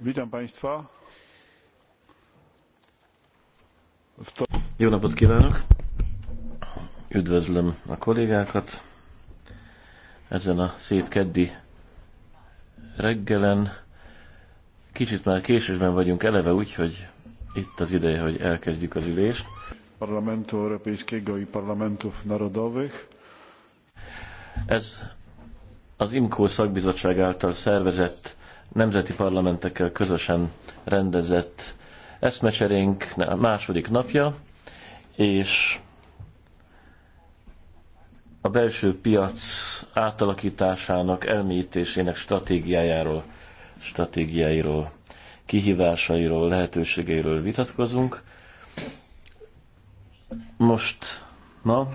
Witam Państwa. Jó napot kívánok! Üdvözlöm a kollégákat ezen a szép keddi reggelen. Kicsit már késésben vagyunk eleve, úgyhogy itt az ideje, hogy elkezdjük az ülést. Parlamentu Europejskiego i Parlamentów Narodowych. Ez az IMKO szakbizottság által szervezett nemzeti parlamentekkel közösen rendezett eszmecserénk második napja, és a belső piac átalakításának, elmélyítésének stratégiájáról, stratégiáiról, kihívásairól, lehetőségeiről vitatkozunk. Most ma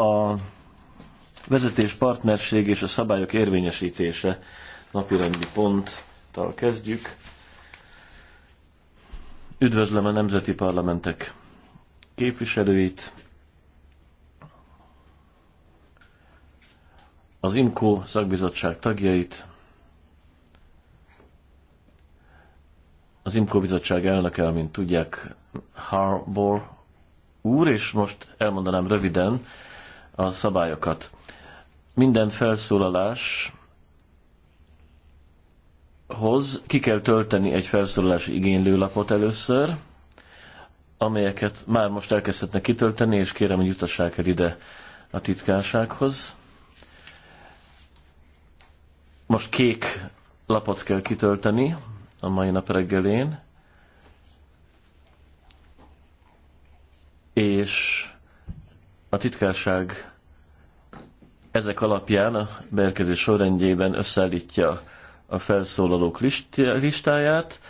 a vezetés partnerség és a szabályok érvényesítése napirendi ponttal kezdjük. Üdvözlöm a nemzeti parlamentek képviselőit. Az IMKO szakbizottság tagjait, az IMKO bizottság elnöke, mint tudják, harbor úr, és most elmondanám röviden a szabályokat. Minden felszólalás hoz ki kell tölteni egy felszólalási lapot először, amelyeket már most elkezdhetnek kitölteni, és kérem, hogy jutassák el ide a titkársághoz. Most kék lapot kell kitölteni a mai nap reggelén, és a titkárság ezek alapján a beérkezés sorrendjében összeállítja a felszólalók listáját.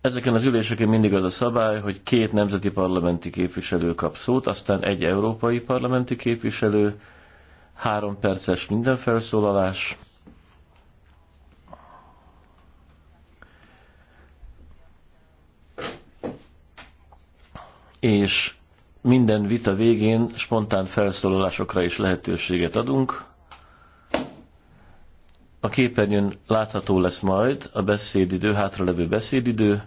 Ezeken az üléseken mindig az a szabály, hogy két nemzeti parlamenti képviselő kap szót, aztán egy európai parlamenti képviselő, három perces minden felszólalás. És minden vita végén spontán felszólalásokra is lehetőséget adunk. A képernyőn látható lesz majd a beszédidő, levő beszédidő,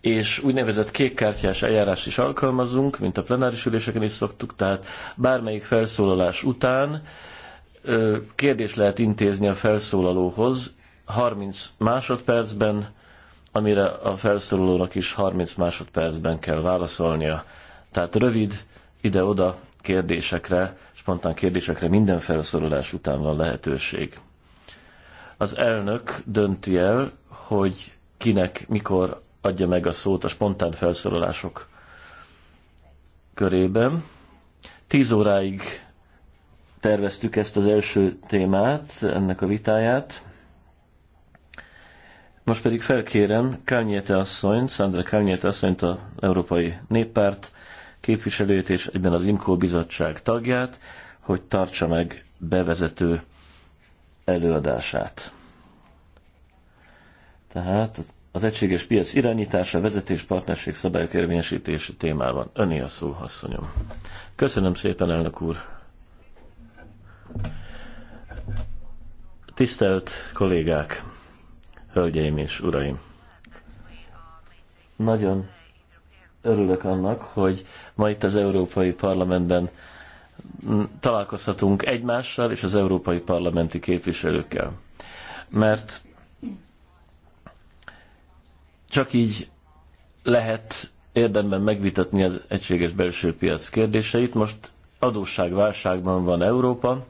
és úgynevezett kékkártyás eljárást is alkalmazunk, mint a plenáris üléseken is szoktuk, tehát bármelyik felszólalás után kérdés lehet intézni a felszólalóhoz 30 másodpercben, amire a felszólalónak is 30 másodpercben kell válaszolnia. Tehát rövid ide-oda kérdésekre spontán kérdésekre minden felszorolás után van lehetőség. Az elnök dönti el, hogy kinek, mikor adja meg a szót a spontán felszólalások körében. Tíz óráig terveztük ezt az első témát, ennek a vitáját. Most pedig felkérem Kányéte asszonyt, Sandra Kányéte asszonyt, az Európai Néppárt képviselőt és egyben az IMKO bizottság tagját, hogy tartsa meg bevezető előadását. Tehát az egységes piac irányítása, vezetés, partnerség, szabályok érvényesítése témában. Öné a szó, asszonyom. Köszönöm szépen, elnök úr. Tisztelt kollégák, hölgyeim és uraim! Nagyon örülök annak, hogy ma itt az Európai Parlamentben találkozhatunk egymással és az európai parlamenti képviselőkkel. Mert csak így lehet érdemben megvitatni az egységes belső piac kérdéseit. Most adósságválságban van Európa,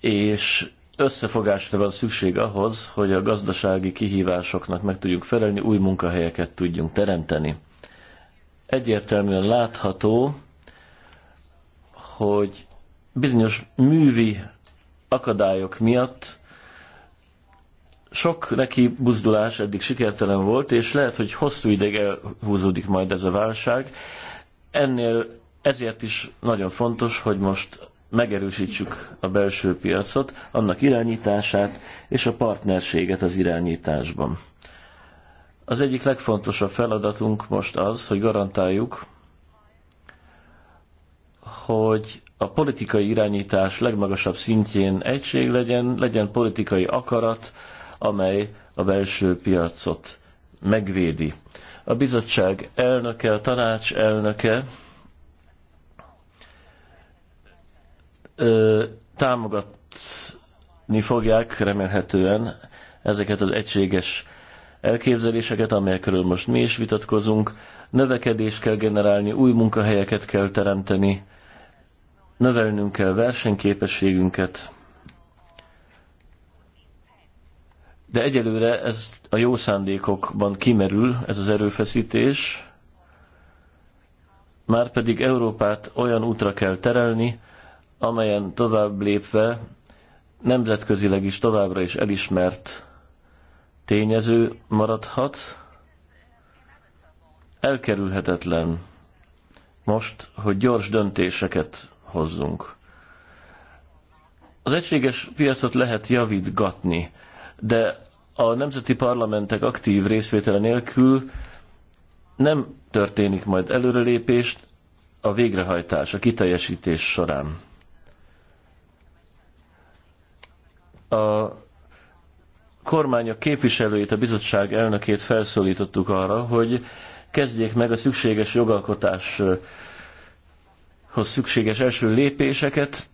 és összefogásra van szükség ahhoz, hogy a gazdasági kihívásoknak meg tudjunk felelni, új munkahelyeket tudjunk teremteni egyértelműen látható, hogy bizonyos művi akadályok miatt sok neki buzdulás eddig sikertelen volt, és lehet, hogy hosszú ideig elhúzódik majd ez a válság. Ennél ezért is nagyon fontos, hogy most megerősítsük a belső piacot, annak irányítását és a partnerséget az irányításban. Az egyik legfontosabb feladatunk most az, hogy garantáljuk, hogy a politikai irányítás legmagasabb szintjén egység legyen, legyen politikai akarat, amely a belső piacot megvédi. A bizottság elnöke, a tanács elnöke ö, támogatni fogják remélhetően ezeket az egységes elképzeléseket, amelyekről most mi is vitatkozunk. Növekedést kell generálni, új munkahelyeket kell teremteni, növelnünk kell versenyképességünket. De egyelőre ez a jó szándékokban kimerül, ez az erőfeszítés. Márpedig Európát olyan útra kell terelni, amelyen tovább lépve nemzetközileg is továbbra is elismert tényező maradhat. Elkerülhetetlen most, hogy gyors döntéseket hozzunk. Az egységes piacot lehet javítgatni, de a nemzeti parlamentek aktív részvétele nélkül nem történik majd előrelépést a végrehajtás, a kiteljesítés során. A kormányok képviselőit, a bizottság elnökét felszólítottuk arra, hogy kezdjék meg a szükséges jogalkotáshoz szükséges első lépéseket,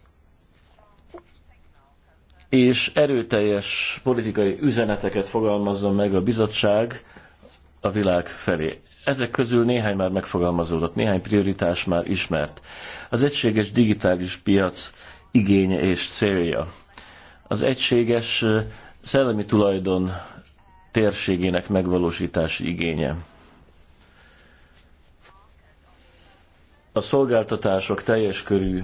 és erőteljes politikai üzeneteket fogalmazzon meg a bizottság a világ felé. Ezek közül néhány már megfogalmazódott, néhány prioritás már ismert. Az egységes digitális piac igénye és célja. Az egységes szellemi tulajdon térségének megvalósítási igénye. A szolgáltatások teljes körű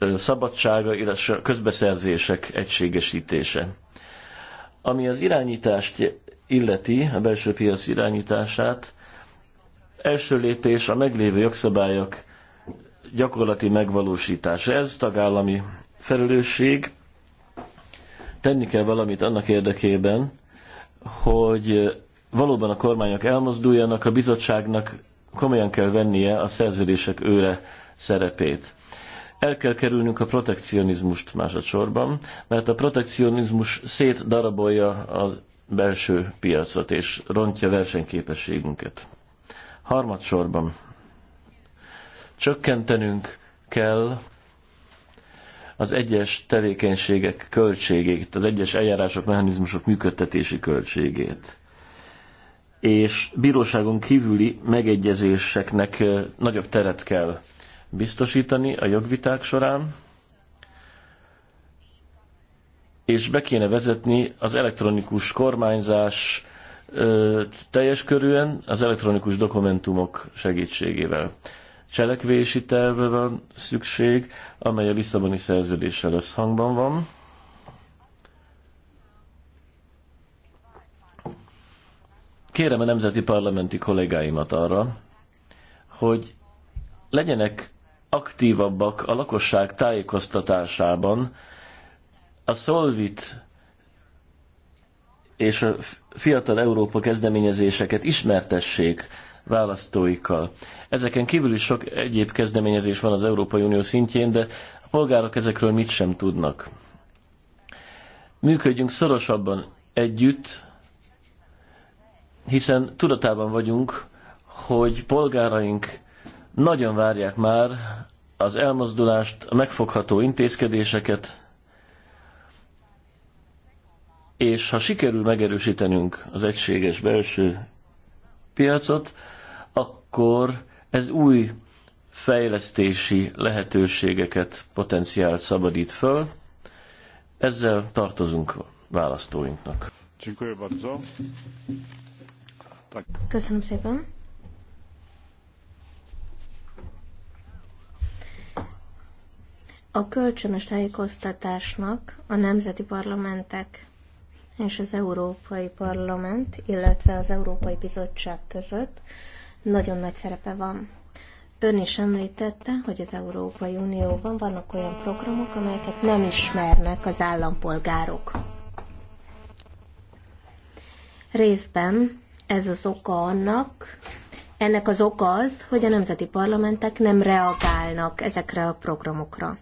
szabadsága, illetve a közbeszerzések egységesítése. Ami az irányítást illeti, a belső piac irányítását, első lépés a meglévő jogszabályok gyakorlati megvalósítása. Ez tagállami felelősség, tenni kell valamit annak érdekében, hogy valóban a kormányok elmozduljanak, a bizottságnak komolyan kell vennie a szerződések őre szerepét. El kell kerülnünk a protekcionizmust másodszorban, mert a protekcionizmus szétdarabolja a belső piacot és rontja versenyképességünket. Harmadsorban csökkentenünk kell az egyes tevékenységek költségét, az egyes eljárások, mechanizmusok működtetési költségét. És bíróságon kívüli megegyezéseknek nagyobb teret kell biztosítani a jogviták során, és be kéne vezetni az elektronikus kormányzás teljes körűen az elektronikus dokumentumok segítségével cselekvési tervre van szükség, amely a Lisszaboni szerződéssel összhangban van. Kérem a nemzeti parlamenti kollégáimat arra, hogy legyenek aktívabbak a lakosság tájékoztatásában, a Solvit és a Fiatal Európa kezdeményezéseket ismertessék választóikkal. Ezeken kívül is sok egyéb kezdeményezés van az Európai Unió szintjén, de a polgárok ezekről mit sem tudnak. Működjünk szorosabban együtt, hiszen tudatában vagyunk, hogy polgáraink nagyon várják már az elmozdulást, a megfogható intézkedéseket, és ha sikerül megerősítenünk az egységes belső piacot, akkor ez új fejlesztési lehetőségeket, potenciált szabadít föl. Ezzel tartozunk választóinknak. Köszönöm szépen. A kölcsönös tájékoztatásnak a nemzeti parlamentek és az Európai Parlament, illetve az Európai Bizottság között nagyon nagy szerepe van. Ön is említette, hogy az Európai Unióban vannak olyan programok, amelyeket nem ismernek az állampolgárok. Részben ez az oka annak, ennek az oka az, hogy a nemzeti parlamentek nem reagálnak ezekre a programokra.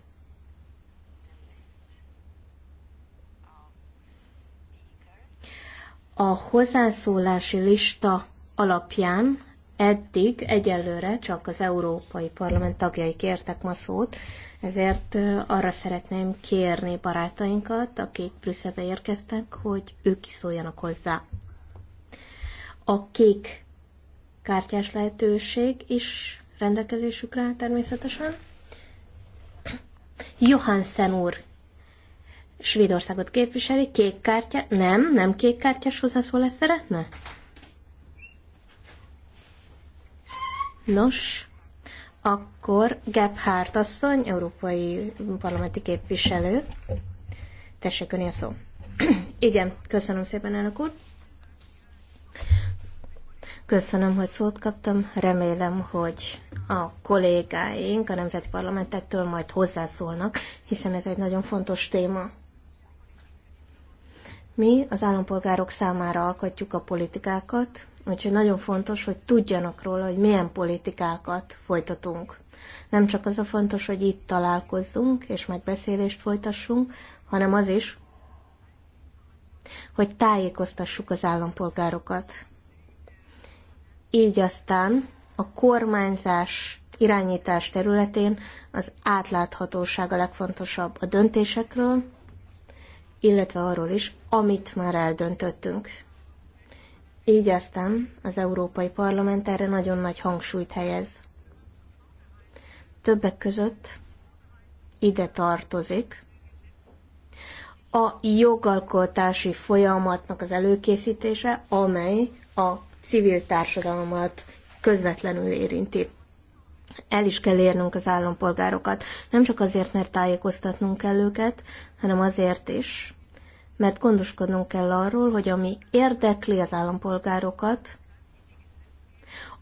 A hozzászólási lista alapján Eddig egyelőre csak az Európai Parlament tagjai kértek ma szót, ezért arra szeretném kérni barátainkat, akik Brüsszelbe érkeztek, hogy ők is szóljanak hozzá. A kék kártyás lehetőség is rendelkezésükre áll természetesen. Johansen úr Svédországot képviseli, kék kártya, nem, nem kék kártyás hozzászólás szeretne? Nos, akkor Gebhardt asszony, európai parlamenti képviselő. Tessék, önél szó. Igen, köszönöm szépen, elnök úr. Köszönöm, hogy szót kaptam. Remélem, hogy a kollégáink a nemzeti parlamentektől majd hozzászólnak, hiszen ez egy nagyon fontos téma. Mi az állampolgárok számára alkotjuk a politikákat, Úgyhogy nagyon fontos, hogy tudjanak róla, hogy milyen politikákat folytatunk. Nem csak az a fontos, hogy itt találkozzunk és megbeszélést folytassunk, hanem az is, hogy tájékoztassuk az állampolgárokat. Így aztán a kormányzás irányítás területén az átláthatóság a legfontosabb a döntésekről, illetve arról is, amit már eldöntöttünk. Így aztán az Európai Parlament erre nagyon nagy hangsúlyt helyez. Többek között ide tartozik a jogalkotási folyamatnak az előkészítése, amely a civil társadalmat közvetlenül érinti. El is kell érnünk az állampolgárokat, nem csak azért, mert tájékoztatnunk kell őket, hanem azért is, mert gondoskodnunk kell arról, hogy ami érdekli az állampolgárokat,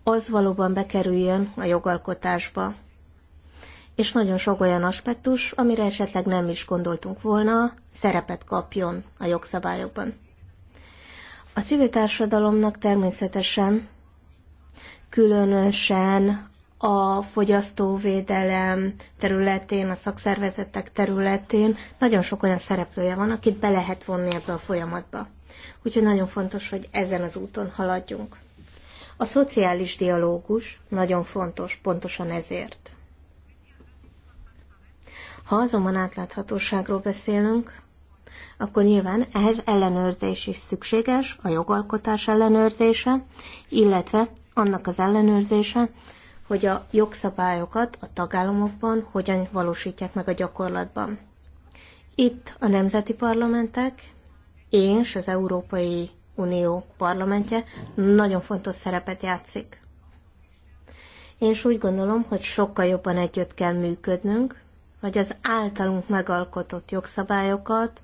az valóban bekerüljön a jogalkotásba. És nagyon sok olyan aspektus, amire esetleg nem is gondoltunk volna, szerepet kapjon a jogszabályokban. A civil társadalomnak természetesen különösen a fogyasztóvédelem területén, a szakszervezetek területén nagyon sok olyan szereplője van, akit be lehet vonni ebbe a folyamatba. Úgyhogy nagyon fontos, hogy ezen az úton haladjunk. A szociális dialógus nagyon fontos, pontosan ezért. Ha azonban átláthatóságról beszélünk, akkor nyilván ehhez ellenőrzés is szükséges, a jogalkotás ellenőrzése, illetve annak az ellenőrzése, hogy a jogszabályokat a tagállamokban hogyan valósítják meg a gyakorlatban. Itt a nemzeti parlamentek, én és az Európai Unió parlamentje nagyon fontos szerepet játszik. Én is úgy gondolom, hogy sokkal jobban együtt kell működnünk, hogy az általunk megalkotott jogszabályokat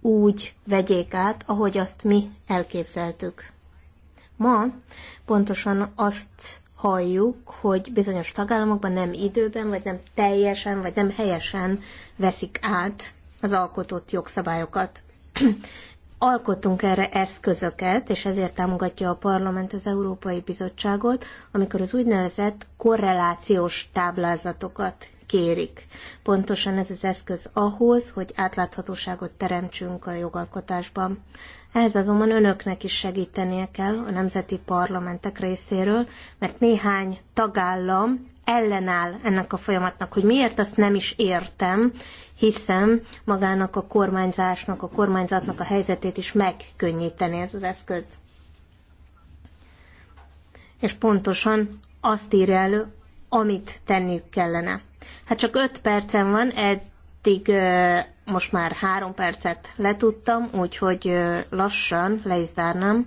úgy vegyék át, ahogy azt mi elképzeltük. Ma pontosan azt halljuk, hogy bizonyos tagállamokban nem időben, vagy nem teljesen, vagy nem helyesen veszik át az alkotott jogszabályokat. Alkottunk erre eszközöket, és ezért támogatja a parlament az Európai Bizottságot, amikor az úgynevezett korrelációs táblázatokat kérik. Pontosan ez az eszköz ahhoz, hogy átláthatóságot teremtsünk a jogalkotásban. Ehhez azonban önöknek is segítenie kell a nemzeti parlamentek részéről, mert néhány tagállam ellenáll ennek a folyamatnak, hogy miért azt nem is értem, hiszen magának a kormányzásnak, a kormányzatnak a helyzetét is megkönnyíteni ez az eszköz. És pontosan azt írja elő, amit tenniük kellene. Hát csak öt percen van, eddig most már három percet letudtam, úgyhogy lassan le is zárnám.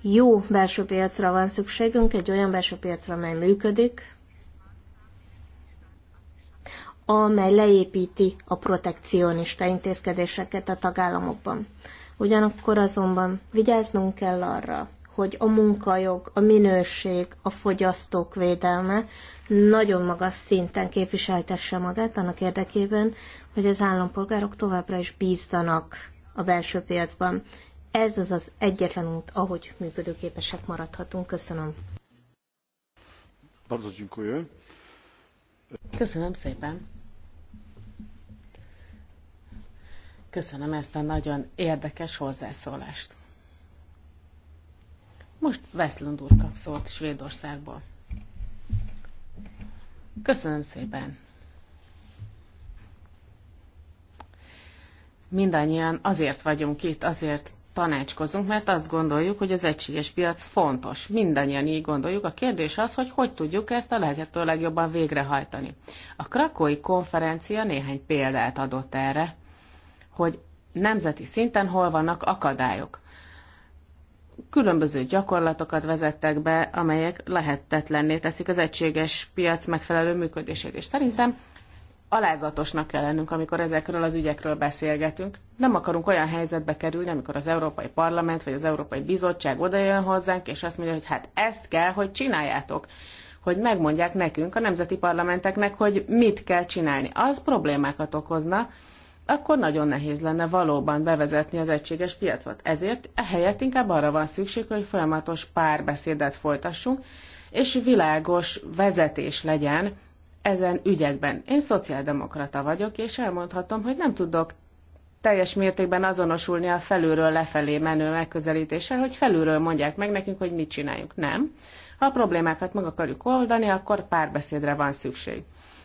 Jó belső piacra van szükségünk, egy olyan belső piacra, amely működik, amely leépíti a protekcionista intézkedéseket a tagállamokban. Ugyanakkor azonban vigyáznunk kell arra, hogy a munkajog, a minőség, a fogyasztók védelme nagyon magas szinten képviseltesse magát annak érdekében, hogy az állampolgárok továbbra is bízzanak a belső piacban. Ez az az egyetlen út, ahogy működőképesek maradhatunk. Köszönöm. Bardzo dziękuję. Köszönöm szépen. Köszönöm ezt a nagyon érdekes hozzászólást. Most Veszlund úr kap szót Svédországból. Köszönöm szépen. mindannyian azért vagyunk itt, azért tanácskozunk, mert azt gondoljuk, hogy az egységes piac fontos. Mindannyian így gondoljuk. A kérdés az, hogy hogy tudjuk ezt a lehető legjobban végrehajtani. A krakói konferencia néhány példát adott erre, hogy nemzeti szinten hol vannak akadályok. Különböző gyakorlatokat vezettek be, amelyek lehetetlenné teszik az egységes piac megfelelő működését, és szerintem alázatosnak kell lennünk, amikor ezekről az ügyekről beszélgetünk. Nem akarunk olyan helyzetbe kerülni, amikor az Európai Parlament vagy az Európai Bizottság odajön hozzánk, és azt mondja, hogy hát ezt kell, hogy csináljátok hogy megmondják nekünk, a nemzeti parlamenteknek, hogy mit kell csinálni. Az problémákat okozna, akkor nagyon nehéz lenne valóban bevezetni az egységes piacot. Ezért ehelyett inkább arra van szükség, hogy folyamatos párbeszédet folytassunk, és világos vezetés legyen ezen ügyekben. Én szociáldemokrata vagyok, és elmondhatom, hogy nem tudok teljes mértékben azonosulni a felülről lefelé menő megközelítéssel, hogy felülről mondják meg nekünk, hogy mit csináljuk. Nem. Ha a problémákat meg akarjuk oldani, akkor párbeszédre van szükség.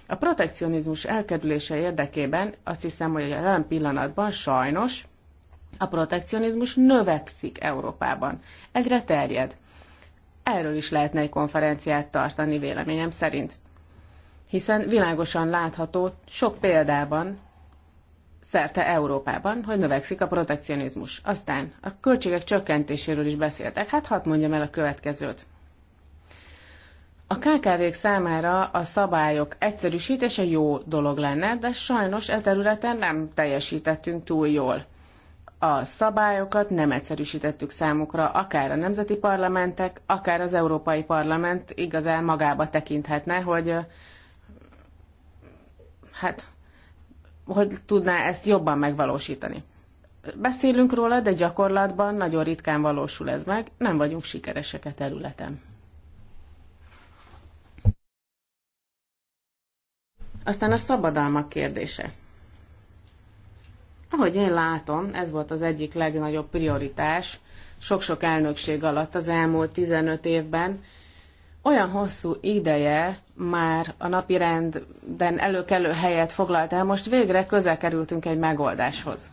A protekcionizmus elkerülése érdekében azt hiszem, hogy a jelen pillanatban sajnos a protekcionizmus növekszik Európában. Egyre terjed. Erről is lehetne egy konferenciát tartani véleményem szerint hiszen világosan látható sok példában szerte Európában, hogy növekszik a protekcionizmus. Aztán a költségek csökkentéséről is beszéltek. Hát hadd mondjam el a következőt. A KKV-k számára a szabályok egyszerűsítése jó dolog lenne, de sajnos e területen nem teljesítettünk túl jól. A szabályokat nem egyszerűsítettük számukra, akár a nemzeti parlamentek, akár az Európai Parlament igazán magába tekinthetne, hogy Hát, hogy tudná ezt jobban megvalósítani? Beszélünk róla, de gyakorlatban nagyon ritkán valósul ez meg, nem vagyunk sikeresek a e területen. Aztán a szabadalmak kérdése. Ahogy én látom, ez volt az egyik legnagyobb prioritás sok-sok elnökség alatt az elmúlt 15 évben, olyan hosszú ideje már a napi rendben előkelő helyet foglalt el, most végre közel kerültünk egy megoldáshoz.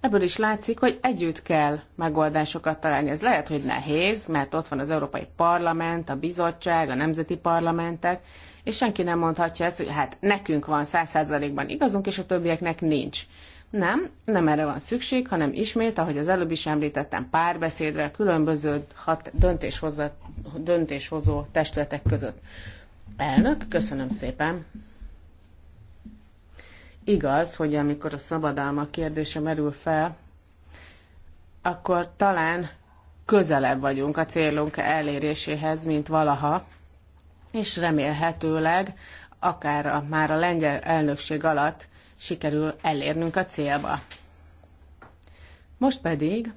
Ebből is látszik, hogy együtt kell megoldásokat találni. Ez lehet, hogy nehéz, mert ott van az Európai Parlament, a bizottság, a nemzeti parlamentek, és senki nem mondhatja ezt, hogy hát nekünk van száz százalékban igazunk, és a többieknek nincs. Nem, nem erre van szükség, hanem ismét, ahogy az előbb is említettem, párbeszédre különböző hat döntéshozó, döntéshozó testületek között. Elnök, köszönöm szépen. Igaz, hogy amikor a szabadalma kérdése merül fel, akkor talán közelebb vagyunk a célunk eléréséhez, mint valaha, és remélhetőleg akár a, már a lengyel elnökség alatt sikerül elérnünk a célba. Most pedig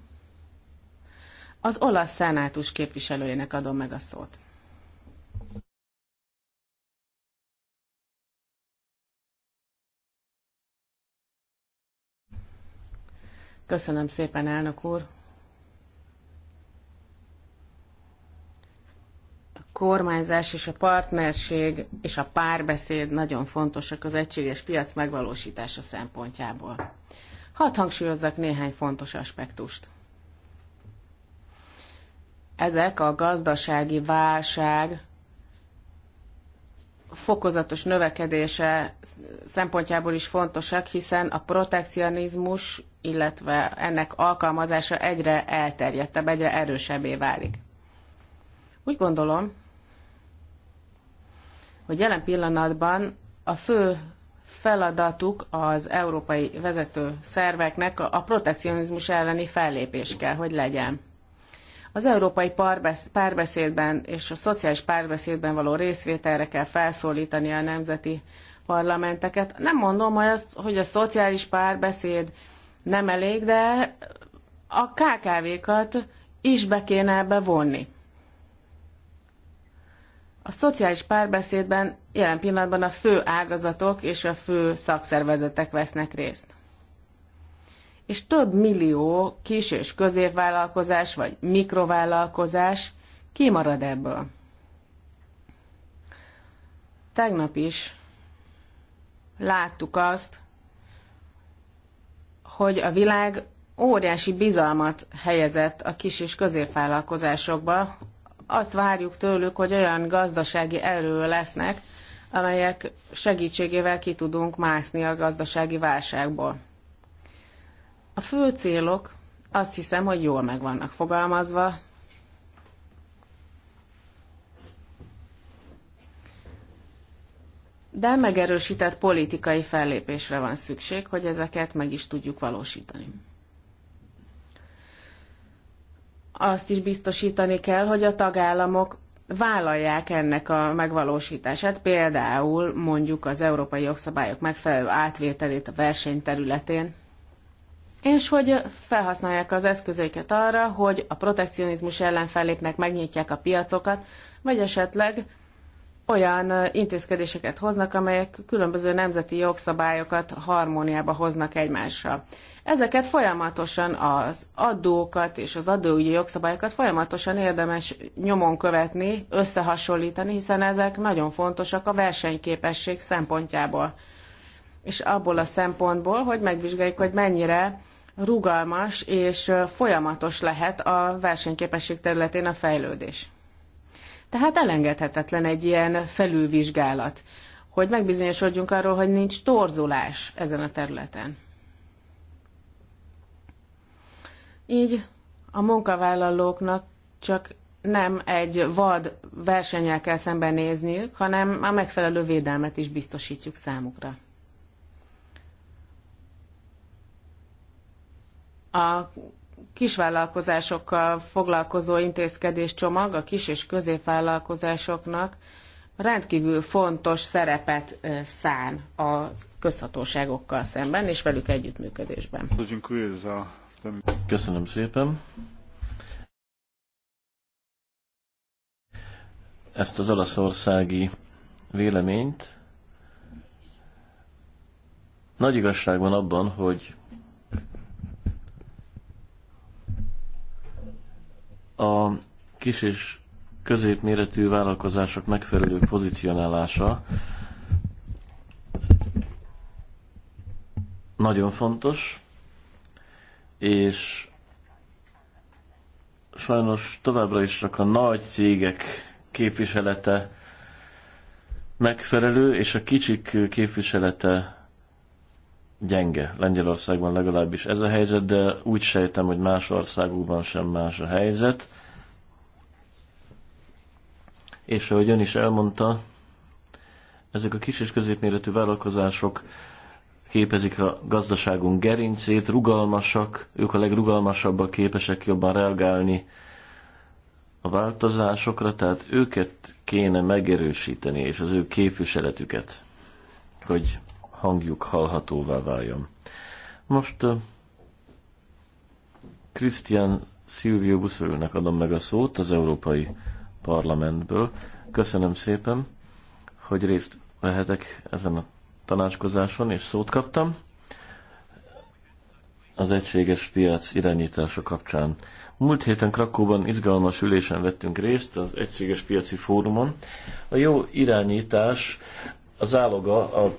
az olasz szenátus képviselőjének adom meg a szót. Köszönöm szépen, elnök úr! kormányzás és a partnerség és a párbeszéd nagyon fontosak az egységes piac megvalósítása szempontjából. Hadd hangsúlyozzak néhány fontos aspektust. Ezek a gazdasági válság fokozatos növekedése szempontjából is fontosak, hiszen a protekcionizmus, illetve ennek alkalmazása egyre elterjedtebb, egyre erősebbé válik. Úgy gondolom, hogy jelen pillanatban a fő feladatuk az európai vezető szerveknek a protekcionizmus elleni fellépés kell, hogy legyen. Az európai párbeszédben és a szociális párbeszédben való részvételre kell felszólítani a nemzeti parlamenteket. Nem mondom, hogy, azt, hogy a szociális párbeszéd nem elég, de a KKV-kat is be kéne ebbe vonni. A szociális párbeszédben jelen pillanatban a fő ágazatok és a fő szakszervezetek vesznek részt. És több millió kis és középvállalkozás vagy mikrovállalkozás kimarad ebből. Tegnap is láttuk azt, hogy a világ óriási bizalmat helyezett a kis és középvállalkozásokba, azt várjuk tőlük, hogy olyan gazdasági erő lesznek, amelyek segítségével ki tudunk mászni a gazdasági válságból. A fő célok azt hiszem, hogy jól meg vannak fogalmazva. De megerősített politikai fellépésre van szükség, hogy ezeket meg is tudjuk valósítani. azt is biztosítani kell, hogy a tagállamok vállalják ennek a megvalósítását, például mondjuk az európai jogszabályok megfelelő átvételét a verseny területén, és hogy felhasználják az eszközeiket arra, hogy a protekcionizmus ellen fellépnek, megnyitják a piacokat, vagy esetleg olyan intézkedéseket hoznak, amelyek különböző nemzeti jogszabályokat harmóniába hoznak egymással. Ezeket folyamatosan az adókat és az adóügyi jogszabályokat folyamatosan érdemes nyomon követni, összehasonlítani, hiszen ezek nagyon fontosak a versenyképesség szempontjából. És abból a szempontból, hogy megvizsgáljuk, hogy mennyire rugalmas és folyamatos lehet a versenyképesség területén a fejlődés. Tehát elengedhetetlen egy ilyen felülvizsgálat, hogy megbizonyosodjunk arról, hogy nincs torzulás ezen a területen. Így a munkavállalóknak csak nem egy vad versenyel kell szembenézniük, hanem a megfelelő védelmet is biztosítjuk számukra. A kisvállalkozásokkal foglalkozó intézkedéscsomag a kis és középvállalkozásoknak rendkívül fontos szerepet szán a közhatóságokkal szemben és velük együttműködésben. Köszönöm szépen. Ezt az olaszországi véleményt nagy igazság van abban, hogy a kis és középméretű vállalkozások megfelelő pozicionálása nagyon fontos, és sajnos továbbra is csak a nagy cégek képviselete megfelelő, és a kicsik képviselete gyenge. Lengyelországban legalábbis ez a helyzet, de úgy sejtem, hogy más országokban sem más a helyzet. És ahogy ön is elmondta, ezek a kis és középméretű vállalkozások képezik a gazdaságunk gerincét, rugalmasak, ők a legrugalmasabbak, képesek jobban reagálni a változásokra, tehát őket kéne megerősíteni, és az ő képviseletüket, hogy hangjuk hallhatóvá váljon. Most Krisztián uh, Silvio Buszörülnek adom meg a szót az Európai Parlamentből. Köszönöm szépen, hogy részt vehetek ezen a tanácskozáson, és szót kaptam az egységes piac irányítása kapcsán. Múlt héten Krakóban izgalmas ülésen vettünk részt az Egységes Piaci Fórumon. A jó irányítás az áloga a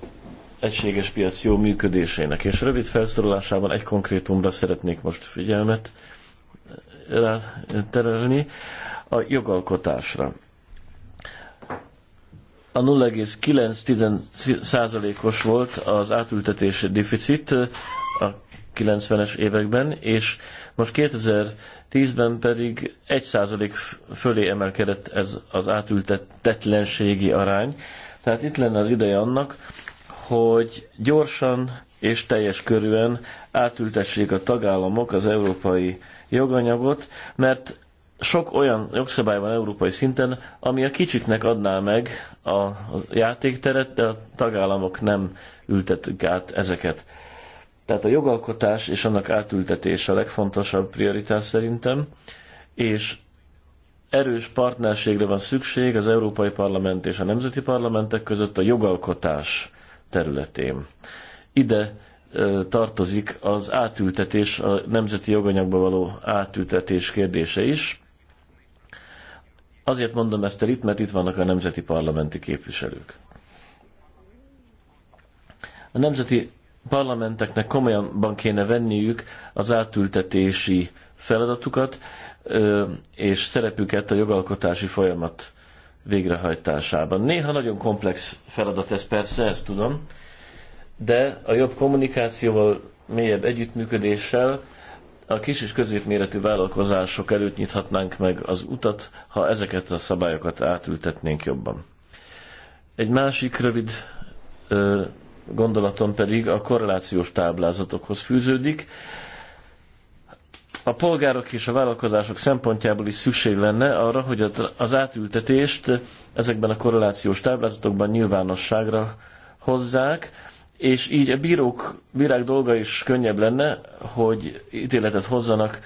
egységes piac jó működésének. És rövid felszorolásában egy konkrétumra szeretnék most figyelmet eh, ráterelni, eh, a jogalkotásra. A 0,9%-os volt az átültetési deficit eh, a 90-es években, és most 2010-ben pedig 1% fölé emelkedett ez az átültetetlenségi arány. Tehát itt lenne az ideje annak, hogy gyorsan és teljes körűen átültessék a tagállamok az európai joganyagot, mert sok olyan jogszabály van európai szinten, ami a kicsiknek adná meg a, játékteret, de a tagállamok nem ültetik át ezeket. Tehát a jogalkotás és annak átültetése a legfontosabb prioritás szerintem, és erős partnerségre van szükség az Európai Parlament és a Nemzeti Parlamentek között a jogalkotás területén. Ide tartozik az átültetés, a nemzeti joganyagba való átültetés kérdése is. Azért mondom ezt el itt, mert itt vannak a nemzeti parlamenti képviselők. A nemzeti parlamenteknek komolyan kéne venniük az átültetési feladatukat és szerepüket a jogalkotási folyamat végrehajtásában. Néha nagyon komplex feladat ez persze, ezt tudom, de a jobb kommunikációval, mélyebb együttműködéssel a kis és középméretű vállalkozások előtt nyithatnánk meg az utat, ha ezeket a szabályokat átültetnénk jobban. Egy másik rövid ö, gondolatom pedig a korrelációs táblázatokhoz fűződik a polgárok és a vállalkozások szempontjából is szükség lenne arra, hogy az átültetést ezekben a korrelációs táblázatokban nyilvánosságra hozzák, és így a bírók, bírák dolga is könnyebb lenne, hogy ítéletet hozzanak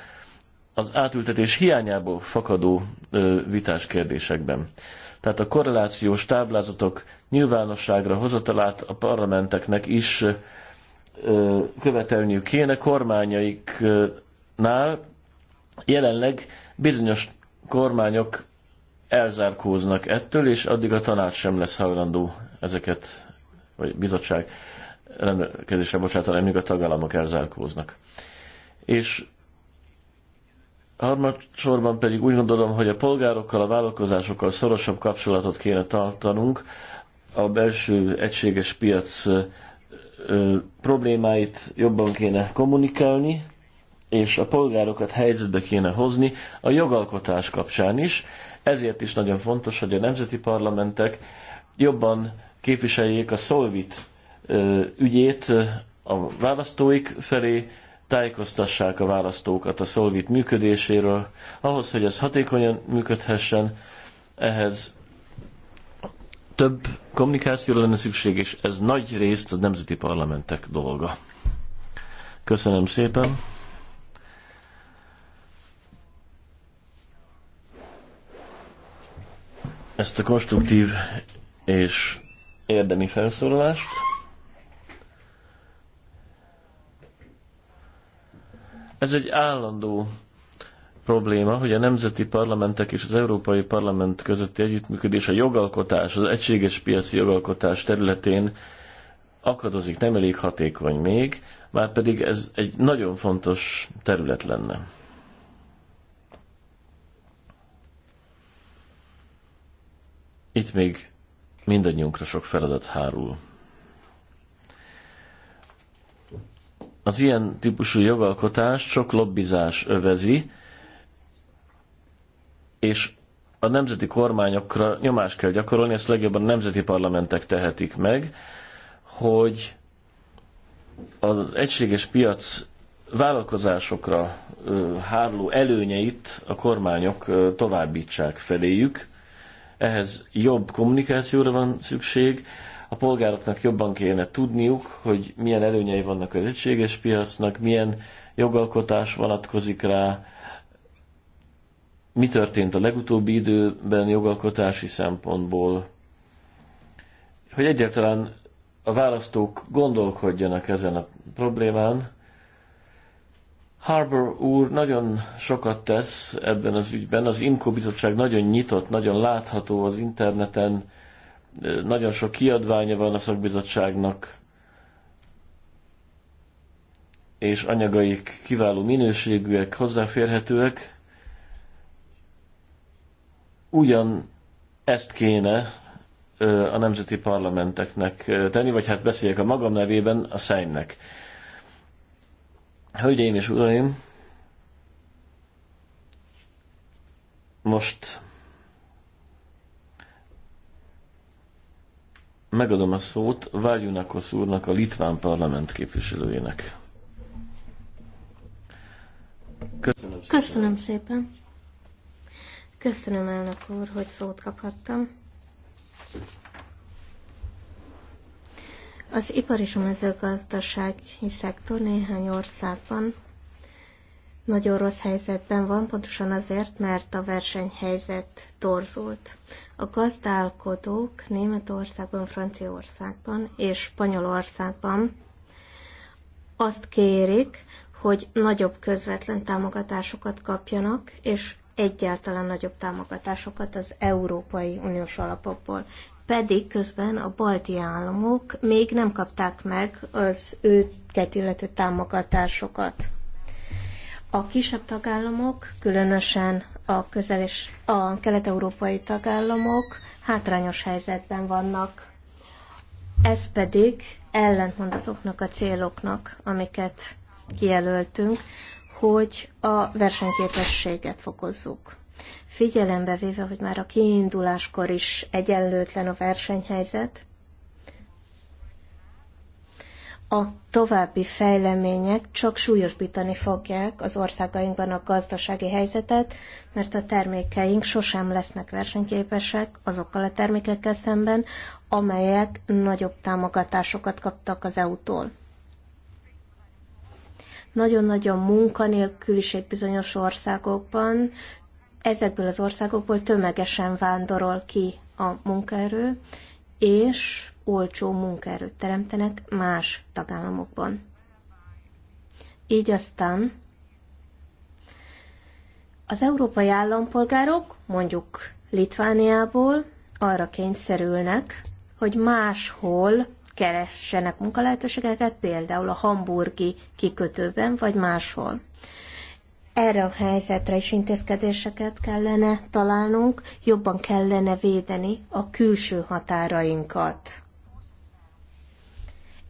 az átültetés hiányából fakadó vitás kérdésekben. Tehát a korrelációs táblázatok nyilvánosságra hozatalát a parlamenteknek is követelniük kéne, kormányaik nál jelenleg bizonyos kormányok elzárkóznak ettől, és addig a tanács sem lesz hajlandó ezeket, vagy bizottság rendelkezésre bocsátani, amíg a tagállamok elzárkóznak. És harmadsorban pedig úgy gondolom, hogy a polgárokkal, a vállalkozásokkal szorosabb kapcsolatot kéne tartanunk, a belső egységes piac problémáit jobban kéne kommunikálni, és a polgárokat helyzetbe kéne hozni a jogalkotás kapcsán is. Ezért is nagyon fontos, hogy a nemzeti parlamentek jobban képviseljék a Solvit ügyét a választóik felé, tájékoztassák a választókat a Solvit működéséről, ahhoz, hogy ez hatékonyan működhessen, ehhez több kommunikációra lenne szükség, és ez nagy részt a nemzeti parlamentek dolga. Köszönöm szépen! ezt a konstruktív és érdemi felszólalást. Ez egy állandó probléma, hogy a nemzeti parlamentek és az Európai Parlament közötti együttműködés a jogalkotás, az egységes piaci jogalkotás területén akadozik, nem elég hatékony még, már pedig ez egy nagyon fontos terület lenne. Itt még mindannyiunkra sok feladat hárul. Az ilyen típusú jogalkotás sok lobbizás övezi, és a nemzeti kormányokra nyomást kell gyakorolni, ezt legjobban a nemzeti parlamentek tehetik meg, hogy az egységes piac vállalkozásokra hárló előnyeit a kormányok továbbítsák feléjük, ehhez jobb kommunikációra van szükség, a polgároknak jobban kéne tudniuk, hogy milyen előnyei vannak az egységes piacnak, milyen jogalkotás vonatkozik rá, mi történt a legutóbbi időben jogalkotási szempontból, hogy egyáltalán a választók gondolkodjanak ezen a problémán, Harbour úr nagyon sokat tesz ebben az ügyben. Az IMCO bizottság nagyon nyitott, nagyon látható az interneten. Nagyon sok kiadványa van a szakbizottságnak, és anyagaik kiváló minőségűek, hozzáférhetőek. Ugyan ezt kéne a nemzeti parlamenteknek tenni, vagy hát beszéljek a magam nevében, a szájnek. Hölgyeim és uraim, most megadom a szót Vágyunakosz úrnak, a Litván parlament képviselőjének. Köszönöm szépen. Köszönöm szépen. Köszönöm elnök úr, hogy szót kaphattam. Az ipar és a mezőgazdasági szektor néhány országban nagyon rossz helyzetben van, pontosan azért, mert a versenyhelyzet torzult. A gazdálkodók Németországban, Franciaországban és Spanyolországban azt kérik, hogy nagyobb közvetlen támogatásokat kapjanak, és egyáltalán nagyobb támogatásokat az Európai Uniós alapokból. Pedig közben a balti államok még nem kapták meg az őket illető támogatásokat. A kisebb tagállamok, különösen a, közel és a kelet-európai tagállamok hátrányos helyzetben vannak. Ez pedig ellentmond azoknak a céloknak, amiket kijelöltünk, hogy a versenyképességet fokozzuk. Figyelembe véve, hogy már a kiinduláskor is egyenlőtlen a versenyhelyzet, a további fejlemények csak súlyosbítani fogják az országainkban a gazdasági helyzetet, mert a termékeink sosem lesznek versenyképesek azokkal a termékekkel szemben, amelyek nagyobb támogatásokat kaptak az EU-tól nagyon nagy a munkanélküliség bizonyos országokban, ezekből az országokból tömegesen vándorol ki a munkaerő, és olcsó munkaerőt teremtenek más tagállamokban. Így aztán az európai állampolgárok, mondjuk Litvániából arra kényszerülnek, hogy máshol keressenek munkalehetőségeket, például a hamburgi kikötőben, vagy máshol. Erre a helyzetre is intézkedéseket kellene találnunk, jobban kellene védeni a külső határainkat.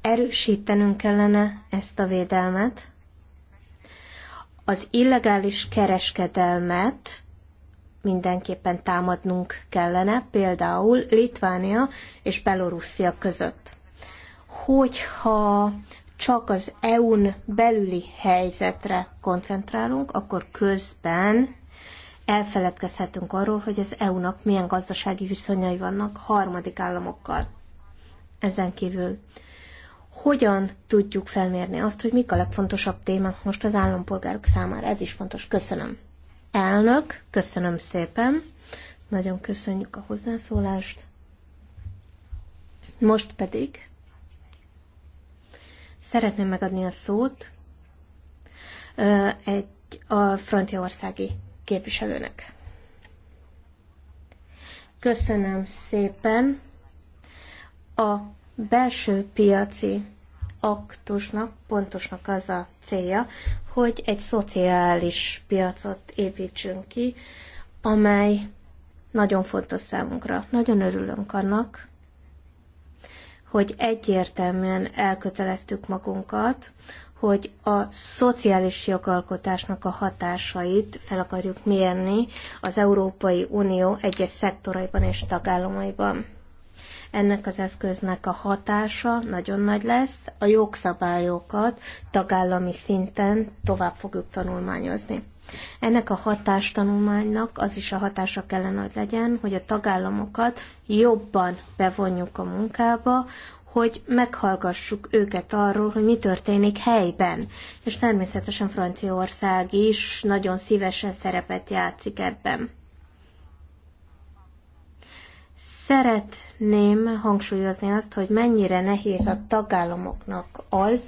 Erősítenünk kellene ezt a védelmet, az illegális kereskedelmet mindenképpen támadnunk kellene, például Litvánia és Belorusszia között hogyha csak az EU-n belüli helyzetre koncentrálunk, akkor közben elfeledkezhetünk arról, hogy az EU-nak milyen gazdasági viszonyai vannak harmadik államokkal. Ezen kívül hogyan tudjuk felmérni azt, hogy mik a legfontosabb témák most az állampolgárok számára. Ez is fontos. Köszönöm. Elnök, köszönöm szépen. Nagyon köszönjük a hozzászólást. Most pedig Szeretném megadni a szót egy a franciaországi képviselőnek. Köszönöm szépen. A belső piaci aktusnak pontosnak az a célja, hogy egy szociális piacot építsünk ki, amely nagyon fontos számunkra. Nagyon örülünk annak, hogy egyértelműen elköteleztük magunkat, hogy a szociális jogalkotásnak a hatásait fel akarjuk mérni az Európai Unió egyes szektoraiban és tagállamaiban. Ennek az eszköznek a hatása nagyon nagy lesz, a jogszabályokat tagállami szinten tovább fogjuk tanulmányozni. Ennek a hatástanulmánynak az is a hatása kellene, hogy legyen, hogy a tagállamokat jobban bevonjuk a munkába, hogy meghallgassuk őket arról, hogy mi történik helyben. És természetesen Franciaország is nagyon szívesen szerepet játszik ebben. Szeretném hangsúlyozni azt, hogy mennyire nehéz a tagállamoknak az,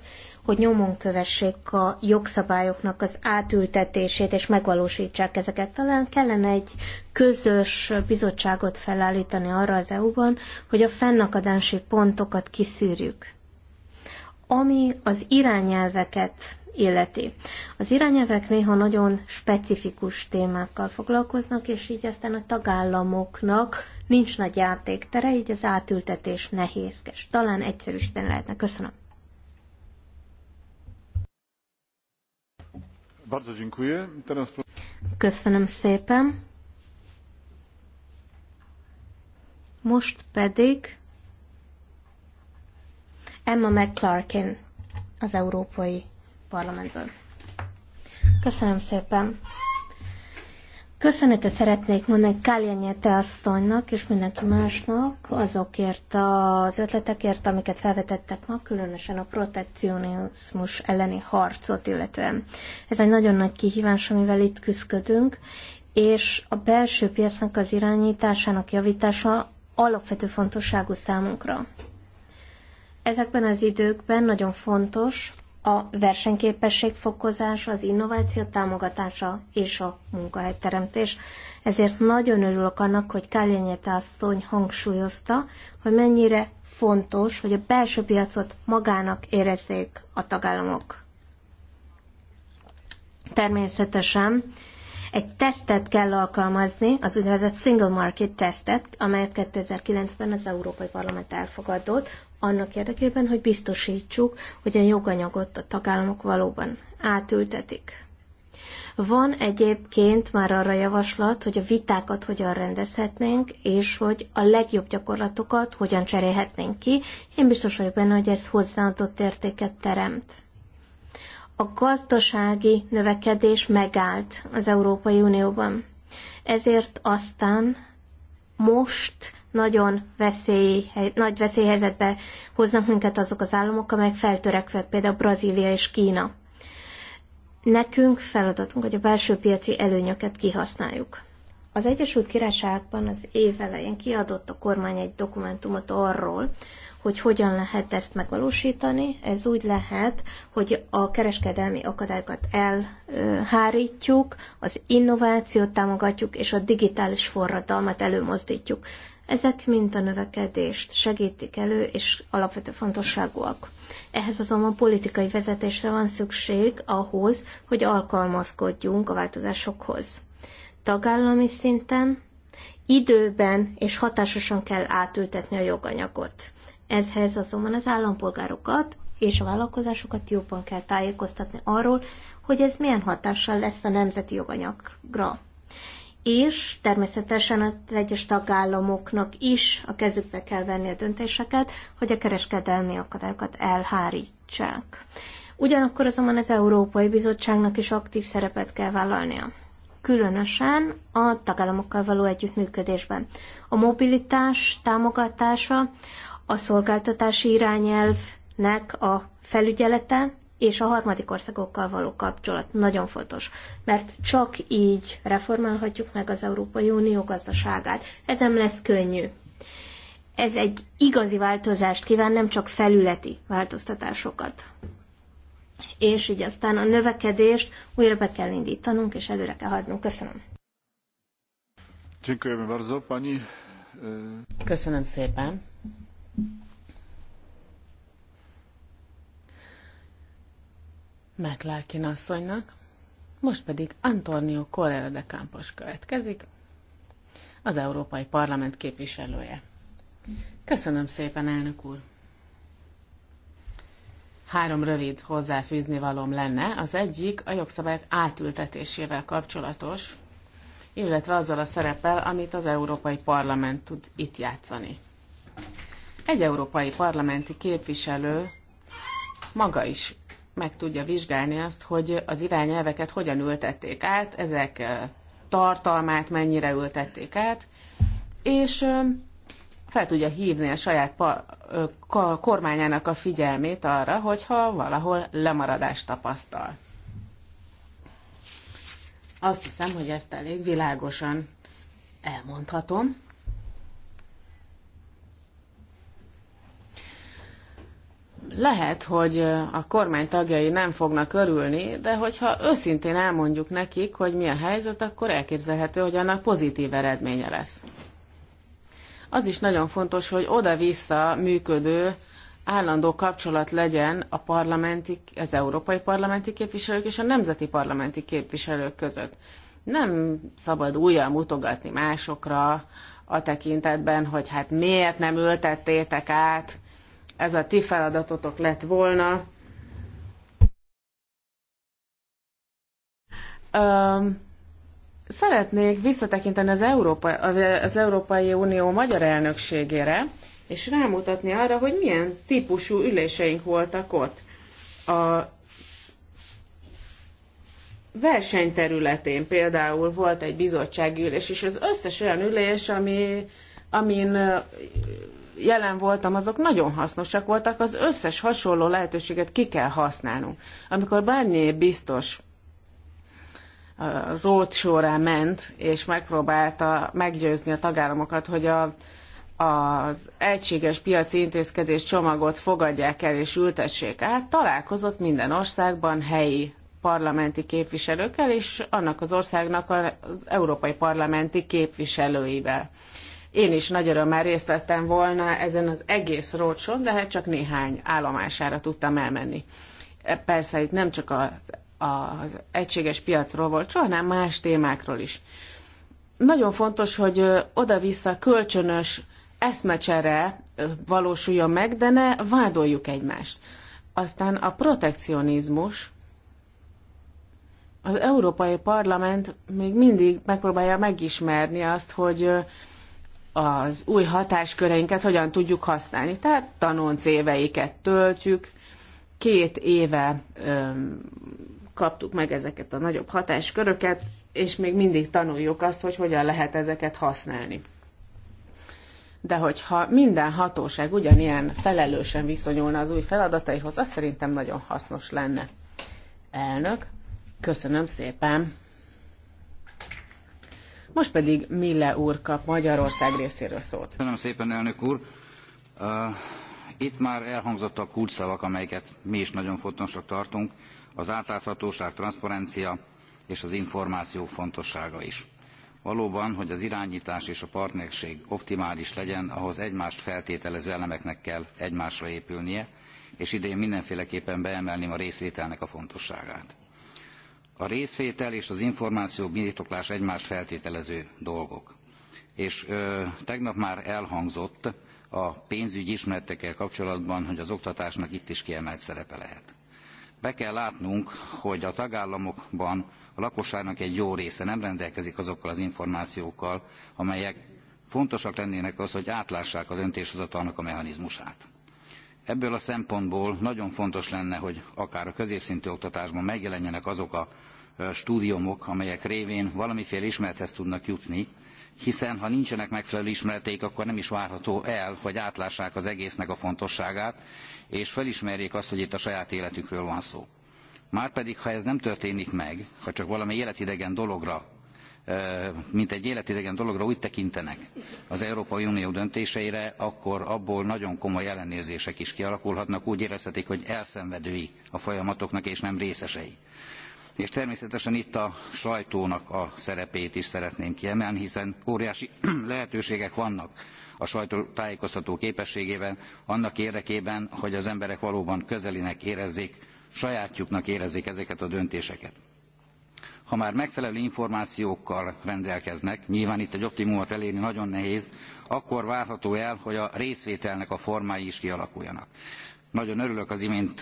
hogy nyomon kövessék a jogszabályoknak az átültetését, és megvalósítsák ezeket. Talán kellene egy közös bizottságot felállítani arra az EU-ban, hogy a fennakadási pontokat kiszűrjük. Ami az irányelveket illeti. Az irányelvek néha nagyon specifikus témákkal foglalkoznak, és így aztán a tagállamoknak nincs nagy játéktere, így az átültetés nehézkes. Talán egyszerűsíteni lehetne. Köszönöm. Bardzo dziękuję. Teraz... Köszönöm szépen. Most pedig Emma McClarkin az Európai Parlamentből. Köszönöm szépen. Köszönetet szeretnék mondani Káljenyete asszonynak és mindenki másnak azokért az ötletekért, amiket felvetettek ma, különösen a protekcionizmus elleni harcot illetően. Ez egy nagyon nagy kihívás, amivel itt küzdködünk, és a belső piacnak az irányításának javítása alapvető fontosságú számunkra. Ezekben az időkben nagyon fontos, a versenyképesség fokozása, az innováció támogatása és a munkahelyteremtés. Ezért nagyon örülök annak, hogy Kálényete asszony hangsúlyozta, hogy mennyire fontos, hogy a belső piacot magának érezzék a tagállamok. Természetesen egy tesztet kell alkalmazni, az úgynevezett Single Market tesztet, amelyet 2009-ben az Európai Parlament elfogadott, annak érdekében, hogy biztosítsuk, hogy a joganyagot a tagállamok valóban átültetik. Van egyébként már arra javaslat, hogy a vitákat hogyan rendezhetnénk, és hogy a legjobb gyakorlatokat hogyan cserélhetnénk ki. Én biztos vagyok benne, hogy ez hozzáadott értéket teremt. A gazdasági növekedés megállt az Európai Unióban. Ezért aztán most nagyon veszély, nagy veszélyhelyzetbe hoznak minket azok az államok, amelyek feltörekvek, például Brazília és Kína. Nekünk feladatunk, hogy a belső piaci előnyöket kihasználjuk. Az Egyesült Királyságban az év elején kiadott a kormány egy dokumentumot arról, hogy hogyan lehet ezt megvalósítani. Ez úgy lehet, hogy a kereskedelmi akadályokat elhárítjuk, az innovációt támogatjuk, és a digitális forradalmat előmozdítjuk. Ezek mind a növekedést segítik elő, és alapvető fontosságúak. Ehhez azonban politikai vezetésre van szükség ahhoz, hogy alkalmazkodjunk a változásokhoz. Tagállami szinten időben és hatásosan kell átültetni a joganyagot. Ezhez azonban az állampolgárokat és a vállalkozásokat jobban kell tájékoztatni arról, hogy ez milyen hatással lesz a nemzeti joganyagra és természetesen az egyes tagállamoknak is a kezükbe kell venni a döntéseket, hogy a kereskedelmi akadályokat elhárítsák. Ugyanakkor azonban az Európai Bizottságnak is aktív szerepet kell vállalnia különösen a tagállamokkal való együttműködésben. A mobilitás támogatása, a szolgáltatási irányelvnek a felügyelete, és a harmadik országokkal való kapcsolat nagyon fontos, mert csak így reformálhatjuk meg az Európai Unió gazdaságát. Ez nem lesz könnyű. Ez egy igazi változást kíván, nem csak felületi változtatásokat. És így aztán a növekedést újra be kell indítanunk, és előre kell hagynunk. Köszönöm. E, Köszönöm szépen. Meklákin asszonynak, most pedig Antonio Correa de Campos következik, az Európai Parlament képviselője. Köszönöm szépen, elnök úr! Három rövid hozzáfűzni valóm lenne. Az egyik a jogszabályok átültetésével kapcsolatos, illetve azzal a szerepel, amit az Európai Parlament tud itt játszani. Egy európai parlamenti képviselő maga is meg tudja vizsgálni azt, hogy az irányelveket hogyan ültették át, ezek tartalmát mennyire ültették át, és fel tudja hívni a saját kormányának a figyelmét arra, hogyha valahol lemaradást tapasztal. Azt hiszem, hogy ezt elég világosan elmondhatom. lehet, hogy a kormány tagjai nem fognak örülni, de hogyha őszintén elmondjuk nekik, hogy mi a helyzet, akkor elképzelhető, hogy annak pozitív eredménye lesz. Az is nagyon fontos, hogy oda-vissza működő állandó kapcsolat legyen a parlamenti, az európai parlamenti képviselők és a nemzeti parlamenti képviselők között. Nem szabad újra mutogatni másokra a tekintetben, hogy hát miért nem ültettétek át ez a ti feladatotok lett volna. Um, szeretnék visszatekinteni az, Európa, az Európai Unió magyar elnökségére, és rámutatni arra, hogy milyen típusú üléseink voltak ott. A versenyterületén például volt egy bizottságülés, és az összes olyan ülés, ami, amin jelen voltam, azok nagyon hasznosak voltak, az összes hasonló lehetőséget ki kell használnunk. Amikor Barnier biztos rót során ment, és megpróbálta meggyőzni a tagállamokat, hogy a, az egységes piaci intézkedés csomagot fogadják el és ültessék át, találkozott minden országban helyi parlamenti képviselőkkel és annak az országnak az európai parlamenti képviselőivel. Én is nagy örömmel részt vettem volna ezen az egész rócson, de hát csak néhány állomására tudtam elmenni. E, persze itt nem csak az, az egységes piacról volt, soha nem más témákról is. Nagyon fontos, hogy oda-vissza kölcsönös eszmecsere valósuljon meg, de ne vádoljuk egymást. Aztán a protekcionizmus, az Európai Parlament még mindig megpróbálja megismerni azt, hogy az új hatásköreinket hogyan tudjuk használni. Tehát tanonc éveiket töltjük, Két éve öm, kaptuk meg ezeket a nagyobb hatásköröket, és még mindig tanuljuk azt, hogy hogyan lehet ezeket használni. De hogyha minden hatóság ugyanilyen felelősen viszonyulna az új feladataihoz, az szerintem nagyon hasznos lenne. Elnök, köszönöm szépen! Most pedig Mille úr kap Magyarország részéről szót. Köszönöm szépen, elnök úr. Uh, itt már elhangzottak kulcsszavak, amelyeket mi is nagyon fontosnak tartunk, az átláthatóság, transzparencia és az információ fontossága is. Valóban, hogy az irányítás és a partnerség optimális legyen, ahhoz egymást feltételező elemeknek kell egymásra épülnie, és idén mindenféleképpen beemelném a részvételnek a fontosságát. A részvétel és az információ birtoklás egymást feltételező dolgok. És ö, tegnap már elhangzott a pénzügyi ismeretekkel kapcsolatban, hogy az oktatásnak itt is kiemelt szerepe lehet. Be kell látnunk, hogy a tagállamokban a lakosságnak egy jó része nem rendelkezik azokkal az információkkal, amelyek fontosak lennének az, hogy átlássák a döntéshozatalnak a mechanizmusát. Ebből a szempontból nagyon fontos lenne, hogy akár a középszintű oktatásban megjelenjenek azok a stúdiumok, amelyek révén valamiféle ismerethez tudnak jutni, hiszen ha nincsenek megfelelő ismereteik, akkor nem is várható el, hogy átlássák az egésznek a fontosságát, és felismerjék azt, hogy itt a saját életükről van szó. Márpedig, ha ez nem történik meg, ha csak valami életidegen dologra mint egy életidegen dologra úgy tekintenek az Európai Unió döntéseire, akkor abból nagyon komoly ellenérzések is kialakulhatnak, úgy érezhetik, hogy elszenvedői a folyamatoknak és nem részesei. És természetesen itt a sajtónak a szerepét is szeretném kiemelni, hiszen óriási lehetőségek vannak a sajtó tájékoztató képességében, annak érdekében, hogy az emberek valóban közelinek érezzék, sajátjuknak érezzék ezeket a döntéseket ha már megfelelő információkkal rendelkeznek, nyilván itt egy optimumot elérni nagyon nehéz, akkor várható el, hogy a részvételnek a formái is kialakuljanak. Nagyon örülök az imént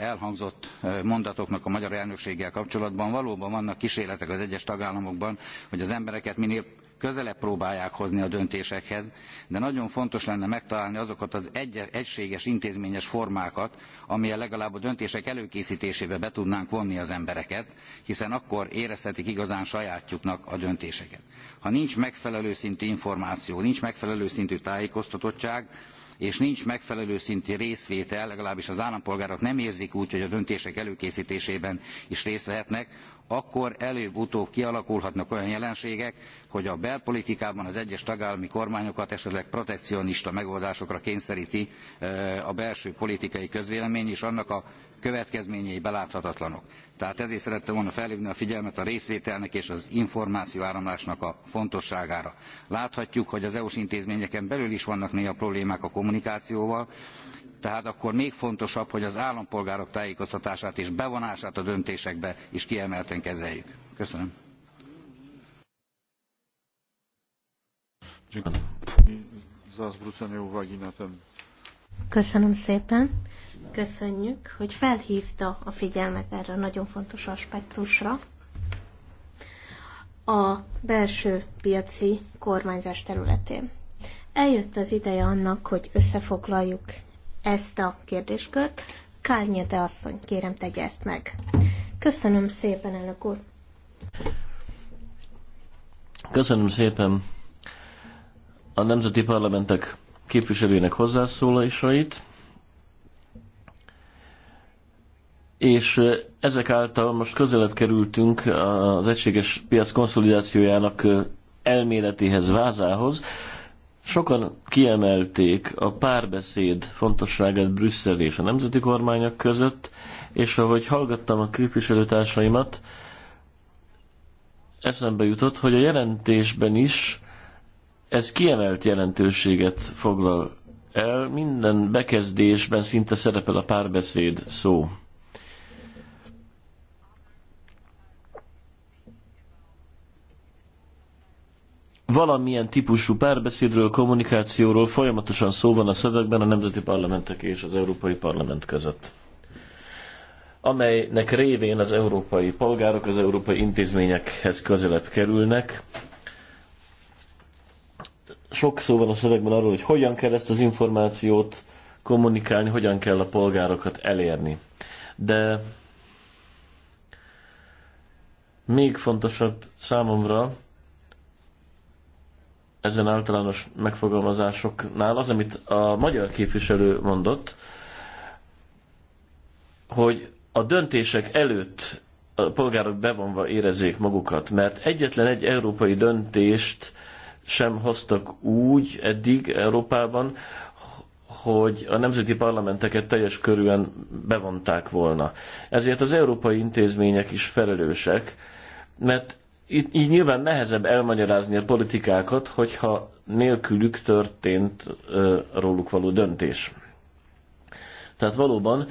elhangzott mondatoknak a magyar elnökséggel kapcsolatban. Valóban vannak kísérletek az egyes tagállamokban, hogy az embereket minél közelebb próbálják hozni a döntésekhez, de nagyon fontos lenne megtalálni azokat az egy egységes intézményes formákat, amilyen legalább a döntések előkészítésébe be tudnánk vonni az embereket, hiszen akkor érezhetik igazán sajátjuknak a döntéseket. Ha nincs megfelelő szintű információ, nincs megfelelő szintű tájékoztatottság, és nincs megfelelő szintű részvétel, legalábbis az állampolgárok nem érzik úgy, hogy a döntések előkészítésében is részt vehetnek, akkor előbb-utóbb kialakulhatnak olyan jelenségek, hogy a belpolitikában az egyes tagállami kormányokat esetleg protekcionista megoldásokra kényszeríti a belső politikai közvélemény, és annak a következményei beláthatatlanok. Tehát ezért szerettem volna felhívni a figyelmet a részvételnek és az információáramlásnak a fontosságára. Láthatjuk, hogy az EU-s intézményeken belül is vannak néha problémák a kommunikációval, tehát akkor még fontosabb, hogy az állampolgárok tájékoztatását és bevonását a döntésekbe is kiemelten kezeljük. Köszönöm. Köszönöm szépen. Köszönjük, hogy felhívta a figyelmet erre a nagyon fontos aspektusra. A belső piaci kormányzás területén. Eljött az ideje annak, hogy összefoglaljuk ezt a kérdéskört. te asszony, kérem tegye ezt meg. Köszönöm szépen, elnök úr. Köszönöm szépen a nemzeti parlamentek képviselőjének hozzászólásait, és ezek által most közelebb kerültünk az egységes piac konszolidációjának elméletéhez, vázához, Sokan kiemelték a párbeszéd fontosságát Brüsszel és a nemzeti kormányok között, és ahogy hallgattam a képviselőtársaimat, eszembe jutott, hogy a jelentésben is ez kiemelt jelentőséget foglal el, minden bekezdésben szinte szerepel a párbeszéd szó. valamilyen típusú párbeszédről, kommunikációról folyamatosan szó van a szövegben a nemzeti parlamentek és az Európai Parlament között amelynek révén az európai polgárok az európai intézményekhez közelebb kerülnek. Sok szó van a szövegben arról, hogy hogyan kell ezt az információt kommunikálni, hogyan kell a polgárokat elérni. De még fontosabb számomra, ezen általános megfogalmazásoknál az, amit a magyar képviselő mondott, hogy a döntések előtt a polgárok bevonva érezzék magukat, mert egyetlen egy európai döntést sem hoztak úgy eddig Európában, hogy a nemzeti parlamenteket teljes körűen bevonták volna. Ezért az európai intézmények is felelősek, mert itt, így nyilván nehezebb elmagyarázni a politikákat, hogyha nélkülük történt ö, róluk való döntés. Tehát valóban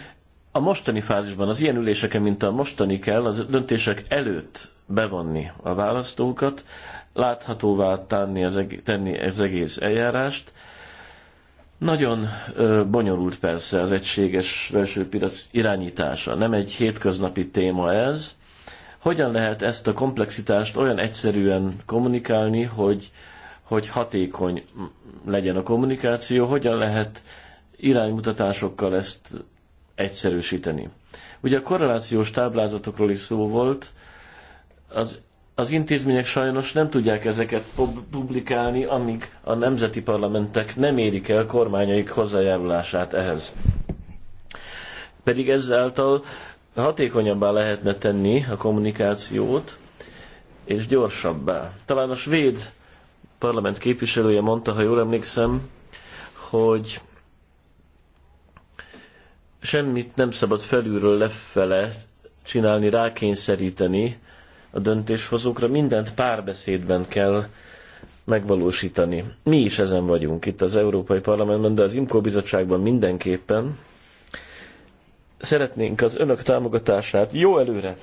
a mostani fázisban, az ilyen üléseken, mint a mostani kell, az döntések előtt bevonni a választókat, láthatóvá tenni az, eg- tenni az egész eljárást. Nagyon ö, bonyolult persze az egységes belső irányítása. Nem egy hétköznapi téma ez, hogyan lehet ezt a komplexitást olyan egyszerűen kommunikálni, hogy, hogy hatékony legyen a kommunikáció? Hogyan lehet iránymutatásokkal ezt egyszerűsíteni? Ugye a korrelációs táblázatokról is szó volt, az, az intézmények sajnos nem tudják ezeket publikálni, amíg a nemzeti parlamentek nem érik el kormányaik hozzájárulását ehhez. Pedig ezáltal hatékonyabbá lehetne tenni a kommunikációt, és gyorsabbá. Talán a svéd parlament képviselője mondta, ha jól emlékszem, hogy semmit nem szabad felülről lefele csinálni, rákényszeríteni a döntéshozókra, mindent párbeszédben kell megvalósítani. Mi is ezen vagyunk itt az Európai Parlamentben, de az IMKO bizottságban mindenképpen, szeretnénk az önök támogatását jó előre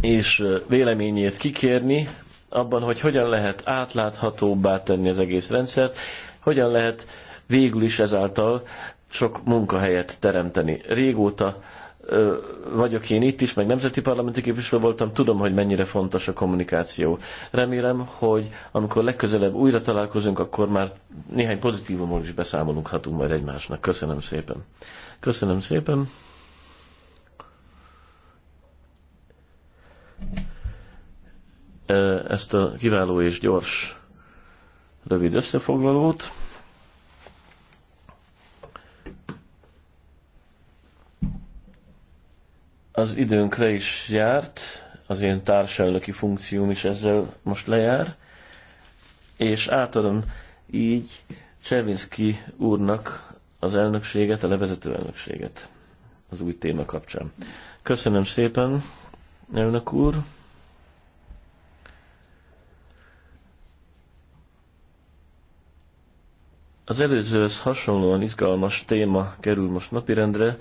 és véleményét kikérni abban, hogy hogyan lehet átláthatóbbá tenni az egész rendszert, hogyan lehet végül is ezáltal sok munkahelyet teremteni. Régóta ö, vagyok én itt is, meg nemzeti parlamenti képviselő voltam, tudom, hogy mennyire fontos a kommunikáció. Remélem, hogy amikor legközelebb újra találkozunk, akkor már néhány pozitívumról is beszámolunk hatunk majd egymásnak. Köszönöm szépen. Köszönöm szépen. ezt a kiváló és gyors rövid összefoglalót. Az időnkre is járt, az én társelnöki funkcióm is ezzel most lejár, és átadom így Cservinszki úrnak az elnökséget, a levezető elnökséget az új téma kapcsán. Köszönöm szépen! elnök úr. Az előzőhöz hasonlóan izgalmas téma kerül most napirendre,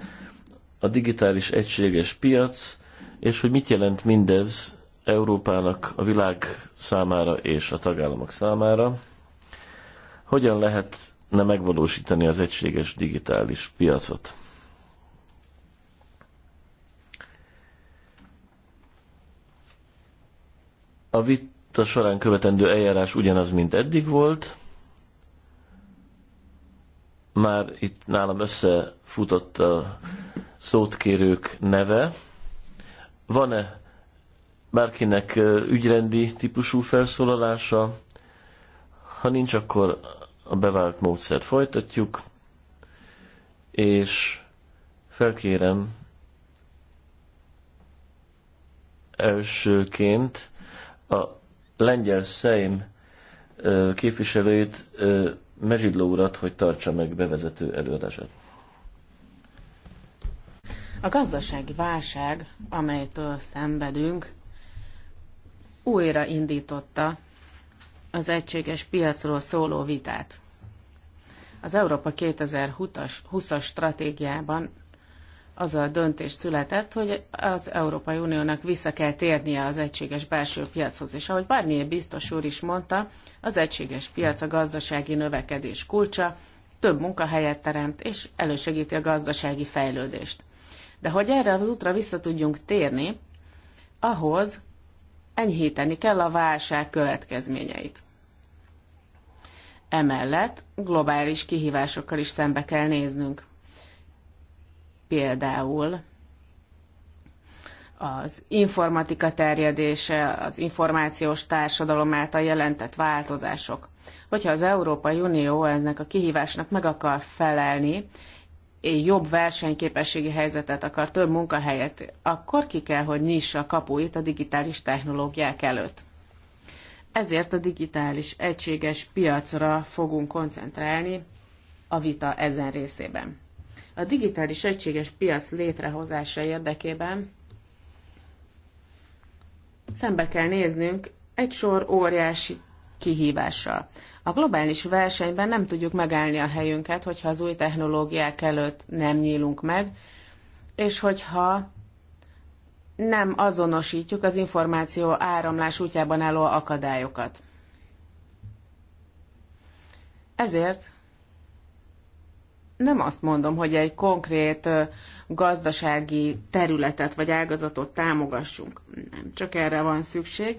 a digitális egységes piac, és hogy mit jelent mindez Európának, a világ számára és a tagállamok számára. Hogyan lehetne megvalósítani az egységes digitális piacot? A vita során követendő eljárás ugyanaz, mint eddig volt. Már itt nálam összefutott a szótkérők neve. Van-e bárkinek ügyrendi típusú felszólalása? Ha nincs, akkor a bevált módszert folytatjuk, és felkérem elsőként a lengyel Szeim képviselőjét, Mezsidló urat, hogy tartsa meg bevezető előadását. A gazdasági válság, amelytől szenvedünk, újra indította az egységes piacról szóló vitát. Az Európa 2020-as stratégiában az a döntés született, hogy az Európai Uniónak vissza kell térnie az egységes belső piachoz. És ahogy Barnier biztos úr is mondta, az egységes piac a gazdasági növekedés kulcsa, több munkahelyet teremt és elősegíti a gazdasági fejlődést. De hogy erre az útra vissza tudjunk térni, ahhoz enyhíteni kell a válság következményeit. Emellett globális kihívásokkal is szembe kell néznünk például az informatika terjedése, az információs társadalom által jelentett változások. Hogyha az Európai Unió ennek a kihívásnak meg akar felelni, jobb versenyképességi helyzetet akar, több munkahelyet, akkor ki kell, hogy nyissa a kapuit a digitális technológiák előtt. Ezért a digitális egységes piacra fogunk koncentrálni a vita ezen részében. A digitális egységes piac létrehozása érdekében szembe kell néznünk egy sor óriási kihívással. A globális versenyben nem tudjuk megállni a helyünket, hogyha az új technológiák előtt nem nyílunk meg, és hogyha nem azonosítjuk az információ áramlás útjában álló akadályokat. Ezért nem azt mondom, hogy egy konkrét gazdasági területet vagy ágazatot támogassunk. Nem csak erre van szükség,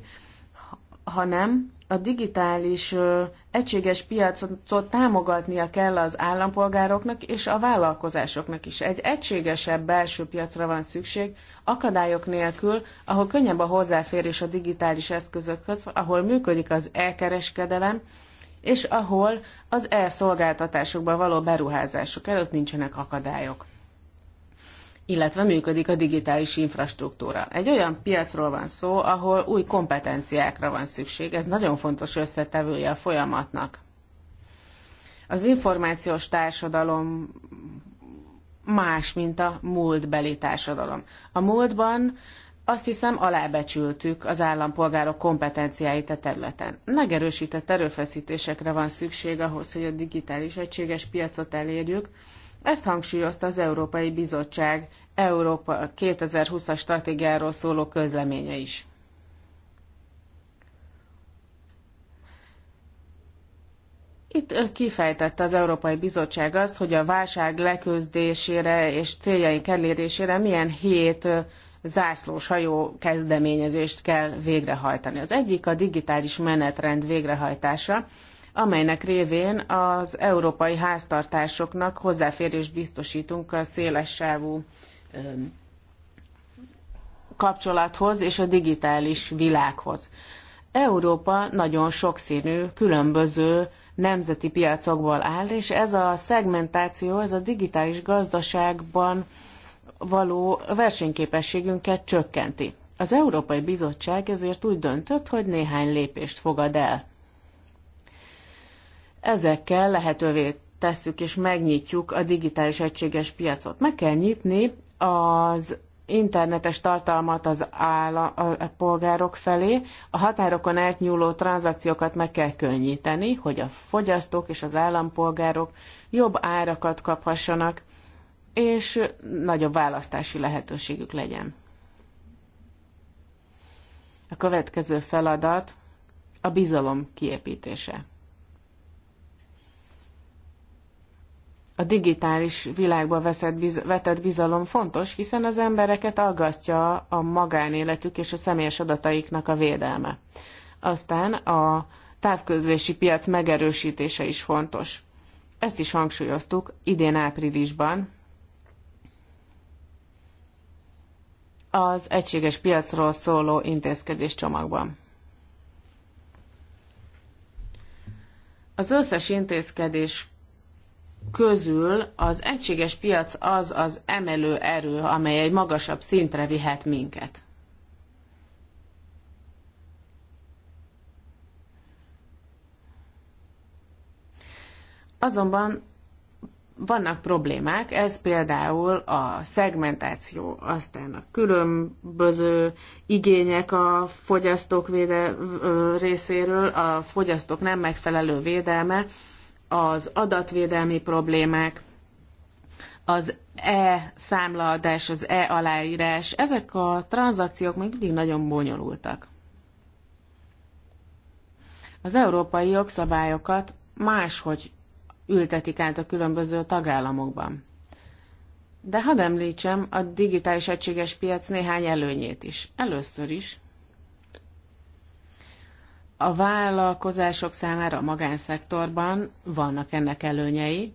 hanem a digitális egységes piacot támogatnia kell az állampolgároknak és a vállalkozásoknak is. Egy egységesebb belső piacra van szükség, akadályok nélkül, ahol könnyebb a hozzáférés a digitális eszközökhöz, ahol működik az elkereskedelem, és ahol az e-szolgáltatásokba való beruházások előtt nincsenek akadályok illetve működik a digitális infrastruktúra. Egy olyan piacról van szó, ahol új kompetenciákra van szükség. Ez nagyon fontos összetevője a folyamatnak. Az információs társadalom más, mint a múltbeli társadalom. A múltban azt hiszem alábecsültük az állampolgárok kompetenciáit a területen. Megerősített erőfeszítésekre van szükség ahhoz, hogy a digitális egységes piacot elérjük. Ezt hangsúlyozta az Európai Bizottság Európa 2020-as stratégiáról szóló közleménye is. Itt kifejtette az Európai Bizottság azt, hogy a válság leküzdésére és céljaink elérésére milyen hét zászlós hajó kezdeményezést kell végrehajtani. Az egyik a digitális menetrend végrehajtása, amelynek révén az európai háztartásoknak hozzáférést biztosítunk a szélessávú kapcsolathoz és a digitális világhoz. Európa nagyon sokszínű, különböző nemzeti piacokból áll, és ez a szegmentáció, ez a digitális gazdaságban való versenyképességünket csökkenti. Az Európai Bizottság ezért úgy döntött, hogy néhány lépést fogad el. Ezekkel lehetővé tesszük és megnyitjuk a digitális egységes piacot. Meg kell nyitni az internetes tartalmat az áll a polgárok felé, a határokon átnyúló tranzakciókat meg kell könnyíteni, hogy a fogyasztók és az állampolgárok jobb árakat kaphassanak, és nagyobb választási lehetőségük legyen. A következő feladat a bizalom kiepítése. A digitális világba veszett biz- vetett bizalom fontos, hiszen az embereket aggasztja a magánéletük és a személyes adataiknak a védelme. Aztán a távközlési piac megerősítése is fontos. Ezt is hangsúlyoztuk idén áprilisban, az egységes piacról szóló intézkedés csomagban. Az összes intézkedés közül az egységes piac az az emelő erő, amely egy magasabb szintre vihet minket. Azonban vannak problémák, ez például a szegmentáció, aztán a különböző igények a fogyasztók véde, részéről, a fogyasztók nem megfelelő védelme, az adatvédelmi problémák, az e-számlaadás, az e-aláírás, ezek a tranzakciók még mindig nagyon bonyolultak. Az európai jogszabályokat máshogy ültetik át a különböző tagállamokban. De hadd említsem a digitális egységes piac néhány előnyét is. Először is a vállalkozások számára a magánszektorban vannak ennek előnyei,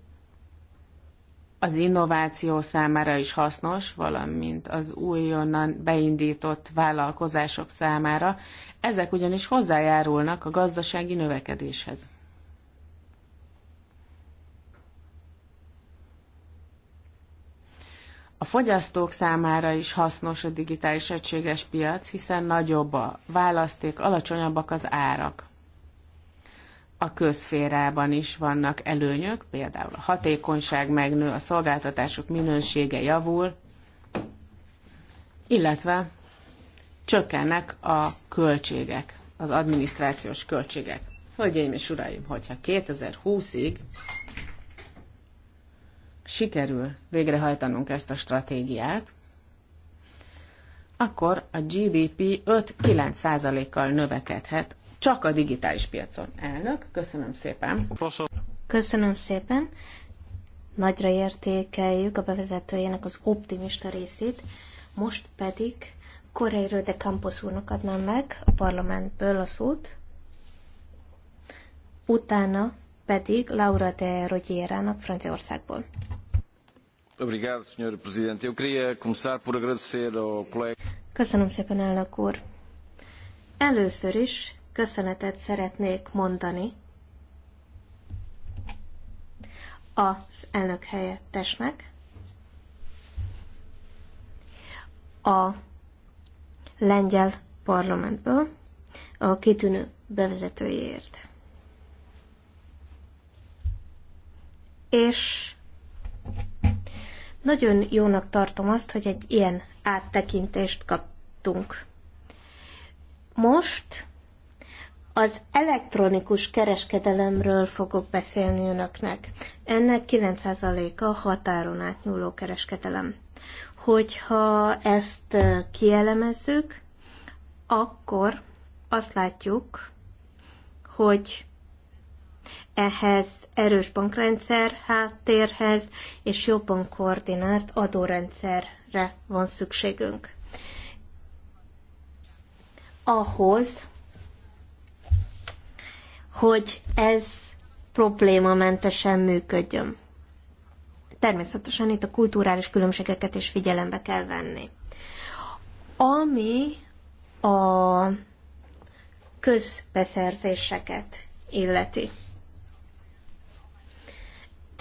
az innováció számára is hasznos, valamint az újonnan beindított vállalkozások számára. Ezek ugyanis hozzájárulnak a gazdasági növekedéshez. A fogyasztók számára is hasznos a digitális egységes piac, hiszen nagyobb a választék, alacsonyabbak az árak. A közférában is vannak előnyök, például a hatékonyság megnő, a szolgáltatások minősége javul, illetve csökkennek a költségek, az adminisztrációs költségek. Hölgyeim és uraim, hogyha 2020-ig sikerül végrehajtanunk ezt a stratégiát, akkor a GDP 5-9%-kal növekedhet csak a digitális piacon. Elnök, köszönöm szépen. Köszönöm szépen. Nagyra értékeljük a bevezetőjének az optimista részét, most pedig Correiro de Campos úrnak adnám meg a parlamentből a szót, utána pedig Laura de Rogierának Franciaországból. Köszönöm szépen, elnök úr. Először is köszönetet szeretnék mondani az elnök helyettesnek, a lengyel parlamentből a kitűnő bevezetőjéért. És nagyon jónak tartom azt, hogy egy ilyen áttekintést kaptunk. Most az elektronikus kereskedelemről fogok beszélni önöknek. Ennek 9%-a határon átnyúló kereskedelem. Hogyha ezt kielemezzük, akkor azt látjuk, hogy ehhez erős bankrendszer háttérhez és jobban koordinált adórendszerre van szükségünk. Ahhoz, hogy ez problémamentesen működjön. Természetesen itt a kulturális különbségeket is figyelembe kell venni. Ami a közbeszerzéseket illeti.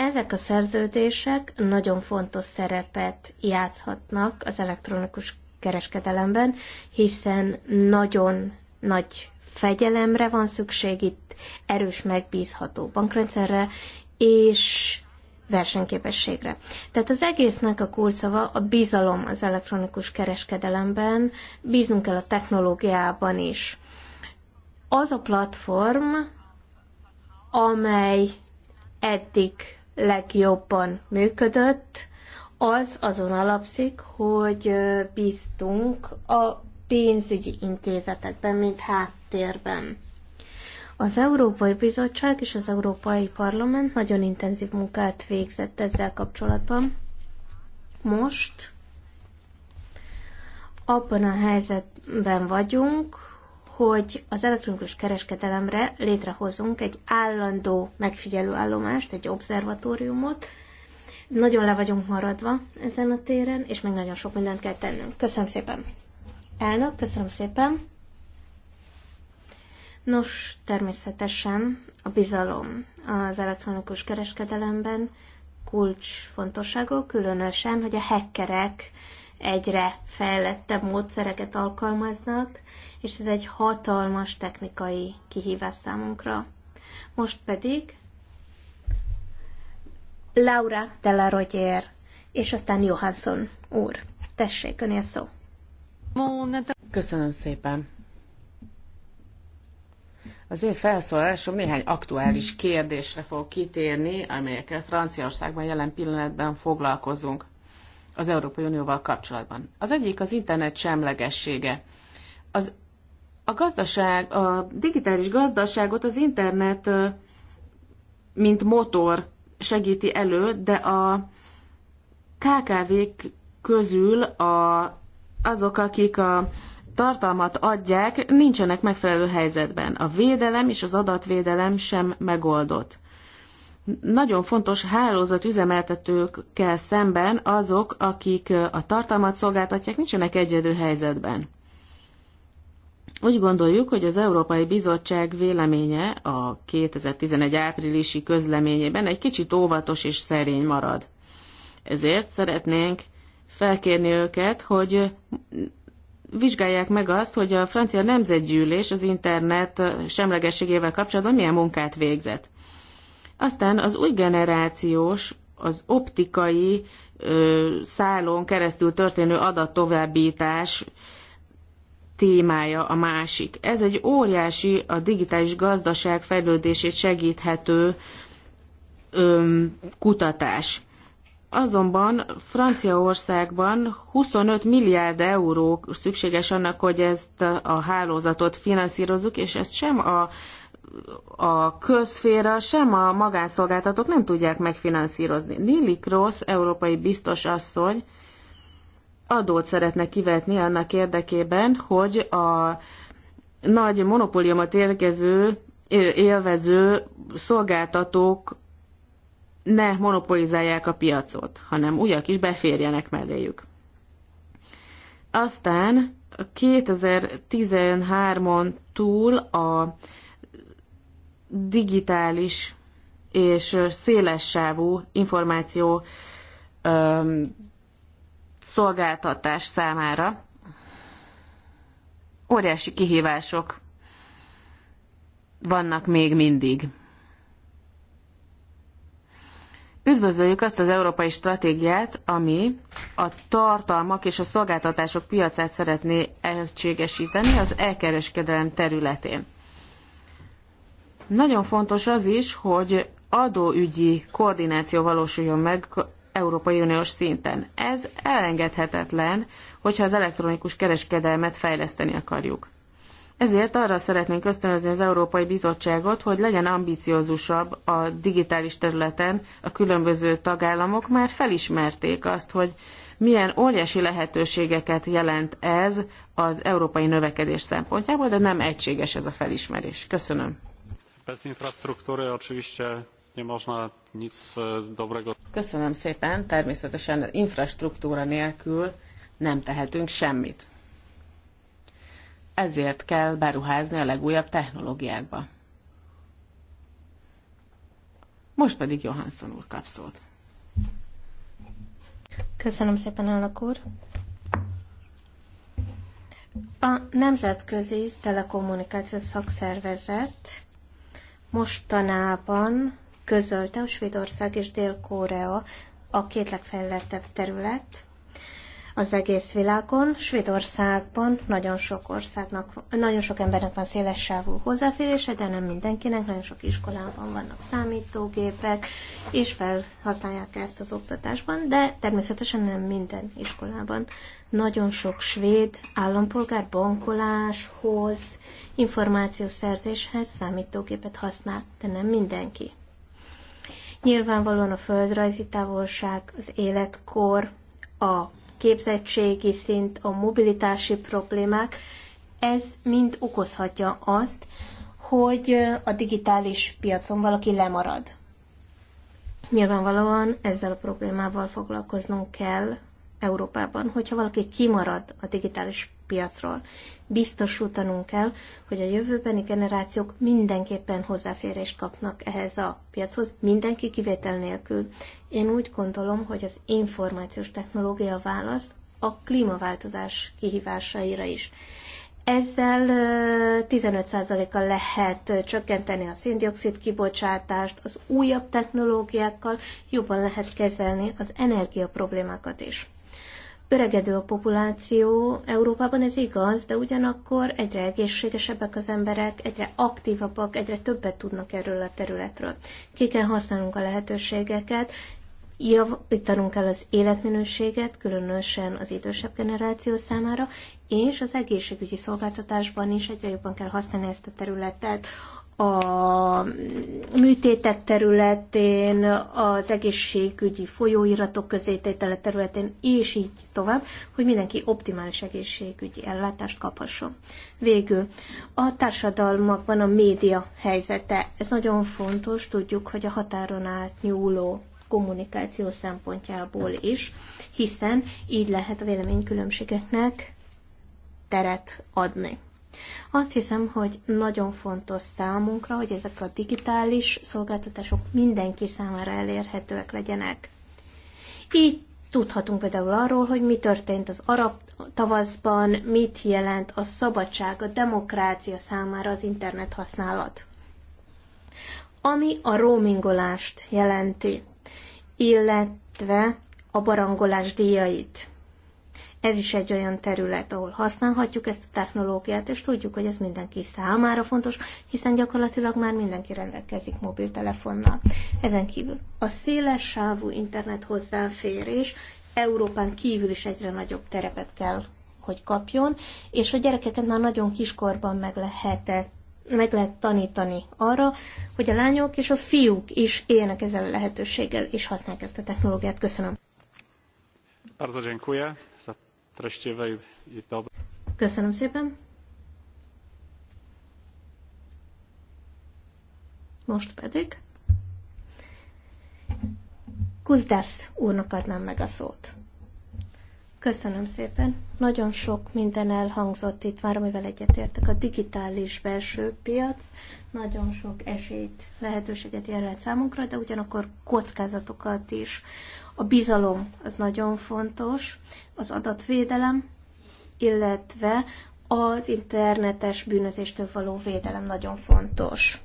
Ezek a szerződések nagyon fontos szerepet játszhatnak az elektronikus kereskedelemben, hiszen nagyon nagy fegyelemre van szükség itt, erős, megbízható bankrendszerre, és versenyképességre. Tehát az egésznek a kulcsava a bizalom az elektronikus kereskedelemben, bíznunk el a technológiában is. Az a platform, amely eddig legjobban működött, az azon alapszik, hogy bíztunk a pénzügyi intézetekben, mint háttérben. Az Európai Bizottság és az Európai Parlament nagyon intenzív munkát végzett ezzel kapcsolatban. Most abban a helyzetben vagyunk, hogy az elektronikus kereskedelemre létrehozunk egy állandó megfigyelő állomást, egy obszervatóriumot. Nagyon le vagyunk maradva ezen a téren, és még nagyon sok mindent kell tennünk. Köszönöm szépen. Elnök, köszönöm szépen. Nos, természetesen a bizalom az elektronikus kereskedelemben kulcsfontosságú, különösen, hogy a hackerek egyre fejlettebb módszereket alkalmaznak, és ez egy hatalmas technikai kihívás számunkra. Most pedig Laura de la Roger, és aztán Johansson úr. Tessék, önél szó. Köszönöm szépen. Az én felszólalásom néhány aktuális kérdésre fog kitérni, amelyekkel Franciaországban jelen pillanatban foglalkozunk az Európai Unióval kapcsolatban. Az egyik az internet semlegessége. Az, a gazdaság, a digitális gazdaságot az internet mint motor segíti elő, de a KKV-k közül a, azok, akik a tartalmat adják, nincsenek megfelelő helyzetben. A védelem és az adatvédelem sem megoldott nagyon fontos hálózat üzemeltetőkkel szemben azok, akik a tartalmat szolgáltatják, nincsenek egyedül helyzetben. Úgy gondoljuk, hogy az Európai Bizottság véleménye a 2011 áprilisi közleményében egy kicsit óvatos és szerény marad. Ezért szeretnénk felkérni őket, hogy vizsgálják meg azt, hogy a francia nemzetgyűlés az internet semlegességével kapcsolatban milyen munkát végzett. Aztán az új generációs, az optikai ö, szálon keresztül történő adattovábbítás témája a másik. Ez egy óriási, a digitális gazdaság fejlődését segíthető ö, kutatás. Azonban Franciaországban 25 milliárd euró szükséges annak, hogy ezt a hálózatot finanszírozzuk, és ezt sem a a közféra, sem a magánszolgáltatók nem tudják megfinanszírozni. Lili Cross, európai biztos asszony, adót szeretne kivetni annak érdekében, hogy a nagy monopóliumot érkező, élvező szolgáltatók ne monopolizálják a piacot, hanem újak is beférjenek melléjük. Aztán 2013-on túl a digitális és sávú információ öm, szolgáltatás számára. Óriási kihívások vannak még mindig. Üdvözöljük azt az európai stratégiát, ami a tartalmak és a szolgáltatások piacát szeretné egységesíteni az elkereskedelem területén. Nagyon fontos az is, hogy adóügyi koordináció valósuljon meg Európai Uniós szinten. Ez elengedhetetlen, hogyha az elektronikus kereskedelmet fejleszteni akarjuk. Ezért arra szeretnénk ösztönözni az Európai Bizottságot, hogy legyen ambiciózusabb a digitális területen a különböző tagállamok már felismerték azt, hogy milyen óriási lehetőségeket jelent ez az európai növekedés szempontjából, de nem egységes ez a felismerés. Köszönöm. Bez infrastruktúry oczywiście nie można nic e, dobrego. Köszönöm szépen, természetesen infrastruktúra nélkül nem tehetünk semmit. Ezért kell beruházni a legújabb technológiákba. Most pedig Johansson úr kap szót. Köszönöm szépen, elnök úr. A Nemzetközi Telekommunikációs Szakszervezet mostanában közölte, a Svédország és Dél-Korea a két legfejlettebb terület, az egész világon. Svédországban nagyon sok országnak, nagyon sok embernek van széles sávú hozzáférése, de nem mindenkinek, nagyon sok iskolában vannak számítógépek, és felhasználják ezt az oktatásban, de természetesen nem minden iskolában. Nagyon sok svéd állampolgár bankoláshoz, információszerzéshez számítógépet használ, de nem mindenki. Nyilvánvalóan a földrajzi távolság, az életkor, a képzettségi szint, a mobilitási problémák, ez mind okozhatja azt, hogy a digitális piacon valaki lemarad. Nyilvánvalóan ezzel a problémával foglalkoznunk kell Európában. Hogyha valaki kimarad a digitális piacról. Biztos utanunk kell, hogy a jövőbeni generációk mindenképpen hozzáférést kapnak ehhez a piachoz, mindenki kivétel nélkül. Én úgy gondolom, hogy az információs technológia válasz a klímaváltozás kihívásaira is. Ezzel 15%-kal lehet csökkenteni a széndiokszid kibocsátást, az újabb technológiákkal jobban lehet kezelni az energia problémákat is. Öregedő a populáció Európában, ez igaz, de ugyanakkor egyre egészségesebbek az emberek, egyre aktívabbak, egyre többet tudnak erről a területről. Ki kell használnunk a lehetőségeket, javítanunk el az életminőséget, különösen az idősebb generáció számára, és az egészségügyi szolgáltatásban is egyre jobban kell használni ezt a területet a műtétek területén, az egészségügyi folyóiratok közététele területén, és így tovább, hogy mindenki optimális egészségügyi ellátást kaphasson. Végül a társadalmakban a média helyzete. Ez nagyon fontos, tudjuk, hogy a határon átnyúló kommunikáció szempontjából is, hiszen így lehet a véleménykülönbségeknek teret adni. Azt hiszem, hogy nagyon fontos számunkra, hogy ezek a digitális szolgáltatások mindenki számára elérhetőek legyenek. Így tudhatunk például arról, hogy mi történt az arab tavaszban, mit jelent a szabadság, a demokrácia számára az internet használat. Ami a roamingolást jelenti, illetve a barangolás díjait. Ez is egy olyan terület, ahol használhatjuk ezt a technológiát, és tudjuk, hogy ez mindenki számára fontos, hiszen gyakorlatilag már mindenki rendelkezik mobiltelefonnal. Ezen kívül a széles sávú internet hozzáférés Európán kívül is egyre nagyobb terepet kell, hogy kapjon, és a gyerekeket már nagyon kiskorban meg lehetett meg lehet tanítani arra, hogy a lányok és a fiúk is éljenek ezzel a lehetőséggel, és használják ezt a technológiát. Köszönöm. Bardzo dziękuję za Köszönöm szépen. Most pedig Kuzdász úrnak adnám meg a szót. Köszönöm szépen. Nagyon sok minden elhangzott itt már, amivel egyetértek. A digitális belső piac nagyon sok esélyt, lehetőséget jelent számunkra, de ugyanakkor kockázatokat is. A bizalom az nagyon fontos, az adatvédelem, illetve az internetes bűnözéstől való védelem nagyon fontos.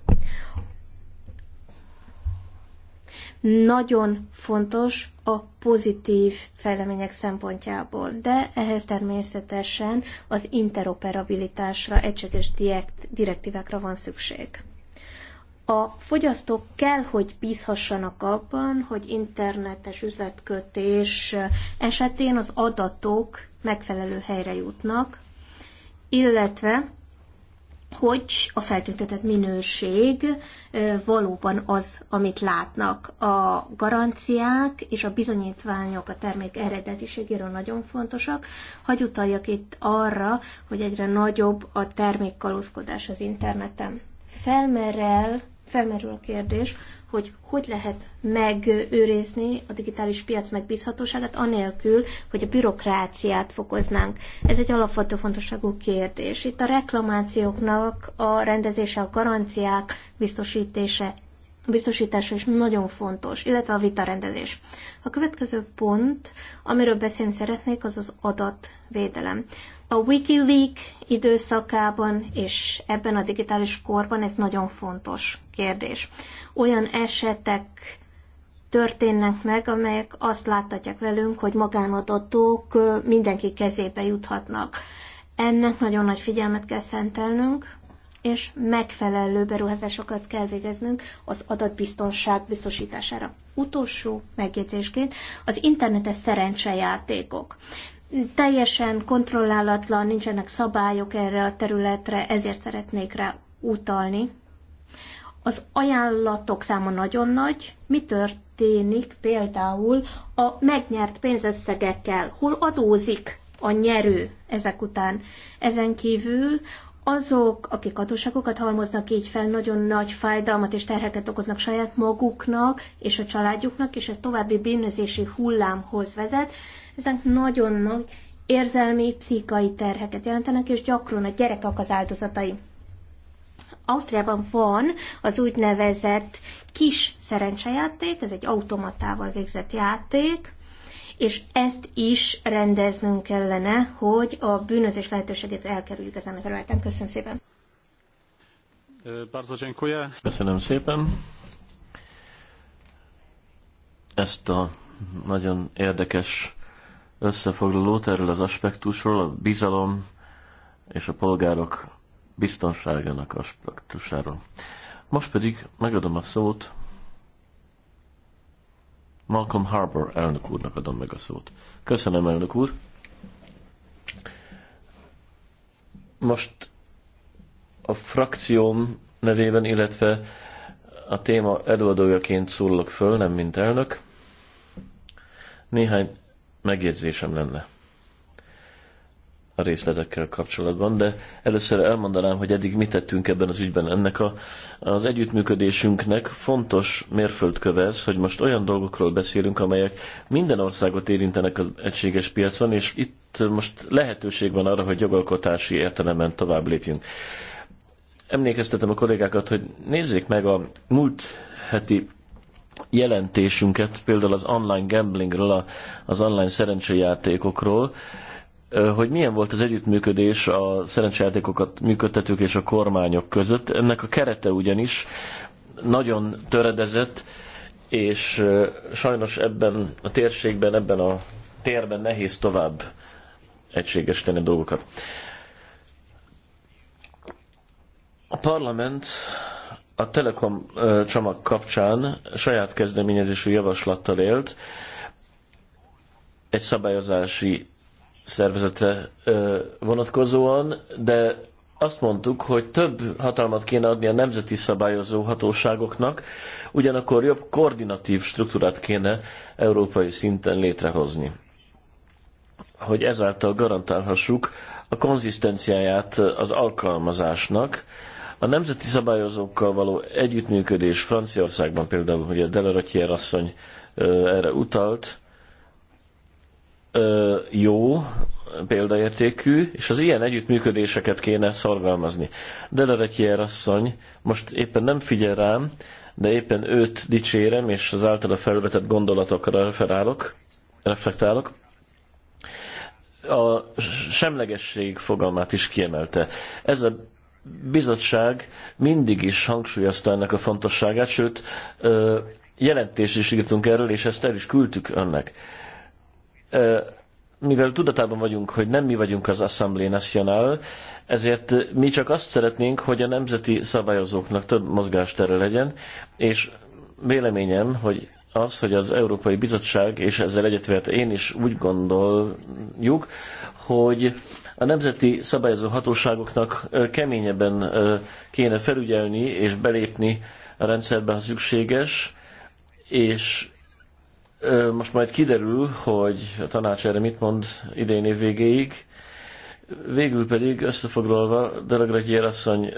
Nagyon fontos a pozitív fejlemények szempontjából, de ehhez természetesen az interoperabilitásra, egységes direktívákra van szükség. A fogyasztók kell, hogy bízhassanak abban, hogy internetes üzletkötés esetén az adatok megfelelő helyre jutnak, illetve hogy a feltöltetett minőség valóban az, amit látnak. A garanciák és a bizonyítványok a termék eredetiségéről nagyon fontosak. Hagy utaljak itt arra, hogy egyre nagyobb a termékkalózkodás az interneten. Felmerel felmerül a kérdés, hogy hogy lehet megőrizni a digitális piac megbízhatóságát, anélkül, hogy a bürokráciát fokoznánk. Ez egy alapvető fontosságú kérdés. Itt a reklamációknak a rendezése, a garanciák biztosítése biztosítása is nagyon fontos, illetve a vitarendezés. A következő pont, amiről beszélni szeretnék, az az adatvédelem. A Wikileaks időszakában és ebben a digitális korban ez nagyon fontos kérdés. Olyan esetek történnek meg, amelyek azt láthatják velünk, hogy magánadatok mindenki kezébe juthatnak. Ennek nagyon nagy figyelmet kell szentelnünk, és megfelelő beruházásokat kell végeznünk az adatbiztonság biztosítására. Utolsó megjegyzésként az internetes szerencsejátékok. Teljesen kontrollálatlan, nincsenek szabályok erre a területre, ezért szeretnék rá utalni. Az ajánlatok száma nagyon nagy. Mi történik például a megnyert pénzösszegekkel? Hol adózik a nyerő ezek után. Ezen kívül azok, akik adósságokat halmoznak így fel, nagyon nagy fájdalmat és terheket okoznak saját maguknak és a családjuknak, és ez további bűnözési hullámhoz vezet. Ezek nagyon nagy érzelmi, pszichai terheket jelentenek, és gyakran a gyerekek az áldozatai. Ausztriában van az úgynevezett kis szerencsejáték, ez egy automatával végzett játék, és ezt is rendeznünk kellene, hogy a bűnözés lehetőségét elkerüljük ezen a területen. Köszönöm szépen. Bardzo dziękuję. Köszönöm szépen. Ezt a nagyon érdekes összefoglalót erről az aspektusról, a bizalom és a polgárok biztonságának aspektusáról. Most pedig megadom a szót Malcolm Harbour elnök úrnak adom meg a szót. Köszönöm, elnök úr. Most a frakcióm nevében, illetve a téma előadójaként szólok föl, nem mint elnök. Néhány megjegyzésem lenne a részletekkel kapcsolatban, de először elmondanám, hogy eddig mit tettünk ebben az ügyben. Ennek a, az együttműködésünknek fontos mérföldköve ez, hogy most olyan dolgokról beszélünk, amelyek minden országot érintenek az egységes piacon, és itt most lehetőség van arra, hogy jogalkotási értelemben tovább lépjünk. Emlékeztetem a kollégákat, hogy nézzék meg a múlt heti jelentésünket, például az online gamblingről, az online szerencsejátékokról, hogy milyen volt az együttműködés a szerencsejátékokat működtetők és a kormányok között. Ennek a kerete ugyanis nagyon töredezett, és sajnos ebben a térségben, ebben a térben nehéz tovább egységesíteni a dolgokat. A parlament a Telekom csomag kapcsán saját kezdeményezésű javaslattal élt, egy szabályozási szervezetre vonatkozóan, de azt mondtuk, hogy több hatalmat kéne adni a nemzeti szabályozó hatóságoknak, ugyanakkor jobb koordinatív struktúrát kéne európai szinten létrehozni. Hogy ezáltal garantálhassuk a konzisztenciáját az alkalmazásnak, a nemzeti szabályozókkal való együttműködés Franciaországban például, hogy a Delaratier asszony erre utalt, jó, példaértékű, és az ilyen együttműködéseket kéne szorgalmazni. Deleretjér asszony most éppen nem figyel rám, de éppen őt dicsérem, és az általa felvetett gondolatokra referálok, reflektálok. A semlegesség fogalmát is kiemelte. Ez a bizottság mindig is hangsúlyozta ennek a fontosságát, sőt, jelentést is írtunk erről, és ezt el is küldtük önnek mivel tudatában vagyunk, hogy nem mi vagyunk az Assemblée Nationale, ezért mi csak azt szeretnénk, hogy a nemzeti szabályozóknak több mozgástere legyen, és véleményem, hogy az, hogy az Európai Bizottság, és ezzel egyetvert én is úgy gondoljuk, hogy a nemzeti szabályozó hatóságoknak keményebben kéne felügyelni és belépni a rendszerbe, ha szükséges, és most majd kiderül, hogy a tanács erre mit mond idén év végéig. Végül pedig összefoglalva, Delegregi asszony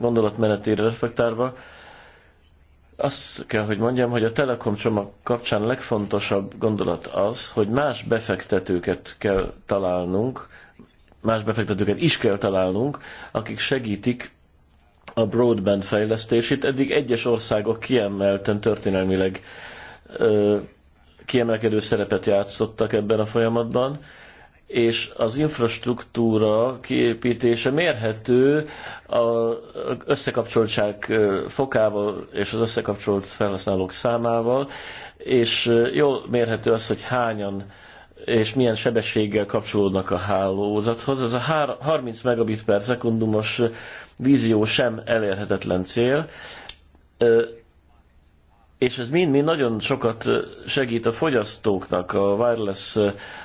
gondolatmenetére reflektálva, azt kell, hogy mondjam, hogy a Telekom csomag kapcsán legfontosabb gondolat az, hogy más befektetőket kell találnunk, más befektetőket is kell találnunk, akik segítik a broadband fejlesztését. Eddig egyes országok kiemelten történelmileg kiemelkedő szerepet játszottak ebben a folyamatban, és az infrastruktúra kiépítése mérhető az összekapcsoltság fokával és az összekapcsolt felhasználók számával, és jól mérhető az, hogy hányan és milyen sebességgel kapcsolódnak a hálózathoz. Ez a 30 megabit per szekundumos vízió sem elérhetetlen cél és ez mind-mind nagyon sokat segít a fogyasztóknak a wireless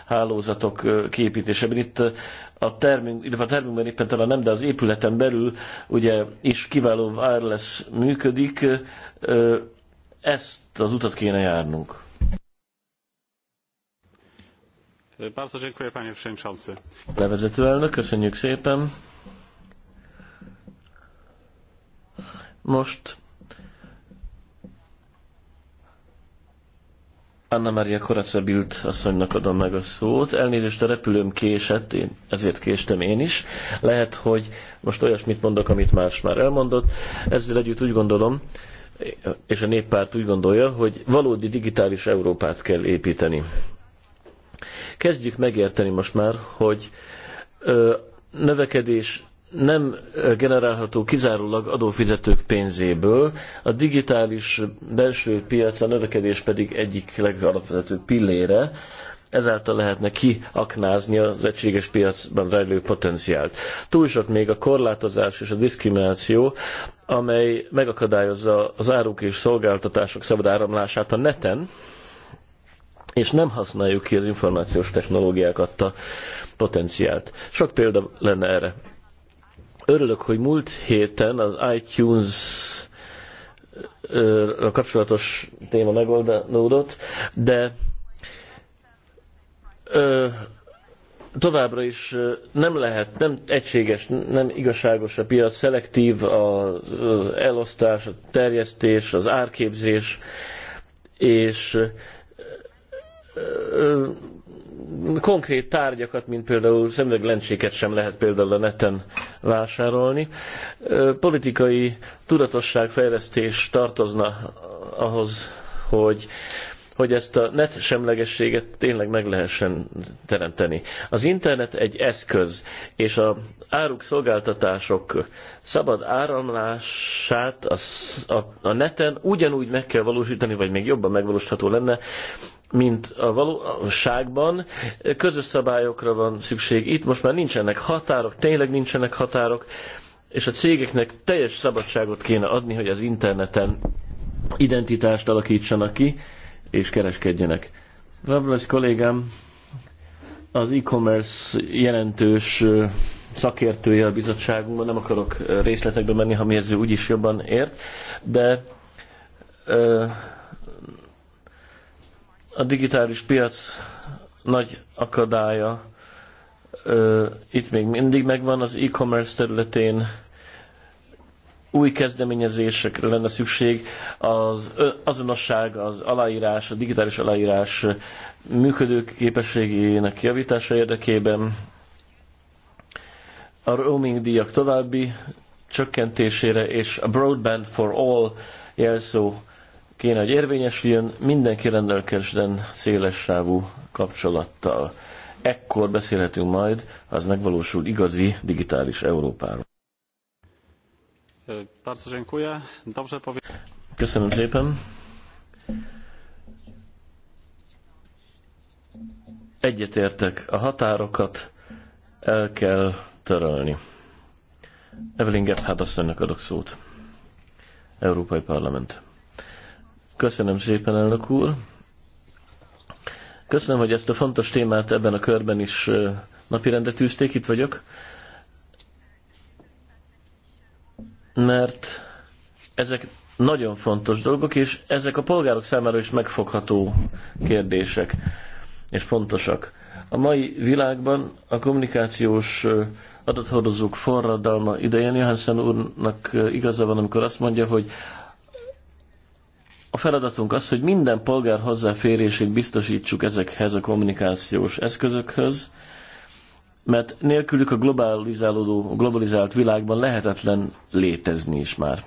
hálózatok képítésében. Itt a termünk, illetve a termünkben éppen talán nem, de az épületen belül ugye is kiváló wireless működik, ezt az utat kéne járnunk. Bardzo dziękuję panie przewodniczący. Levezető elnök, köszönjük szépen. Most Anna Maria Koracebilt asszonynak adom meg a szót. Elnézést, a repülőm késett, én, ezért késtem én is. Lehet, hogy most olyasmit mondok, amit más már elmondott. Ezzel együtt úgy gondolom, és a néppárt úgy gondolja, hogy valódi digitális Európát kell építeni. Kezdjük megérteni most már, hogy ö, növekedés nem generálható kizárólag adófizetők pénzéből, a digitális belső piac, a növekedés pedig egyik legalapvetőbb pillére, ezáltal lehetne kiaknázni az egységes piacban rejlő potenciált. Túl sok még a korlátozás és a diszkrimináció, amely megakadályozza az áruk és szolgáltatások szabad áramlását a neten, és nem használjuk ki az információs technológiák adta potenciált. Sok példa lenne erre. Örülök, hogy múlt héten az iTunes a kapcsolatos téma megoldódott, de ö, továbbra is nem lehet, nem egységes, nem igazságos a piac, szelektív az elosztás, a terjesztés, az árképzés, és ö, ö, konkrét tárgyakat, mint például szemüveglencséket sem lehet például a neten vásárolni. Politikai tudatosságfejlesztés tartozna ahhoz, hogy hogy ezt a net semlegességet tényleg meg lehessen teremteni. Az internet egy eszköz, és a áruk szolgáltatások szabad áramlását a, a, a neten ugyanúgy meg kell valósítani, vagy még jobban megvalósítható lenne, mint a valóságban. Közös szabályokra van szükség. Itt most már nincsenek határok, tényleg nincsenek határok, és a cégeknek teljes szabadságot kéne adni, hogy az interneten identitást alakítsanak ki, és kereskedjenek. Ravlasz kollégám az e-commerce jelentős szakértője a bizottságunkban, nem akarok részletekbe menni, ha mi ezzel úgyis jobban ért, de a digitális piac nagy akadálya ö, itt még mindig megvan az e-commerce területén új kezdeményezésekre lenne szükség, az azonosság, az aláírás, a digitális aláírás működőképességének javítása érdekében, a roaming díjak további csökkentésére és a broadband for all jelszó kéne, hogy érvényesüljön, mindenki rendelkezzen széles sávú kapcsolattal. Ekkor beszélhetünk majd, az megvalósul igazi digitális Európáról. Köszönöm szépen. Egyetértek, a határokat el kell törölni. Evelyn Gebhard azt adok szót. Európai Parlament. Köszönöm szépen, elnök úr. Köszönöm, hogy ezt a fontos témát ebben a körben is napirendre tűzték, itt vagyok. Mert ezek nagyon fontos dolgok, és ezek a polgárok számára is megfogható kérdések, és fontosak. A mai világban a kommunikációs adathordozók forradalma idején Johansson úrnak igaza van, amikor azt mondja, hogy a feladatunk az, hogy minden polgár hozzáférését biztosítsuk ezekhez a kommunikációs eszközökhöz, mert nélkülük a globalizálódó, a globalizált világban lehetetlen létezni is már.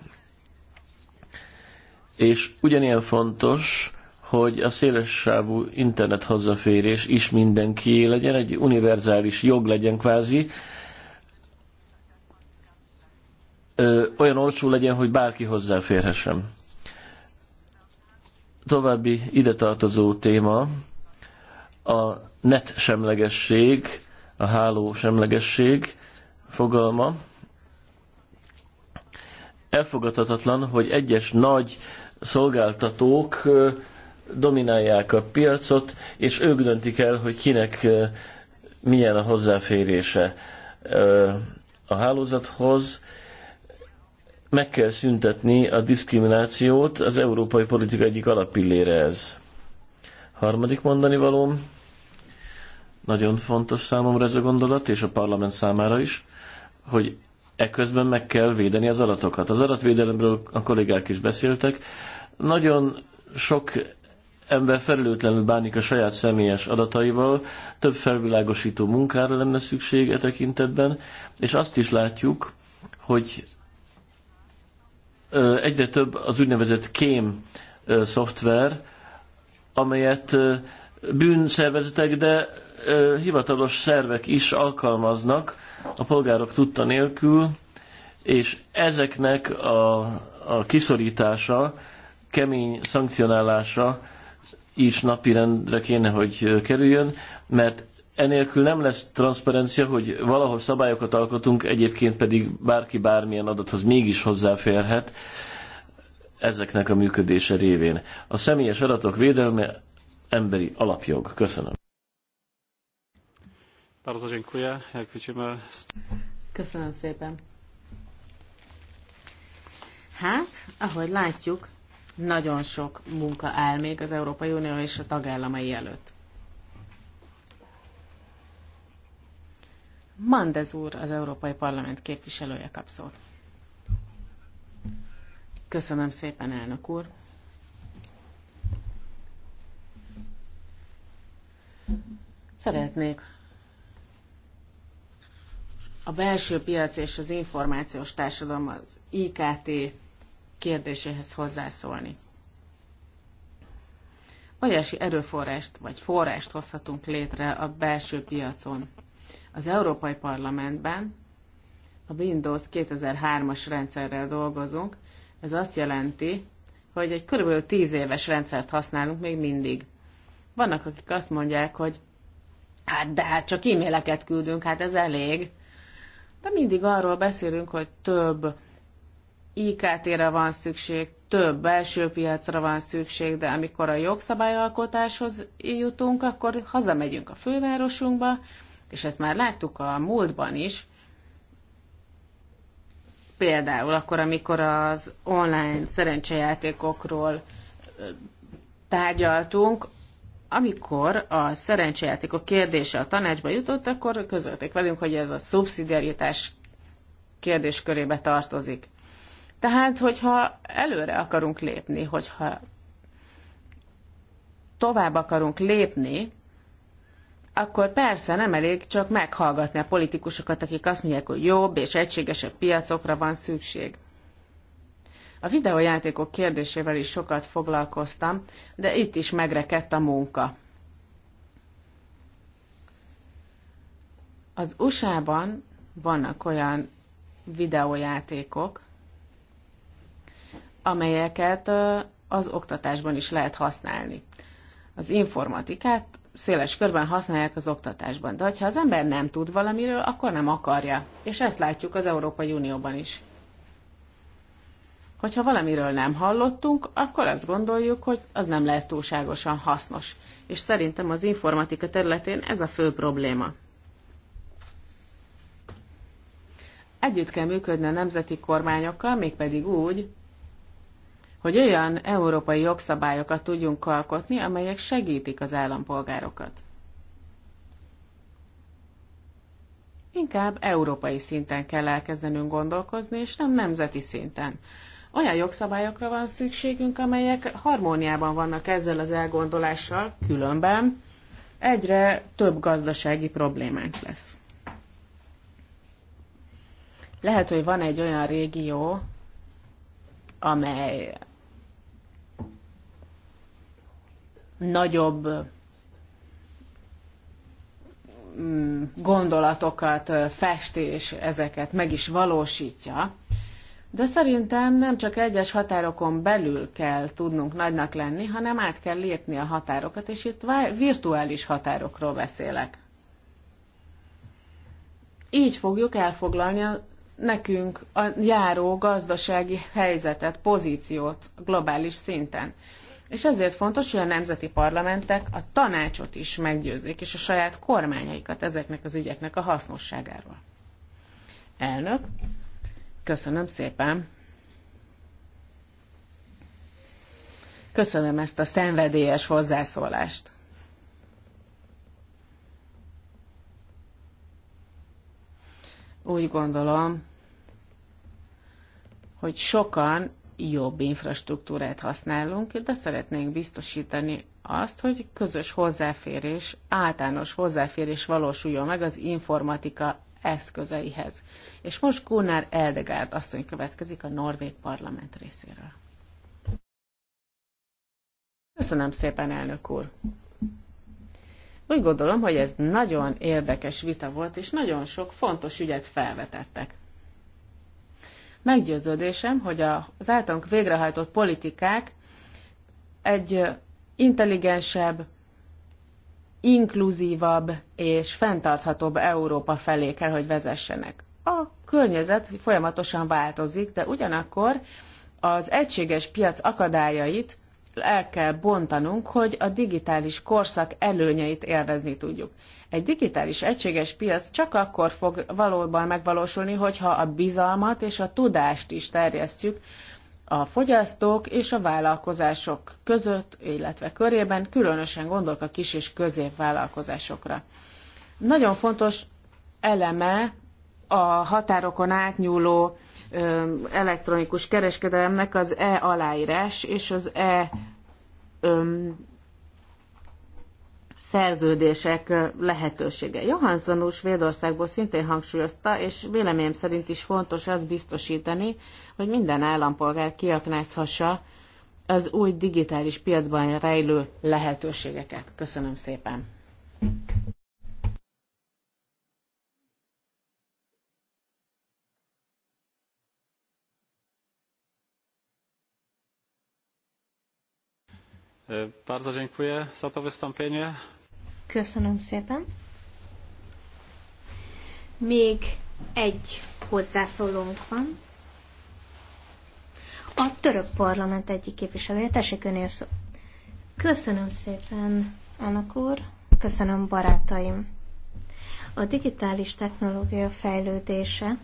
És ugyanilyen fontos, hogy a sávú internet hozzáférés is mindenki legyen, egy univerzális jog legyen kvázi, ö, olyan olcsó legyen, hogy bárki hozzáférhessen további ide tartozó téma a net semlegesség, a háló semlegesség fogalma. Elfogadhatatlan, hogy egyes nagy szolgáltatók dominálják a piacot, és ők döntik el, hogy kinek milyen a hozzáférése a hálózathoz, meg kell szüntetni a diszkriminációt, az európai politika egyik alapillére ez. Harmadik mondani valóm, nagyon fontos számomra ez a gondolat, és a parlament számára is, hogy eközben meg kell védeni az adatokat. Az adatvédelemről a kollégák is beszéltek. Nagyon sok ember felelőtlenül bánik a saját személyes adataival, több felvilágosító munkára lenne szükség e tekintetben, és azt is látjuk, hogy egyre több az úgynevezett kém szoftver, amelyet bűnszervezetek, de hivatalos szervek is alkalmaznak a polgárok tudta nélkül, és ezeknek a, a kiszorítása, kemény szankcionálása is napirendre kéne, hogy kerüljön, mert enélkül nem lesz transzparencia, hogy valahol szabályokat alkotunk, egyébként pedig bárki bármilyen adathoz mégis hozzáférhet ezeknek a működése révén. A személyes adatok védelme emberi alapjog. Köszönöm. Köszönöm szépen. Hát, ahogy látjuk, nagyon sok munka áll még az Európai Unió és a tagállamai előtt. Mandez úr, az Európai Parlament képviselője kap szót. Köszönöm szépen, elnök úr. Szeretnék a belső piac és az információs társadalom az IKT kérdéséhez hozzászólni. Olyasi erőforrást vagy forrást hozhatunk létre a belső piacon, az Európai Parlamentben a Windows 2003-as rendszerrel dolgozunk. Ez azt jelenti, hogy egy körülbelül 10 éves rendszert használunk még mindig. Vannak, akik azt mondják, hogy hát de hát csak e-maileket küldünk, hát ez elég. De mindig arról beszélünk, hogy több IKT-re van szükség, több belső piacra van szükség, de amikor a jogszabályalkotáshoz jutunk, akkor hazamegyünk a fővárosunkba, és ezt már láttuk a múltban is, például akkor, amikor az online szerencsejátékokról tárgyaltunk, amikor a szerencsejátékok kérdése a tanácsba jutott, akkor közölték velünk, hogy ez a szubszidiaritás kérdéskörébe tartozik. Tehát, hogyha előre akarunk lépni, hogyha tovább akarunk lépni, akkor persze nem elég csak meghallgatni a politikusokat, akik azt mondják, hogy jobb és egységesebb piacokra van szükség. A videójátékok kérdésével is sokat foglalkoztam, de itt is megrekedt a munka. Az USA-ban vannak olyan videójátékok, amelyeket az oktatásban is lehet használni. Az informatikát széles körben használják az oktatásban. De ha az ember nem tud valamiről, akkor nem akarja. És ezt látjuk az Európai Unióban is. Hogyha valamiről nem hallottunk, akkor azt gondoljuk, hogy az nem lehet túlságosan hasznos. És szerintem az informatika területén ez a fő probléma. Együtt kell működni a nemzeti kormányokkal, mégpedig úgy, hogy olyan európai jogszabályokat tudjunk alkotni, amelyek segítik az állampolgárokat. Inkább európai szinten kell elkezdenünk gondolkozni, és nem nemzeti szinten. Olyan jogszabályokra van szükségünk, amelyek harmóniában vannak ezzel az elgondolással, különben egyre több gazdasági problémánk lesz. Lehet, hogy van egy olyan régió, amely nagyobb mm, gondolatokat fest és ezeket meg is valósítja. De szerintem nem csak egyes határokon belül kell tudnunk nagynak lenni, hanem át kell lépni a határokat, és itt virtuális határokról beszélek. Így fogjuk elfoglalni a, nekünk a járó gazdasági helyzetet, pozíciót globális szinten. És ezért fontos, hogy a nemzeti parlamentek a tanácsot is meggyőzzék, és a saját kormányaikat ezeknek az ügyeknek a hasznosságáról. Elnök, köszönöm szépen. Köszönöm ezt a szenvedélyes hozzászólást. Úgy gondolom, hogy sokan jobb infrastruktúrát használunk, de szeretnénk biztosítani azt, hogy közös hozzáférés, általános hozzáférés valósuljon meg az informatika eszközeihez. És most Gunnar Eldegard asszony következik a Norvég parlament részéről. Köszönöm szépen, elnök úr! Úgy gondolom, hogy ez nagyon érdekes vita volt, és nagyon sok fontos ügyet felvetettek. Meggyőződésem, hogy az általunk végrehajtott politikák egy intelligensebb, inkluzívabb és fenntarthatóbb Európa felé kell, hogy vezessenek. A környezet folyamatosan változik, de ugyanakkor az egységes piac akadályait el kell bontanunk, hogy a digitális korszak előnyeit élvezni tudjuk. Egy digitális egységes piac csak akkor fog valóban megvalósulni, hogyha a bizalmat és a tudást is terjesztjük a fogyasztók és a vállalkozások között, illetve körében, különösen gondolok a kis és középvállalkozásokra. Nagyon fontos eleme a határokon átnyúló elektronikus kereskedelemnek az e aláírás és az e szerződések lehetősége. Johansson úr Svédországból szintén hangsúlyozta, és véleményem szerint is fontos azt biztosítani, hogy minden állampolgár kiaknázhassa az új digitális piacban rejlő lehetőségeket. Köszönöm szépen! E, bardzo dziękuję za to wystąpienie. Köszönöm szépen. Még egy hozzászólónk van. A török parlament egyik képviselője. Tessék önél szó. Köszönöm szépen, Annak úr. Köszönöm, barátaim. A digitális technológia fejlődése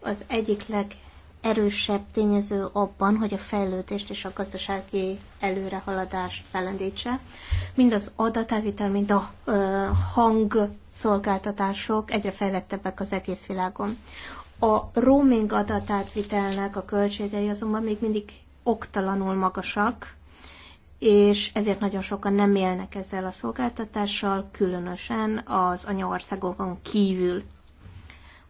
az egyik leg erősebb tényező abban, hogy a fejlődést és a gazdasági előrehaladást felendítse. Mind az adatávitel, mind a hangszolgáltatások egyre fejlettebbek az egész világon. A roaming adatátvitelnek a költségei azonban még mindig oktalanul magasak, és ezért nagyon sokan nem élnek ezzel a szolgáltatással, különösen az anyaországokon kívül.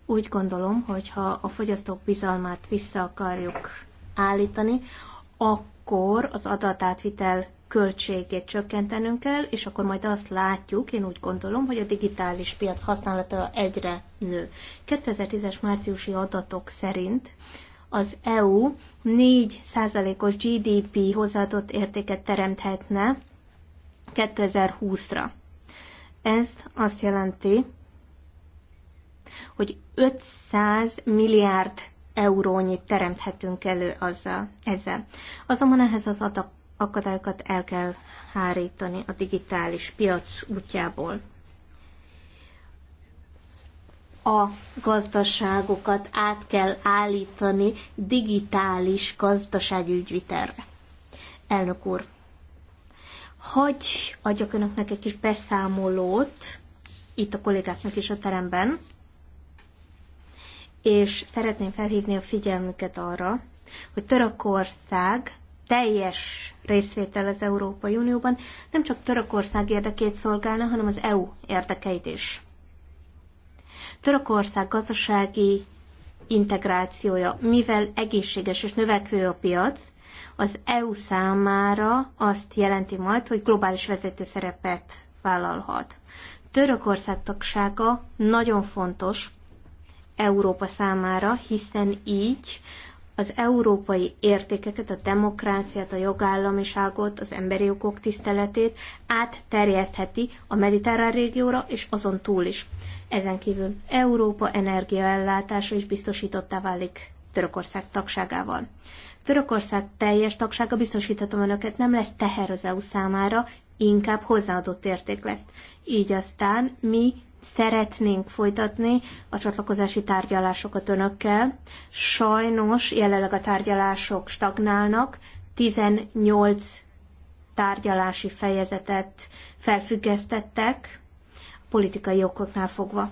Úgy gondolom, hogy ha a fogyasztók bizalmát vissza akarjuk állítani, akkor az adatátvitel költségét csökkentenünk kell, és akkor majd azt látjuk, én úgy gondolom, hogy a digitális piac használata egyre nő. 2010-es márciusi adatok szerint az EU 4%-os GDP hozzáadott értéket teremthetne 2020-ra. Ez azt jelenti, hogy 500 milliárd eurónyit teremthetünk elő azzal, ezzel. Azonban ehhez az adag akadályokat el kell hárítani a digitális piac útjából. A gazdaságokat át kell állítani digitális gazdasági ügyviterre. Elnök úr, hagyj adjak önöknek egy kis beszámolót, itt a kollégáknak is a teremben, és szeretném felhívni a figyelmüket arra, hogy Törökország teljes részvétel az Európai Unióban nem csak Törökország érdekét szolgálna, hanem az EU érdekeit is. Törökország gazdasági integrációja, mivel egészséges és növekvő a piac, az EU számára azt jelenti majd, hogy globális vezető szerepet vállalhat. Törökország tagsága nagyon fontos, Európa számára, hiszen így az európai értékeket, a demokráciát, a jogállamiságot, az emberi jogok tiszteletét átterjesztheti a mediterrán régióra és azon túl is. Ezen kívül Európa energiaellátása is biztosítottá válik Törökország tagságával. Törökország teljes tagsága, biztosíthatom önöket, nem lesz teher az EU számára, inkább hozzáadott érték lesz. Így aztán mi szeretnénk folytatni a csatlakozási tárgyalásokat önökkel. Sajnos jelenleg a tárgyalások stagnálnak, 18 tárgyalási fejezetet felfüggesztettek politikai okoknál fogva.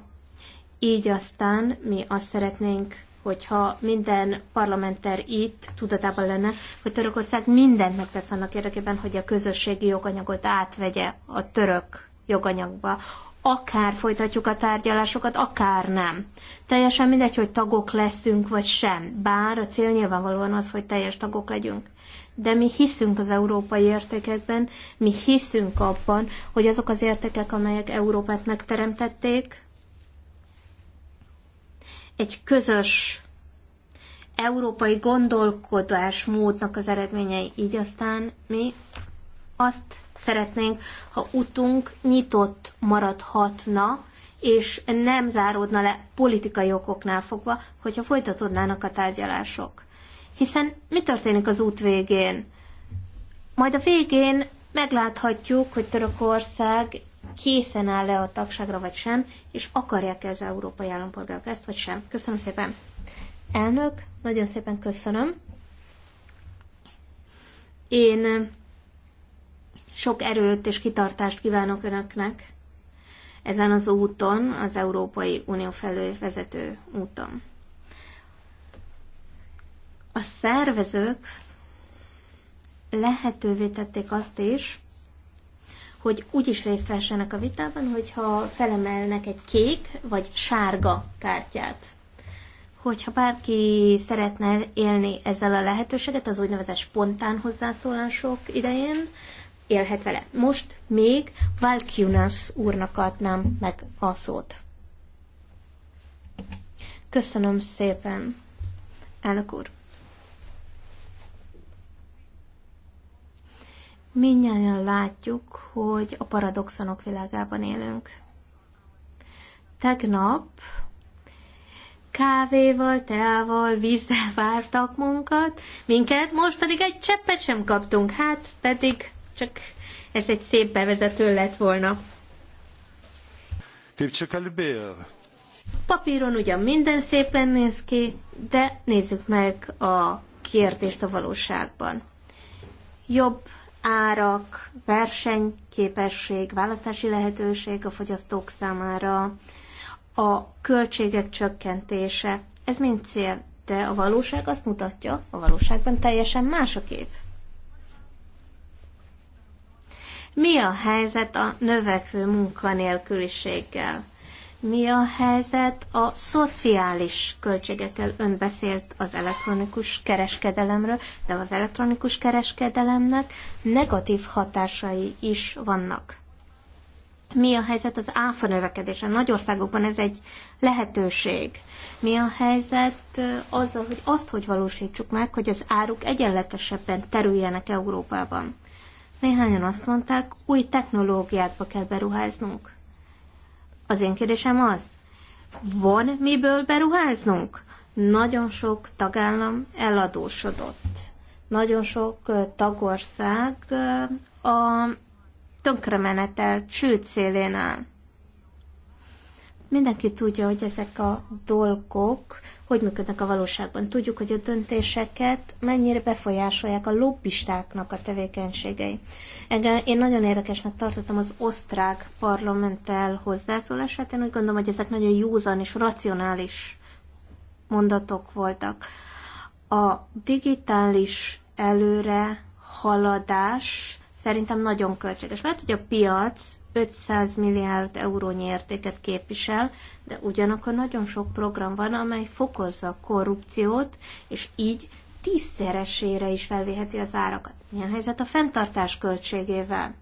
Így aztán mi azt szeretnénk, hogyha minden parlamenter itt tudatában lenne, hogy Törökország mindent megtesz annak érdekében, hogy a közösségi joganyagot átvegye a török joganyagba akár folytatjuk a tárgyalásokat, akár nem. Teljesen mindegy, hogy tagok leszünk, vagy sem. Bár a cél nyilvánvalóan az, hogy teljes tagok legyünk. De mi hiszünk az európai értékekben, mi hiszünk abban, hogy azok az értékek, amelyek Európát megteremtették, egy közös európai gondolkodásmódnak az eredményei. Így aztán mi azt szeretnénk, ha utunk nyitott maradhatna, és nem záródna le politikai okoknál fogva, hogyha folytatódnának a tárgyalások. Hiszen mi történik az út végén? Majd a végén megláthatjuk, hogy Törökország készen áll-e a tagságra vagy sem, és akarják-e az európai állampolgárok ezt vagy sem. Köszönöm szépen. Elnök, nagyon szépen köszönöm. Én sok erőt és kitartást kívánok Önöknek ezen az úton, az Európai Unió felé vezető úton. A szervezők lehetővé tették azt is, hogy úgy is részt vessenek a vitában, hogyha felemelnek egy kék vagy sárga kártyát. Hogyha bárki szeretne élni ezzel a lehetőséget, az úgynevezett spontán hozzászólások idején, élhet vele. Most még Valkyunas úrnak adnám meg a szót. Köszönöm szépen, elnök úr. Mindjárt látjuk, hogy a paradoxonok világában élünk. Tegnap kávéval, teával, vízzel vártak munkat, minket most pedig egy cseppet sem kaptunk, hát pedig csak ez egy szép bevezető lett volna. Papíron ugyan minden szépen néz ki, de nézzük meg a kérdést a valóságban. Jobb árak, versenyképesség, választási lehetőség a fogyasztók számára, a költségek csökkentése, ez mind cél, de a valóság azt mutatja, a valóságban teljesen más a kép. Mi a helyzet a növekvő munkanélküliséggel? Mi a helyzet a szociális költségekkel? Ön beszélt az elektronikus kereskedelemről, de az elektronikus kereskedelemnek negatív hatásai is vannak. Mi a helyzet az áfa növekedése? Nagy országokban ez egy lehetőség. Mi a helyzet azzal, hogy azt hogy valósítsuk meg, hogy az áruk egyenletesebben terüljenek Európában? Néhányan azt mondták, új technológiákba kell beruháznunk. Az én kérdésem az, van miből beruháznunk? Nagyon sok tagállam eladósodott. Nagyon sok tagország a tönkremenetel csőd szélén áll. Mindenki tudja, hogy ezek a dolgok hogy működnek a valóságban. Tudjuk, hogy a döntéseket mennyire befolyásolják a lobbistáknak a tevékenységei. Engem én nagyon érdekesnek tartottam az osztrák parlamenttel hozzászólását. Én úgy gondolom, hogy ezek nagyon józan és racionális mondatok voltak. A digitális előre haladás szerintem nagyon költséges. Mert hogy a piac 500 milliárd eurónyi értéket képvisel, de ugyanakkor nagyon sok program van, amely fokozza a korrupciót, és így tízszeresére is felvéheti az árakat. Mi a helyzet a fenntartás költségével?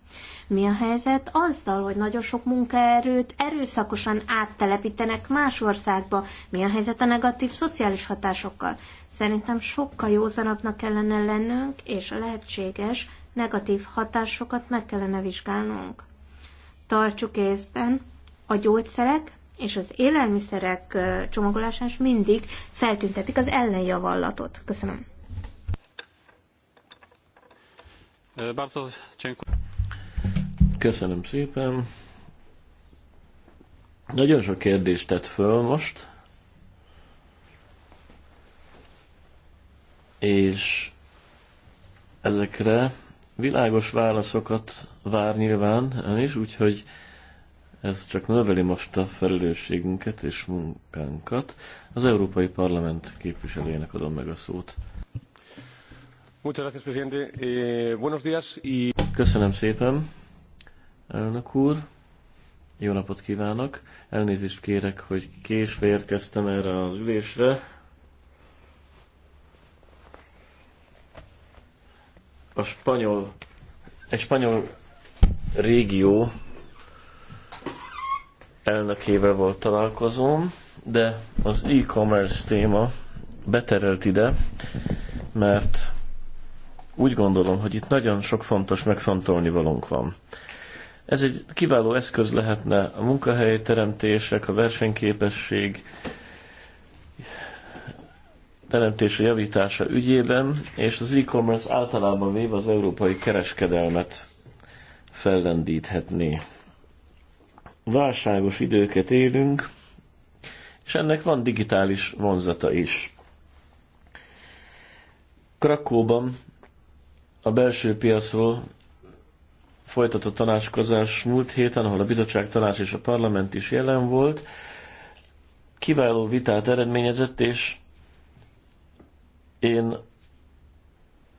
Mi a helyzet azzal, hogy nagyon sok munkaerőt erőszakosan áttelepítenek más országba? Mi a helyzet a negatív szociális hatásokkal? Szerintem sokkal józanabbnak kellene lennünk, és a lehetséges negatív hatásokat meg kellene vizsgálnunk tartsuk észben a gyógyszerek és az élelmiszerek csomagolásán is mindig feltüntetik az ellenjavallatot. Köszönöm. Köszönöm szépen. Nagyon sok kérdést tett föl most, és ezekre Világos válaszokat vár nyilván ön is, úgyhogy ez csak növeli most a felelősségünket és munkánkat. Az Európai Parlament képviselőjének adom meg a szót. Eh, Köszönöm szépen, elnök úr. Jó napot kívánok. Elnézést kérek, hogy késve érkeztem erre az ülésre. a spanyol, egy spanyol régió elnökével volt találkozom, de az e-commerce téma beterelt ide, mert úgy gondolom, hogy itt nagyon sok fontos megfontolni valónk van. Ez egy kiváló eszköz lehetne a munkahelyteremtések, a versenyképesség teremtése javítása ügyében, és az e-commerce általában véve az európai kereskedelmet fellendíthetné. Válságos időket élünk, és ennek van digitális vonzata is. Krakóban a belső piacról folytatott tanácskozás múlt héten, ahol a bizottság tanács és a parlament is jelen volt, kiváló vitát eredményezett, és én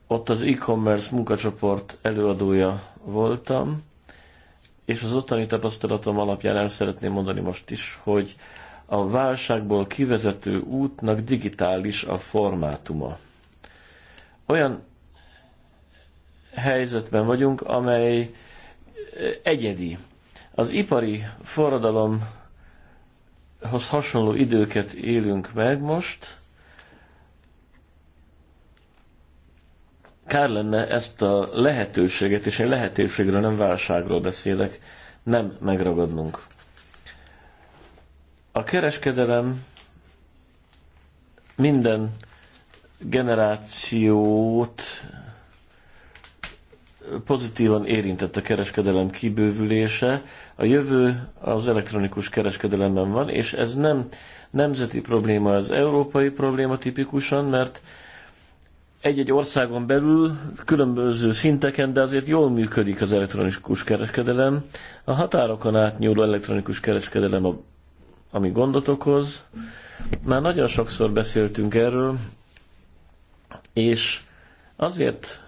ott az e-commerce munkacsoport előadója voltam, és az ottani tapasztalatom alapján el szeretném mondani most is, hogy a válságból kivezető útnak digitális a formátuma. Olyan helyzetben vagyunk, amely egyedi. Az ipari forradalomhoz hasonló időket élünk meg most, kár lenne ezt a lehetőséget, és én lehetőségről, nem válságról beszélek, nem megragadnunk. A kereskedelem minden generációt pozitívan érintett a kereskedelem kibővülése. A jövő az elektronikus kereskedelemben van, és ez nem nemzeti probléma, az európai probléma tipikusan, mert egy-egy országon belül különböző szinteken, de azért jól működik az elektronikus kereskedelem. A határokon átnyúló elektronikus kereskedelem, a, ami gondot okoz. Már nagyon sokszor beszéltünk erről, és azért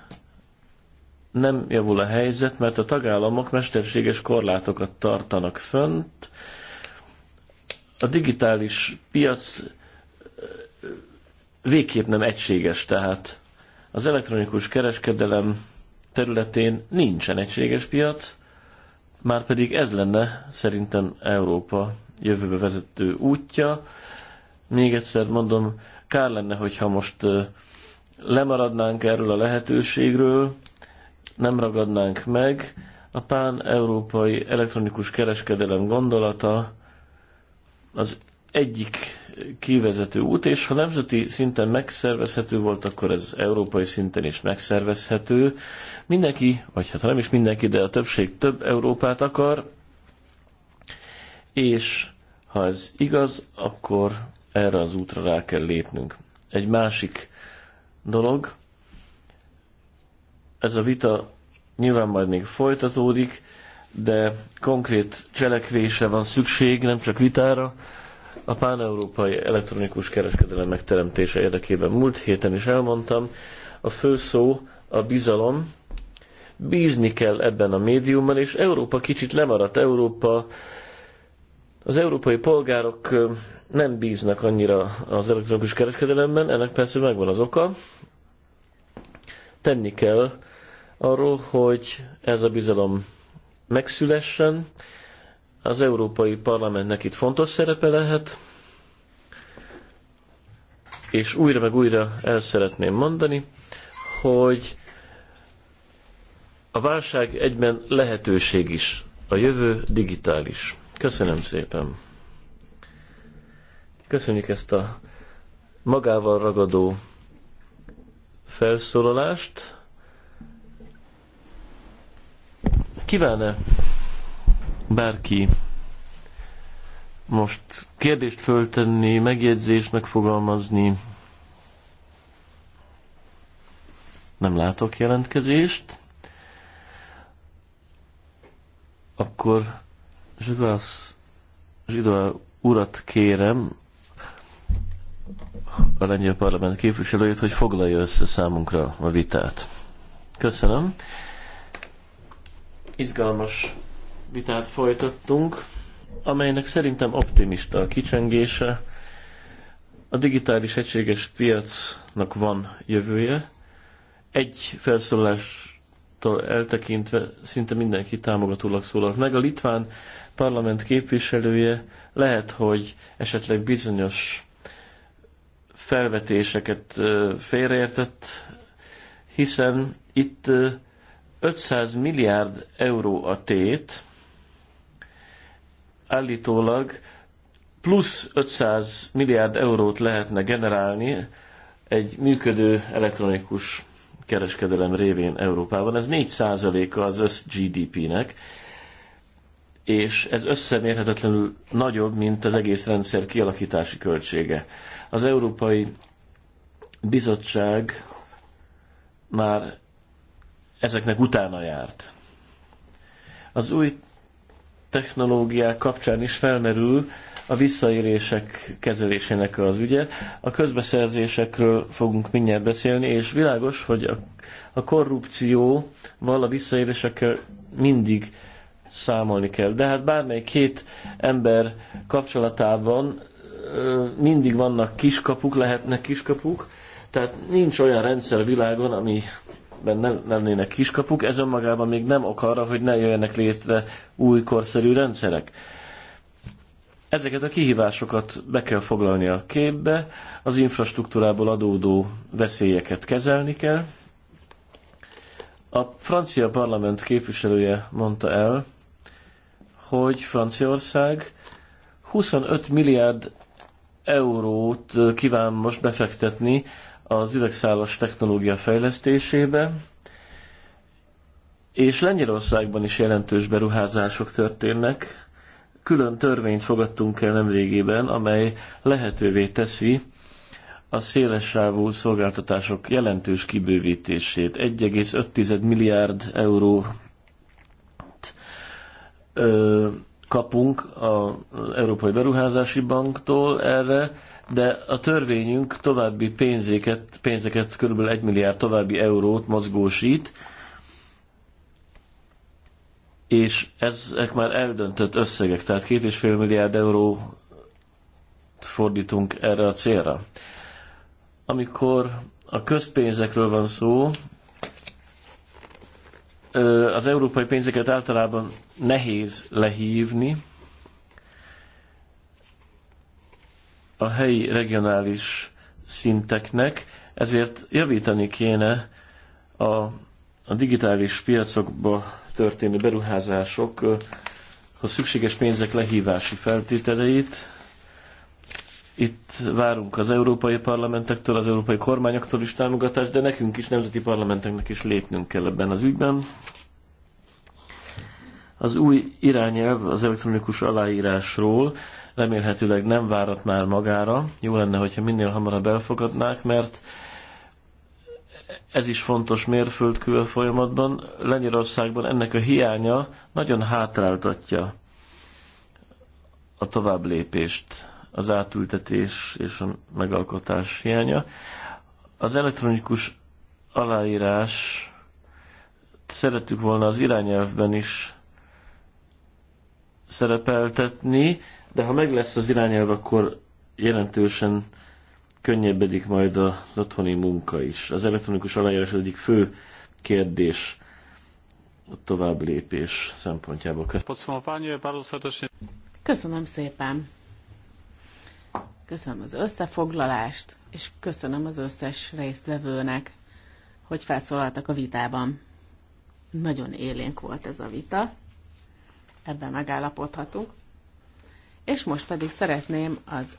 nem javul a helyzet, mert a tagállamok mesterséges korlátokat tartanak fönt. A digitális piac végképp nem egységes, tehát az elektronikus kereskedelem területén nincsen egységes piac, már pedig ez lenne szerintem Európa jövőbe vezető útja. Még egyszer mondom, kár lenne, hogyha most lemaradnánk erről a lehetőségről, nem ragadnánk meg. A pán-európai elektronikus kereskedelem gondolata az egyik kivezető út, és ha nemzeti szinten megszervezhető volt, akkor ez európai szinten is megszervezhető. Mindenki, vagy hát ha nem is mindenki, de a többség több Európát akar, és ha ez igaz, akkor erre az útra rá kell lépnünk. Egy másik dolog, ez a vita nyilván majd még folytatódik, de konkrét cselekvése van szükség, nem csak vitára, a páneurópai elektronikus kereskedelem megteremtése érdekében. Múlt héten is elmondtam, a fő szó a bizalom, bízni kell ebben a médiumban, és Európa kicsit lemaradt. Európa, az európai polgárok nem bíznak annyira az elektronikus kereskedelemben, ennek persze megvan az oka. Tenni kell arról, hogy ez a bizalom megszülessen, az Európai Parlamentnek itt fontos szerepe lehet, és újra meg újra el szeretném mondani, hogy a válság egyben lehetőség is. A jövő digitális. Köszönöm szépen. Köszönjük ezt a magával ragadó felszólalást. Kívánne bárki most kérdést föltenni, megjegyzést megfogalmazni. Nem látok jelentkezést. Akkor Zsugász Zsidó urat kérem, a lengyel parlament képviselőjét, hogy foglalja össze számunkra a vitát. Köszönöm. Izgalmas vitát folytattunk, amelynek szerintem optimista a kicsengése. A digitális egységes piacnak van jövője. Egy felszólástól eltekintve szinte mindenki támogatólag szólalt meg. A litván parlament képviselője lehet, hogy esetleg bizonyos felvetéseket félreértett, hiszen itt 500 milliárd euró a tét, állítólag plusz 500 milliárd eurót lehetne generálni egy működő elektronikus kereskedelem révén Európában. Ez 4%-a az össz GDP-nek, és ez összemérhetetlenül nagyobb, mint az egész rendszer kialakítási költsége. Az Európai Bizottság már ezeknek utána járt. Az új technológiák kapcsán is felmerül a visszaérések kezelésének az ügye. A közbeszerzésekről fogunk mindjárt beszélni, és világos, hogy a, a korrupcióval a visszaérésekkel mindig számolni kell. De hát bármely két ember kapcsolatában mindig vannak kiskapuk, lehetnek kiskapuk, tehát nincs olyan rendszer a világon, ami nem lennének kiskapuk, ez önmagában még nem ok arra, hogy ne jöjjenek létre új korszerű rendszerek. Ezeket a kihívásokat be kell foglalni a képbe, az infrastruktúrából adódó veszélyeket kezelni kell. A francia parlament képviselője mondta el, hogy Franciaország 25 milliárd eurót kíván most befektetni az üvegszálas technológia fejlesztésébe, és Lengyelországban is jelentős beruházások történnek. Külön törvényt fogadtunk el nemrégiben, amely lehetővé teszi a szélessávú szolgáltatások jelentős kibővítését. 1,5 milliárd euró kapunk az Európai Beruházási Banktól erre, de a törvényünk további pénzéket, pénzeket kb. 1 milliárd további eurót mozgósít, és ezek már eldöntött összegek, tehát 2,5 milliárd euró fordítunk erre a célra. Amikor a közpénzekről van szó, az európai pénzeket általában nehéz lehívni, a helyi regionális szinteknek, ezért javítani kéne a, a digitális piacokba történő beruházásokhoz szükséges pénzek lehívási feltételeit. Itt várunk az európai parlamentektől, az európai kormányoktól is támogatást, de nekünk is, nemzeti parlamenteknek is lépnünk kell ebben az ügyben. Az új irányelv az elektronikus aláírásról remélhetőleg nem várat már magára. Jó lenne, hogyha minél hamarabb elfogadnák, mert ez is fontos mérföldkő a folyamatban. Lengyelországban ennek a hiánya nagyon hátráltatja a tovább lépést, az átültetés és a megalkotás hiánya. Az elektronikus aláírás szerettük volna az irányelvben is szerepeltetni, de ha meg lesz az irányelv, akkor jelentősen könnyebbedik majd az otthoni munka is. Az elektronikus aláírás az egyik fő kérdés a tovább lépés szempontjából. Köszönöm szépen! Köszönöm az összefoglalást, és köszönöm az összes résztvevőnek, hogy felszólaltak a vitában. Nagyon élénk volt ez a vita, ebben megállapodhatunk. És most pedig szeretném az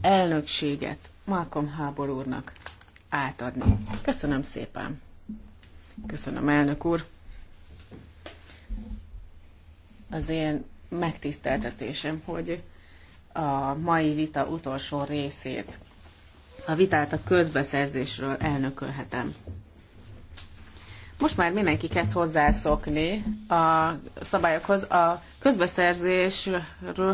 elnökséget Malcolm Hábor úrnak átadni. Köszönöm szépen. Köszönöm, elnök úr. Az én megtiszteltetésem, hogy a mai vita utolsó részét, a vitát a közbeszerzésről elnökölhetem. Most már mindenki kezd hozzászokni a szabályokhoz. A közbeszerzésről,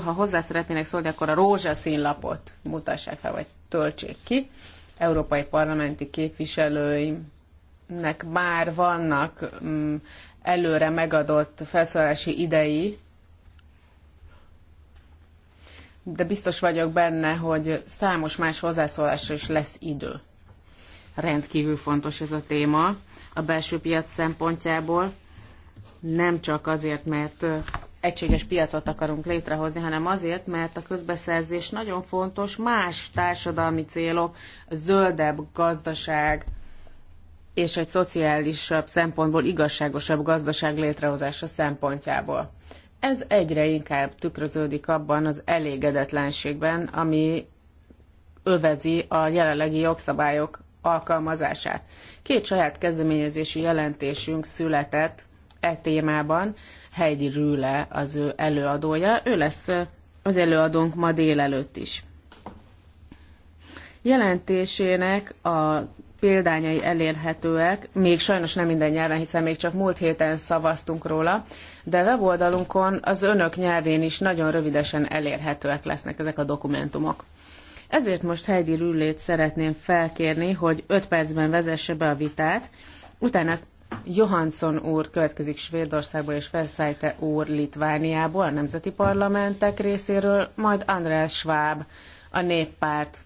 ha hozzá szeretnének szólni, akkor a rózsaszín lapot mutassák fel, vagy töltsék ki. Európai parlamenti képviselőimnek már vannak mm, előre megadott felszólalási idei, de biztos vagyok benne, hogy számos más hozzászólásra is lesz idő. Rendkívül fontos ez a téma a belső piac szempontjából, nem csak azért, mert egységes piacot akarunk létrehozni, hanem azért, mert a közbeszerzés nagyon fontos más társadalmi célok, zöldebb gazdaság és egy szociálisabb szempontból igazságosabb gazdaság létrehozása szempontjából. Ez egyre inkább tükröződik abban az elégedetlenségben, ami övezi a jelenlegi jogszabályok alkalmazását. Két saját kezdeményezési jelentésünk született e témában. Heidi Rüle az ő előadója. Ő lesz az előadónk ma délelőtt is. Jelentésének a példányai elérhetőek, még sajnos nem minden nyelven, hiszen még csak múlt héten szavaztunk róla, de weboldalunkon az önök nyelvén is nagyon rövidesen elérhetőek lesznek ezek a dokumentumok. Ezért most Heidi Rüllét szeretném felkérni, hogy 5 percben vezesse be a vitát, utána Johansson úr következik Svédországból és Felszájte úr Litvániából, a nemzeti parlamentek részéről, majd András Schwab, a néppárt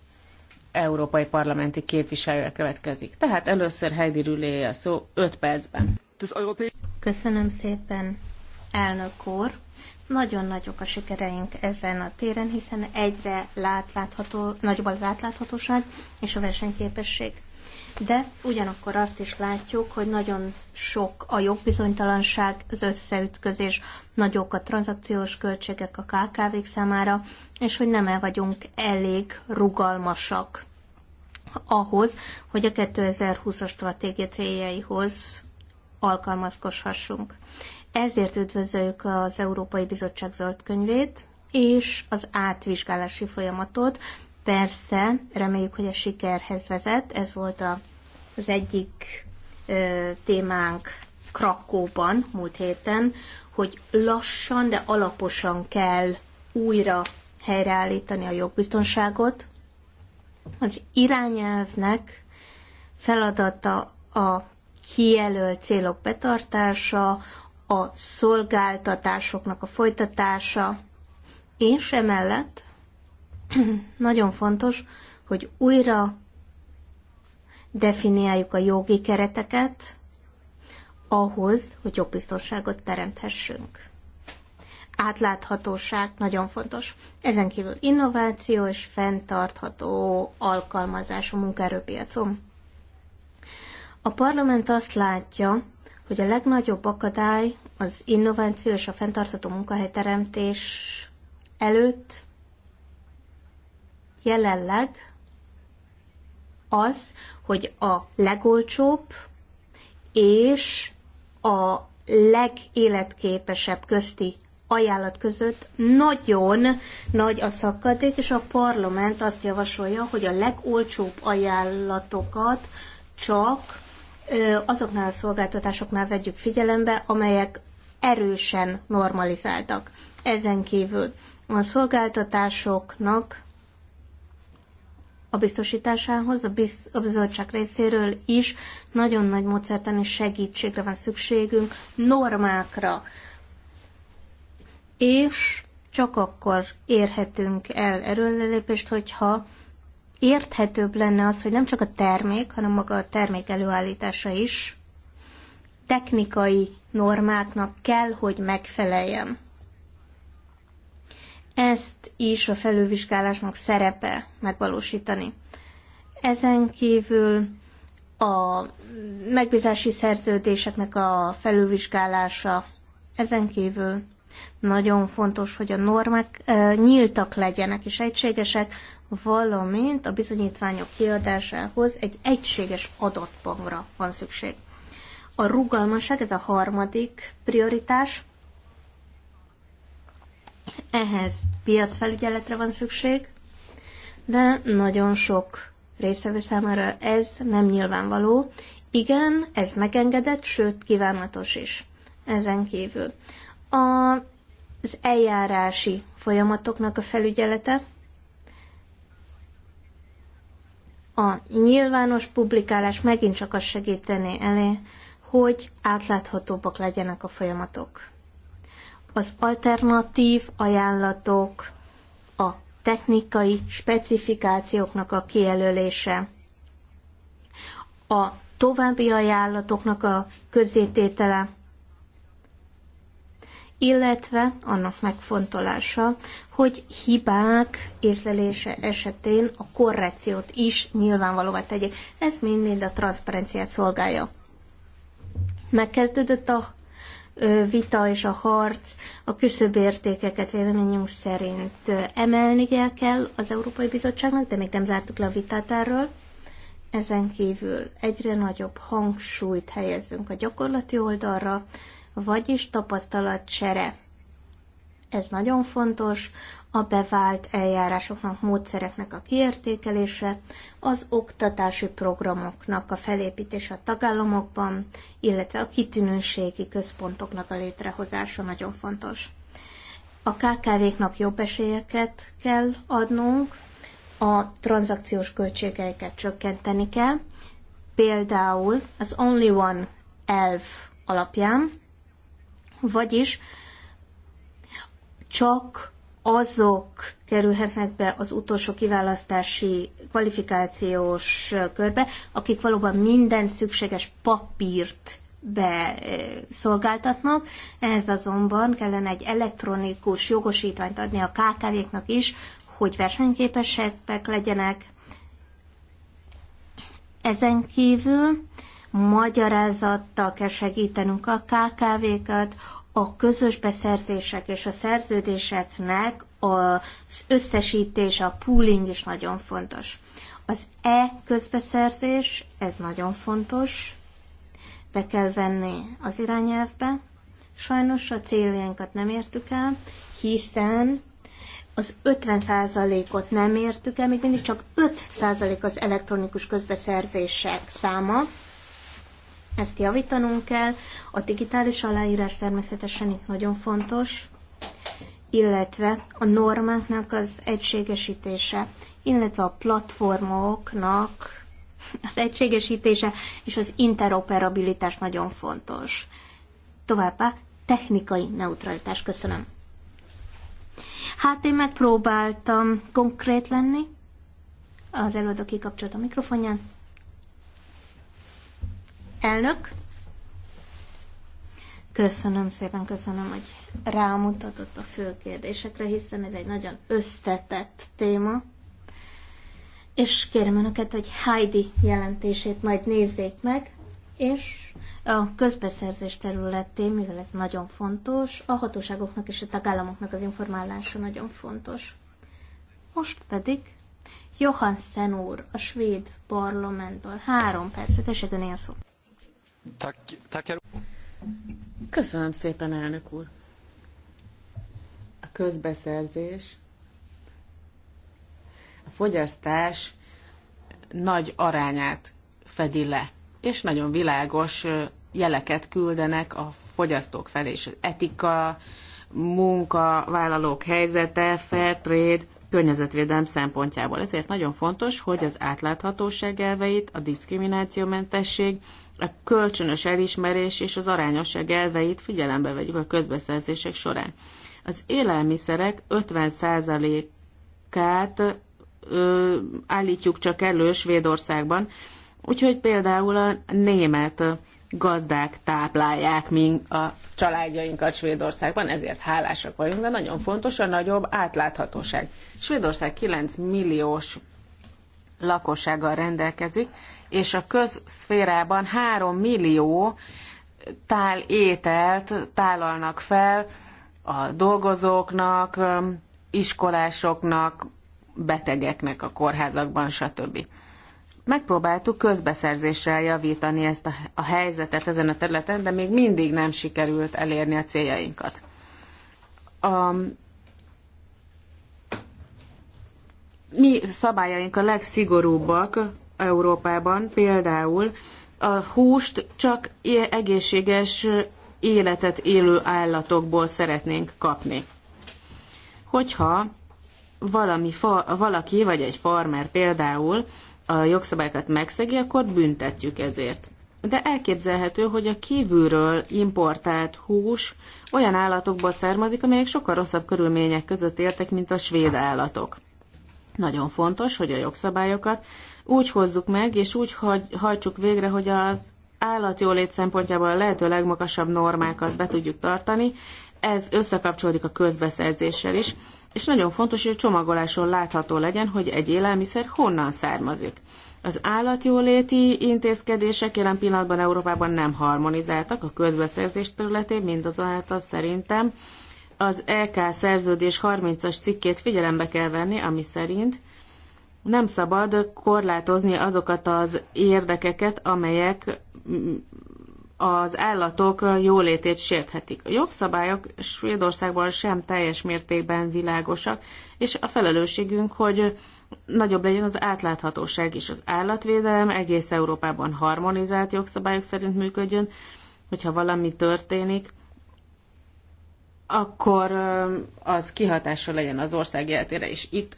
európai parlamenti képviselője következik. Tehát először Heidi Rüléje a szó 5 percben. Köszönöm szépen, elnök úr. Nagyon nagyok a sikereink ezen a téren, hiszen egyre látlátható, nagyobb az átláthatóság és a versenyképesség de ugyanakkor azt is látjuk, hogy nagyon sok a jogbizonytalanság, az összeütközés, nagyok a tranzakciós költségek a kkv számára, és hogy nem el vagyunk elég rugalmasak ahhoz, hogy a 2020-as stratégia céljaihoz alkalmazkodhassunk. Ezért üdvözöljük az Európai Bizottság zöldkönyvét és az átvizsgálási folyamatot, Persze, reméljük, hogy a sikerhez vezet. Ez volt a, az egyik ö, témánk Krakóban múlt héten, hogy lassan, de alaposan kell újra helyreállítani a jogbiztonságot. Az irányelvnek feladata a kijelölt célok betartása, a szolgáltatásoknak a folytatása, és emellett nagyon fontos, hogy újra definiáljuk a jogi kereteket ahhoz, hogy jobb biztonságot teremthessünk. Átláthatóság nagyon fontos. Ezen kívül innováció és fenntartható alkalmazás a munkaerőpiacon. A parlament azt látja, hogy a legnagyobb akadály az innováció és a fenntartható munkahelyteremtés előtt jelenleg az, hogy a legolcsóbb és a legéletképesebb közti ajánlat között nagyon nagy a szakadék, és a parlament azt javasolja, hogy a legolcsóbb ajánlatokat csak azoknál a szolgáltatásoknál vegyük figyelembe, amelyek erősen normalizáltak. Ezen kívül a szolgáltatásoknak a biztosításához, a, biz, a bizottság részéről is nagyon nagy módszertani segítségre van szükségünk, normákra. És csak akkor érhetünk el erőlelépést, hogyha érthetőbb lenne az, hogy nem csak a termék, hanem maga a termék előállítása is technikai normáknak kell, hogy megfeleljen ezt is a felülvizsgálásnak szerepe megvalósítani. Ezen kívül a megbízási szerződéseknek a felülvizsgálása, ezen kívül nagyon fontos, hogy a normák e, nyíltak legyenek és egységesek, valamint a bizonyítványok kiadásához egy egységes adatbankra van szükség. A rugalmasság, ez a harmadik prioritás, ehhez piacfelügyeletre van szükség, de nagyon sok részvevő számára ez nem nyilvánvaló. Igen, ez megengedett, sőt kívánatos is ezen kívül. A, az eljárási folyamatoknak a felügyelete, a nyilvános publikálás megint csak azt segíteni elé, hogy átláthatóbbak legyenek a folyamatok az alternatív ajánlatok, a technikai specifikációknak a kijelölése, a további ajánlatoknak a közzététele, illetve annak megfontolása, hogy hibák észlelése esetén a korrekciót is nyilvánvalóvá tegyék. Ez mind-mind a transzparenciát szolgálja. Megkezdődött a vita és a harc a értékeket véleményünk szerint emelni kell az Európai Bizottságnak, de még nem zártuk le a vitát erről. Ezen kívül egyre nagyobb hangsúlyt helyezzünk a gyakorlati oldalra, vagyis tapasztalatcsere. Ez nagyon fontos, a bevált eljárásoknak, módszereknek a kiértékelése, az oktatási programoknak a felépítése a tagállamokban, illetve a kitűnőségi központoknak a létrehozása nagyon fontos. A KKV-knak jobb esélyeket kell adnunk, a tranzakciós költségeiket csökkenteni kell, például az Only One elv alapján, vagyis csak azok kerülhetnek be az utolsó kiválasztási kvalifikációs körbe, akik valóban minden szükséges papírt beszolgáltatnak, eh, ehhez azonban kellene egy elektronikus jogosítványt adni a KKV-knak is, hogy versenyképesek legyenek. Ezen kívül magyarázattal kell segítenünk a KKV-kat, a közös beszerzések és a szerződéseknek az összesítés a pooling is nagyon fontos. Az e-közbeszerzés, ez nagyon fontos, be kell venni az irányelvbe. Sajnos a céljainkat nem értük el, hiszen az 50%-ot nem értük el, még mindig csak 5% az elektronikus közbeszerzések száma, ezt javítanunk kell. A digitális aláírás természetesen itt nagyon fontos, illetve a normáknak az egységesítése, illetve a platformoknak az egységesítése és az interoperabilitás nagyon fontos. Továbbá technikai neutralitás. Köszönöm. Hát én megpróbáltam konkrét lenni. Az előadó kikapcsolt a mikrofonján. Elnök, köszönöm szépen, köszönöm, hogy rámutatott a fő kérdésekre, hiszen ez egy nagyon összetett téma. És kérem Önöket, hogy Heidi jelentését majd nézzék meg, és a közbeszerzés területén, mivel ez nagyon fontos, a hatóságoknak és a tagállamoknak az informálása nagyon fontos. Most pedig Johan Szenúr, a svéd parlamentből. Három percet, és egy szó. Köszönöm szépen, elnök úr. A közbeszerzés, a fogyasztás nagy arányát fedi le, és nagyon világos jeleket küldenek a fogyasztók felé, és az etika, vállalók helyzete, fair trade, környezetvédelem szempontjából. Ezért nagyon fontos, hogy az átláthatóság elveit, a diszkriminációmentesség, a kölcsönös elismerés és az arányosság elveit figyelembe vegyük a közbeszerzések során. Az élelmiszerek 50%-át állítjuk csak elő Svédországban, úgyhogy például a német gazdák táplálják mink a családjainkat Svédországban, ezért hálásak vagyunk, de nagyon fontos a nagyobb átláthatóság. Svédország 9 milliós lakossággal rendelkezik, és a közszférában 3 millió tál ételt tálalnak fel a dolgozóknak, iskolásoknak, betegeknek a kórházakban, stb. Megpróbáltuk közbeszerzéssel javítani ezt a, a helyzetet ezen a területen, de még mindig nem sikerült elérni a céljainkat. A, mi szabályaink a legszigorúbbak Európában például a húst csak egészséges életet élő állatokból szeretnénk kapni. Hogyha valami fa, valaki vagy egy farmer például a jogszabályokat megszegi, akkor büntetjük ezért. De elképzelhető, hogy a kívülről importált hús olyan állatokból származik, amelyek sokkal rosszabb körülmények között éltek, mint a svéd állatok. Nagyon fontos, hogy a jogszabályokat úgy hozzuk meg, és úgy hagy, hajtsuk végre, hogy az állatjólét szempontjából a lehető legmagasabb normákat be tudjuk tartani. Ez összekapcsolódik a közbeszerzéssel is, és nagyon fontos, hogy a csomagoláson látható legyen, hogy egy élelmiszer honnan származik. Az állatjóléti intézkedések jelen pillanatban Európában nem harmonizáltak a közbeszerzés területén, mindazonáltal szerintem az EK szerződés 30-as cikkét figyelembe kell venni, ami szerint nem szabad korlátozni azokat az érdekeket, amelyek az állatok jólétét sérthetik. A jogszabályok Svédországban sem teljes mértékben világosak, és a felelősségünk, hogy nagyobb legyen az átláthatóság is. Az állatvédelem egész Európában harmonizált jogszabályok szerint működjön, hogyha valami történik, akkor az kihatással legyen az ország életére is. Itt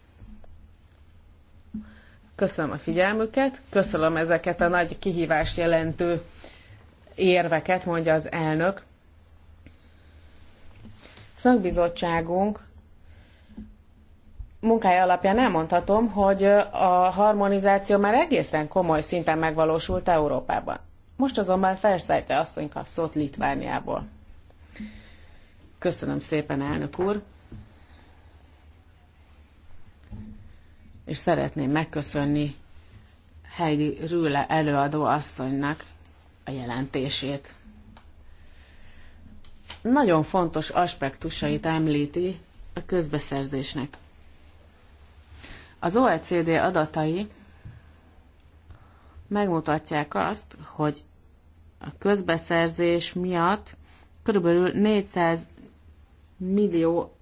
Köszönöm a figyelmüket, köszönöm ezeket a nagy kihívást jelentő érveket, mondja az elnök. Szakbizottságunk munkája alapján elmondhatom, hogy a harmonizáció már egészen komoly szinten megvalósult Európában. Most azonban Ferszájte asszony kap szót Litvániából. Köszönöm szépen, elnök úr! és szeretném megköszönni Heidi Rüle előadó asszonynak a jelentését. Nagyon fontos aspektusait említi a közbeszerzésnek. Az OECD adatai megmutatják azt, hogy a közbeszerzés miatt körülbelül 400 millió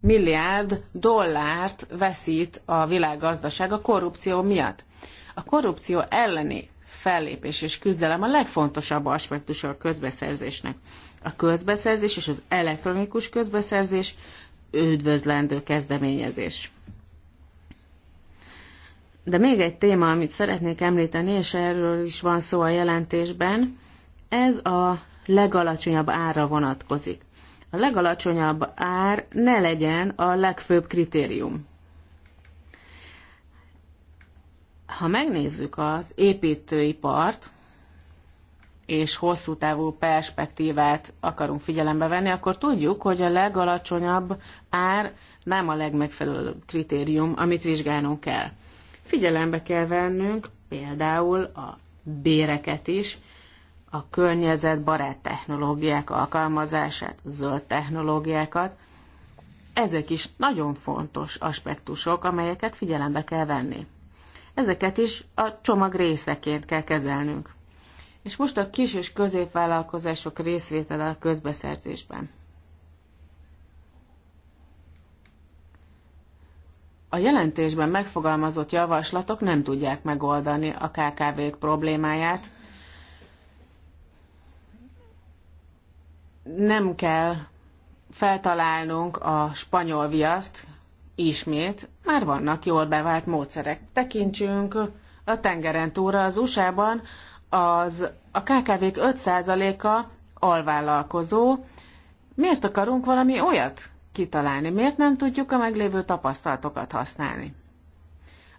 milliárd dollárt veszít a világgazdaság a korrupció miatt. A korrupció elleni fellépés és küzdelem a legfontosabb aspektusa a közbeszerzésnek. A közbeszerzés és az elektronikus közbeszerzés üdvözlendő kezdeményezés. De még egy téma, amit szeretnék említeni, és erről is van szó a jelentésben, ez a legalacsonyabb ára vonatkozik a legalacsonyabb ár ne legyen a legfőbb kritérium. Ha megnézzük az építőipart, és hosszú távú perspektívát akarunk figyelembe venni, akkor tudjuk, hogy a legalacsonyabb ár nem a legmegfelelőbb kritérium, amit vizsgálnunk kell. Figyelembe kell vennünk például a béreket is, a környezetbarát technológiák alkalmazását, zöld technológiákat. Ezek is nagyon fontos aspektusok, amelyeket figyelembe kell venni. Ezeket is a csomag részeként kell kezelnünk. És most a kis és középvállalkozások részvétele a közbeszerzésben. A jelentésben megfogalmazott javaslatok nem tudják megoldani a KKV-k problémáját, nem kell feltalálnunk a spanyol viaszt ismét, már vannak jól bevált módszerek. Tekintsünk a tengeren túra az USA-ban, az, a KKV-k 5%-a alvállalkozó. Miért akarunk valami olyat kitalálni? Miért nem tudjuk a meglévő tapasztalatokat használni?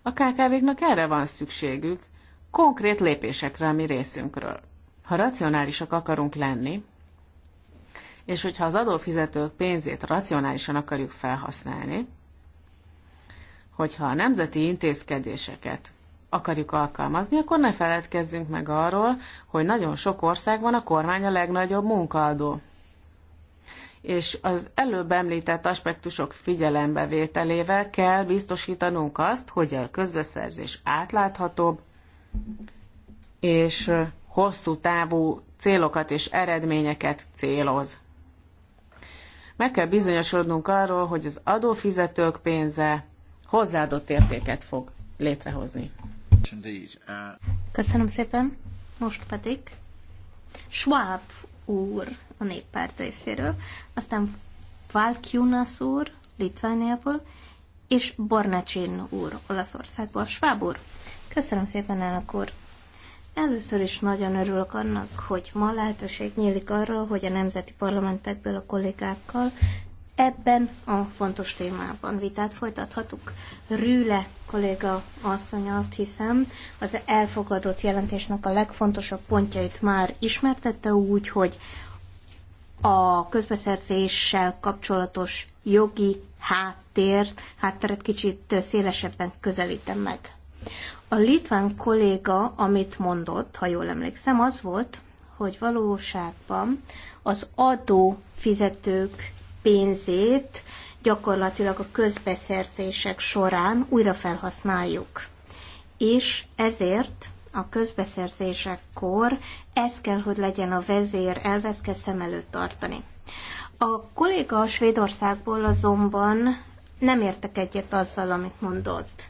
A KKV-knak erre van szükségük, konkrét lépésekre a mi részünkről. Ha racionálisak akarunk lenni, és hogyha az adófizetők pénzét racionálisan akarjuk felhasználni, hogyha a nemzeti intézkedéseket akarjuk alkalmazni, akkor ne feledkezzünk meg arról, hogy nagyon sok országban a kormány a legnagyobb munkaadó. És az előbb említett aspektusok figyelembevételével kell biztosítanunk azt, hogy a közbeszerzés átláthatóbb, és hosszú távú célokat és eredményeket céloz. Meg kell bizonyosodnunk arról, hogy az adófizetők pénze hozzáadott értéket fog létrehozni. Köszönöm szépen. Most pedig Schwab úr a néppárt részéről, aztán Valkyunas úr Litvániából, és Bornacsin úr Olaszországból. Schwab úr, köszönöm szépen, elnök úr. Először is nagyon örülök annak, hogy ma lehetőség nyílik arra, hogy a nemzeti parlamentekből a kollégákkal ebben a fontos témában vitát folytathatunk. Rüle kolléga asszony azt hiszem, az elfogadott jelentésnek a legfontosabb pontjait már ismertette úgy, hogy a közbeszerzéssel kapcsolatos jogi háttér, hátteret kicsit szélesebben közelítem meg. A litván kolléga, amit mondott, ha jól emlékszem, az volt, hogy valóságban az adófizetők pénzét gyakorlatilag a közbeszerzések során újra felhasználjuk. És ezért a közbeszerzésekkor ez kell, hogy legyen a vezér, elveszke szem előtt tartani. A kolléga a Svédországból azonban nem értek egyet azzal, amit mondott.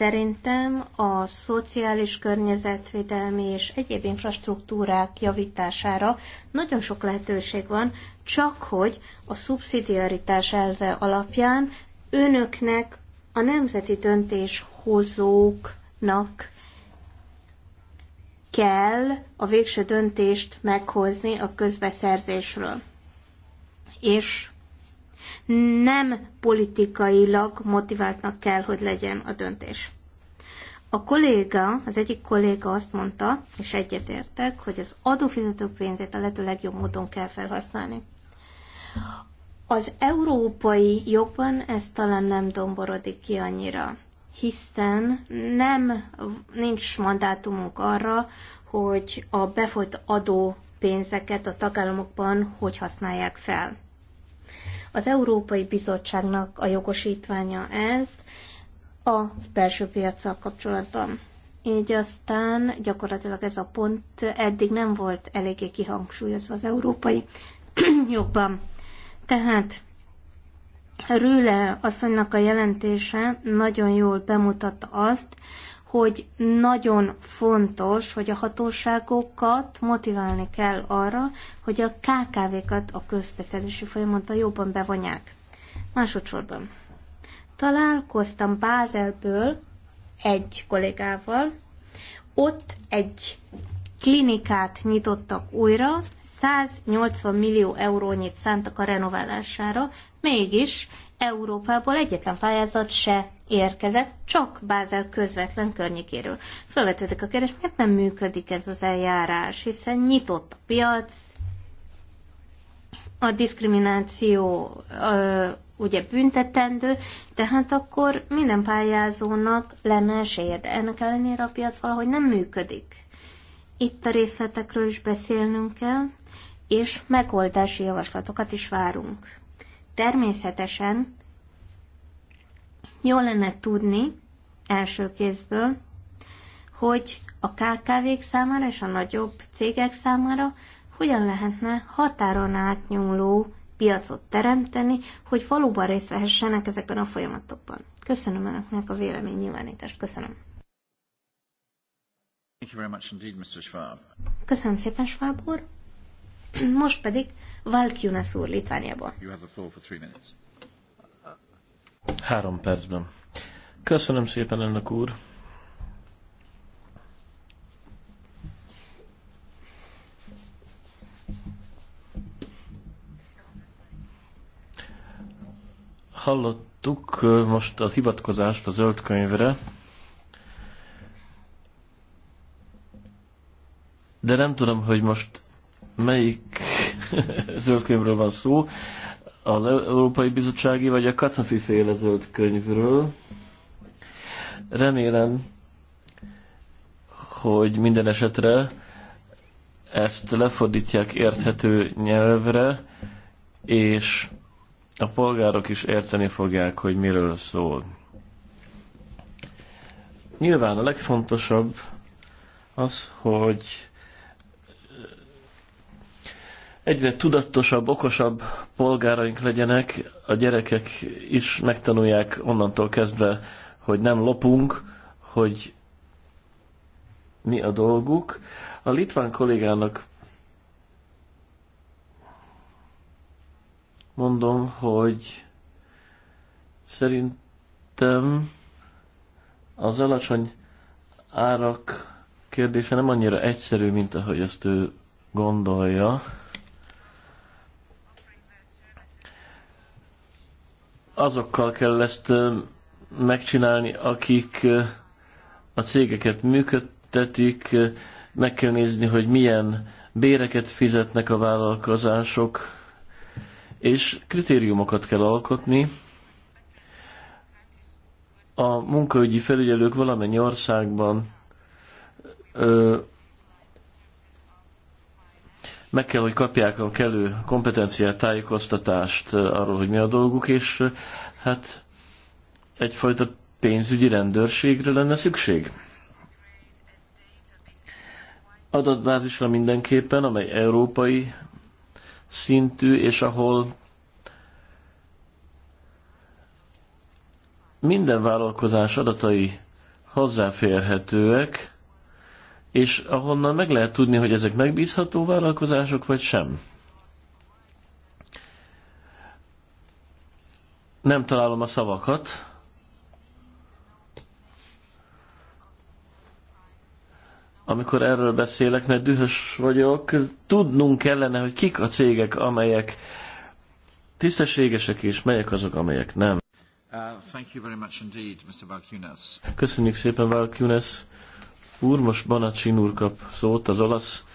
Szerintem a szociális környezetvédelmi és egyéb infrastruktúrák javítására nagyon sok lehetőség van, csak hogy a szubszidiaritás elve alapján önöknek, a nemzeti döntéshozóknak kell a végső döntést meghozni a közbeszerzésről. És nem politikailag motiváltnak kell, hogy legyen a döntés. A kolléga, az egyik kolléga azt mondta, és egyetértek, hogy az adófizetők pénzét a lehető legjobb módon kell felhasználni. Az európai jogban ez talán nem domborodik ki annyira, hiszen nem, nincs mandátumunk arra, hogy a befolyt adó pénzeket a tagállamokban hogy használják fel. Az Európai Bizottságnak a jogosítványa ez a belső piacsal kapcsolatban. Így aztán gyakorlatilag ez a pont eddig nem volt eléggé kihangsúlyozva az európai jogban. Tehát Rüle asszonynak a jelentése nagyon jól bemutatta azt, hogy nagyon fontos, hogy a hatóságokat motiválni kell arra, hogy a KKV-kat a közbeszerzési folyamatban jobban bevonják. Másodszorban találkoztam Bázelből egy kollégával, ott egy klinikát nyitottak újra, 180 millió eurónyit szántak a renoválására, mégis Európából egyetlen pályázat se érkezett, csak Bázel közvetlen környékéről. Felvetődik a kérdés, miért nem működik ez az eljárás, hiszen nyitott a piac, a diszkrimináció ö, ugye büntetendő, tehát akkor minden pályázónak lenne esélye, de ennek ellenére a piac valahogy nem működik. Itt a részletekről is beszélnünk kell, és megoldási javaslatokat is várunk. Természetesen jó lenne tudni első kézből, hogy a KKV-k számára és a nagyobb cégek számára hogyan lehetne határon átnyúló piacot teremteni, hogy valóban részt vehessenek ezekben a folyamatokban. Köszönöm Önöknek a vélemény nyilvánítást. Köszönöm. Thank you very much indeed, Mr. Schwab. Köszönöm szépen, Schwab úr. Most pedig Valkyunas úr Litvániából. Három percben. Köszönöm szépen, elnök úr. Hallottuk most az hivatkozást a zöld könyvre, de nem tudom, hogy most melyik zöld könyvről van szó, az Európai Bizottsági vagy a Katafi féle zöld könyvről. Remélem, hogy minden esetre ezt lefordítják érthető nyelvre, és a polgárok is érteni fogják, hogy miről szól. Nyilván a legfontosabb az, hogy egyre tudatosabb, okosabb polgáraink legyenek, a gyerekek is megtanulják onnantól kezdve, hogy nem lopunk, hogy mi a dolguk. A litván kollégának mondom, hogy szerintem az alacsony árak kérdése nem annyira egyszerű, mint ahogy ezt ő gondolja. azokkal kell ezt megcsinálni, akik a cégeket működtetik, meg kell nézni, hogy milyen béreket fizetnek a vállalkozások, és kritériumokat kell alkotni. A munkaügyi felügyelők valamennyi országban meg kell, hogy kapják a kellő kompetenciát, tájékoztatást eh, arról, hogy mi a dolguk, és eh, hát egyfajta pénzügyi rendőrségre lenne szükség. Adatbázisra mindenképpen, amely európai szintű, és ahol minden vállalkozás adatai hozzáférhetőek, és ahonnan meg lehet tudni, hogy ezek megbízható vállalkozások, vagy sem. Nem találom a szavakat. Amikor erről beszélek, mert dühös vagyok, tudnunk kellene, hogy kik a cégek, amelyek tisztességesek, és melyek azok, amelyek nem. Uh, thank you very much indeed, Mr. Köszönjük szépen, Valkunas úr, most Banacsin úr kap szót az olasz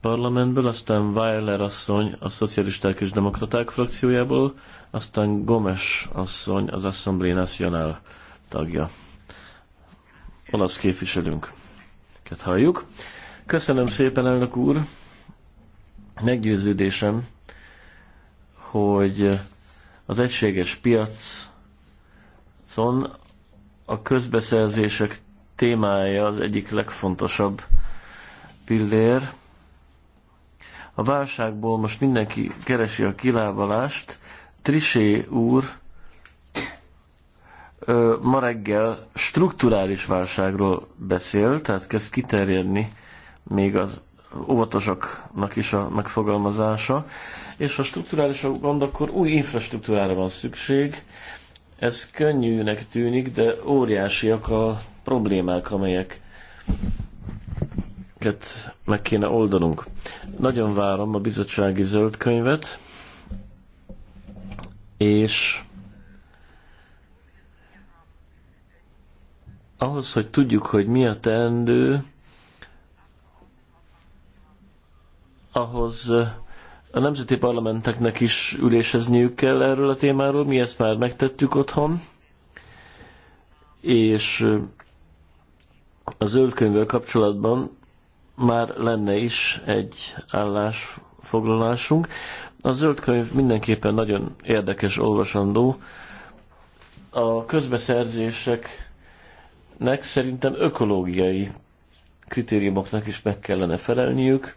parlamentből, aztán Weiler asszony a szocialisták és demokraták frakciójából, aztán Gomes asszony az Assemblée Nationale tagja. Olasz Ket halljuk. Köszönöm szépen, elnök úr! Meggyőződésem, hogy az egységes piacon a közbeszerzések témája az egyik legfontosabb pillér. A válságból most mindenki keresi a kilábalást. Trisé úr ma reggel strukturális válságról beszél, tehát kezd kiterjedni még az óvatosaknak is a megfogalmazása. És ha strukturális a gond, akkor új infrastruktúrára van szükség. Ez könnyűnek tűnik, de óriásiak a problémák, amelyeket meg kéne oldanunk. Nagyon várom a bizottsági zöld könyvet, és ahhoz, hogy tudjuk, hogy mi a teendő, ahhoz a nemzeti parlamenteknek is ülésezniük kell erről a témáról, mi ezt már megtettük otthon, és a könyvvel kapcsolatban már lenne is egy állásfoglalásunk. A zöldkönyv mindenképpen nagyon érdekes olvasandó. A közbeszerzéseknek szerintem ökológiai kritériumoknak is meg kellene felelniük.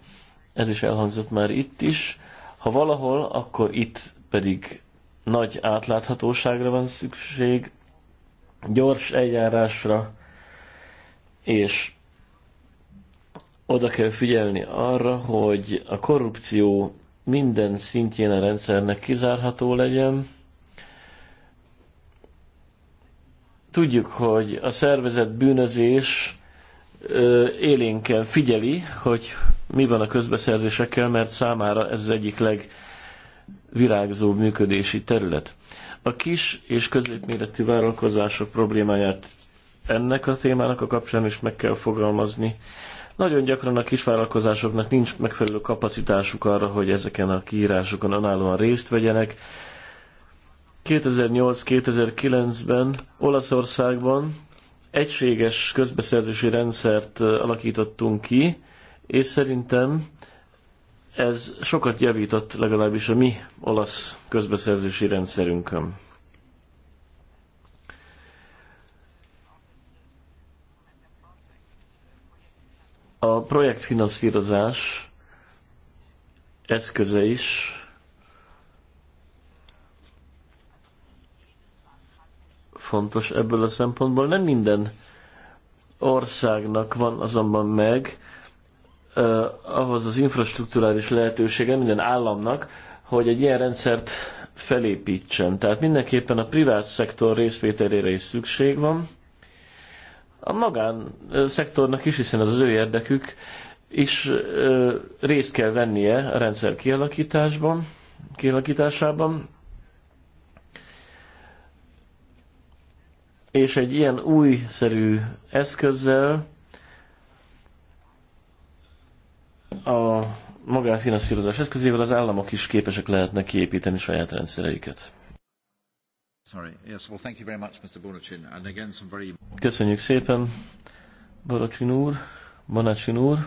Ez is elhangzott már itt is. Ha valahol, akkor itt pedig nagy átláthatóságra van szükség, gyors eljárásra, és oda kell figyelni arra, hogy a korrupció minden szintjén a rendszernek kizárható legyen. Tudjuk, hogy a szervezet bűnözés élénken figyeli, hogy mi van a közbeszerzésekkel, mert számára ez az egyik legvirágzóbb működési terület. A kis és középméretű vállalkozások problémáját ennek a témának a kapcsán is meg kell fogalmazni. Nagyon gyakran a kisvállalkozásoknak nincs megfelelő kapacitásuk arra, hogy ezeken a kiírásokon önállóan részt vegyenek. 2008-2009-ben Olaszországban egységes közbeszerzési rendszert alakítottunk ki, és szerintem ez sokat javított legalábbis a mi olasz közbeszerzési rendszerünkön. A projektfinanszírozás eszköze is fontos ebből a szempontból. Nem minden országnak van azonban meg eh, ahhoz az infrastruktúrális lehetősége minden államnak, hogy egy ilyen rendszert felépítsen. Tehát mindenképpen a privát szektor részvételére is szükség van, a magán szektornak is, hiszen az ő érdekük is részt kell vennie a rendszer kialakításban, kialakításában. És egy ilyen újszerű eszközzel a magánfinanszírozás eszközével az államok is képesek lehetnek kiépíteni saját rendszereiket. Köszönjük szépen, Bonacin úr, Bonacin úr.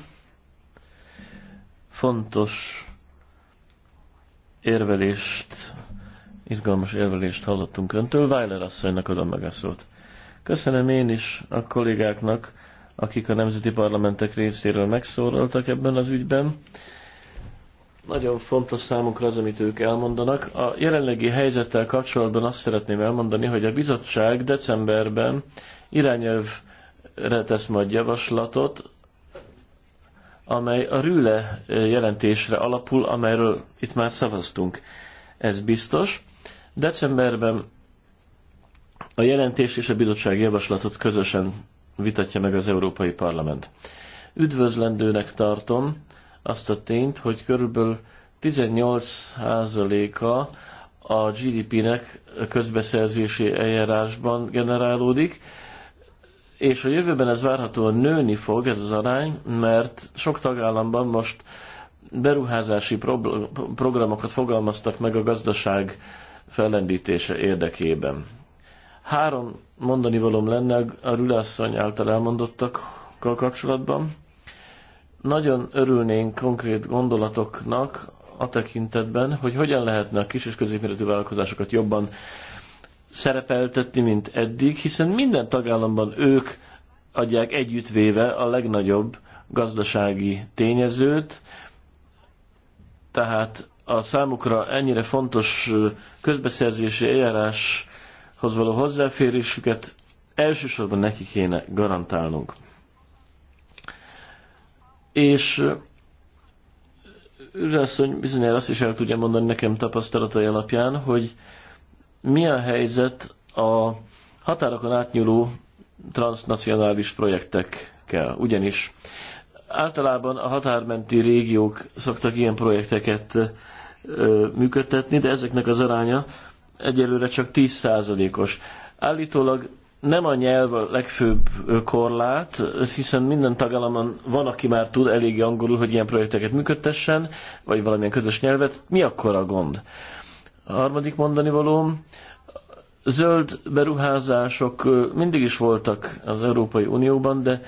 Fontos érvelést, izgalmas érvelést hallottunk öntől. Weiler asszonynak adom meg a szót. Köszönöm én is a kollégáknak, akik a nemzeti parlamentek részéről megszólaltak ebben az ügyben. Nagyon fontos számunkra az, amit ők elmondanak. A jelenlegi helyzettel kapcsolatban azt szeretném elmondani, hogy a bizottság decemberben irányelvre tesz majd javaslatot, amely a Rüle jelentésre alapul, amelyről itt már szavaztunk. Ez biztos. Decemberben a jelentés és a bizottság javaslatot közösen vitatja meg az Európai Parlament. Üdvözlendőnek tartom, azt a tényt, hogy körülbelül 18%-a a GDP-nek közbeszerzési eljárásban generálódik, és a jövőben ez várhatóan nőni fog ez az arány, mert sok tagállamban most beruházási programokat fogalmaztak meg a gazdaság fellendítése érdekében. Három mondani valom lenne a Rülasszony által elmondottakkal kapcsolatban nagyon örülnénk konkrét gondolatoknak a tekintetben, hogy hogyan lehetne a kis és középméretű vállalkozásokat jobban szerepeltetni, mint eddig, hiszen minden tagállamban ők adják együttvéve a legnagyobb gazdasági tényezőt, tehát a számukra ennyire fontos közbeszerzési eljáráshoz való hozzáférésüket elsősorban neki kéne garantálnunk. És Ürasszony bizonyára azt is el tudja mondani nekem tapasztalatai alapján, hogy mi a helyzet a határokon átnyúló transnacionális projektekkel. Ugyanis általában a határmenti régiók szoktak ilyen projekteket ö, működtetni, de ezeknek az aránya egyelőre csak 10%-os. Állítólag nem a nyelv a legfőbb korlát, hiszen minden tagállamon van, aki már tud elég angolul, hogy ilyen projekteket működtessen, vagy valamilyen közös nyelvet. Mi akkor a gond? A harmadik mondani való, zöld beruházások mindig is voltak az Európai Unióban, de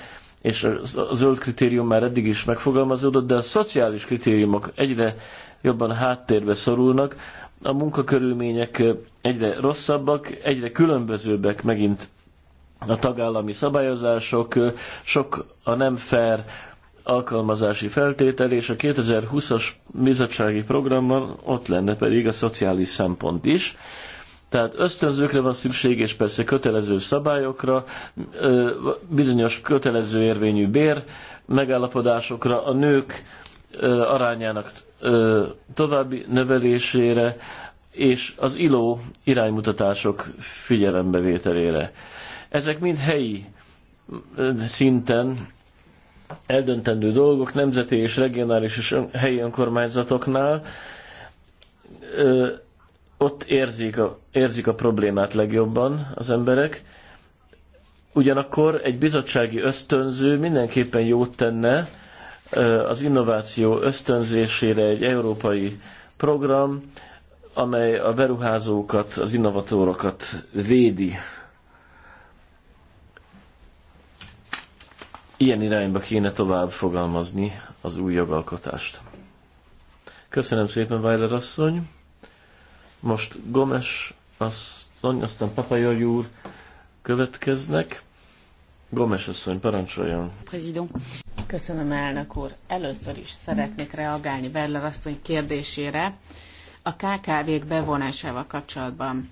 és a zöld kritérium már eddig is megfogalmazódott, de a szociális kritériumok egyre jobban háttérbe szorulnak, a munkakörülmények egyre rosszabbak, egyre különbözőbbek megint a tagállami szabályozások, sok a nem fair alkalmazási feltétel, és a 2020-as bizottsági programban ott lenne pedig a szociális szempont is. Tehát ösztönzőkre van szükség, és persze kötelező szabályokra, bizonyos kötelező érvényű bér megállapodásokra, a nők arányának további növelésére, és az ILO iránymutatások figyelembevételére. Ezek mind helyi szinten eldöntendő dolgok, nemzeti és regionális és helyi önkormányzatoknál. Ott érzik a, érzik a problémát legjobban az emberek. Ugyanakkor egy bizottsági ösztönző mindenképpen jót tenne az innováció ösztönzésére egy európai program, amely a beruházókat, az innovatórokat védi. ilyen irányba kéne tovább fogalmazni az új jogalkotást. Köszönöm szépen, Weiler asszony. Most Gomes asszony, aztán Papajor úr következnek. Gomes asszony, parancsoljon. Prezident. Köszönöm, elnök úr. Először is szeretnék reagálni Weiler asszony kérdésére a KKV-k bevonásával kapcsolatban.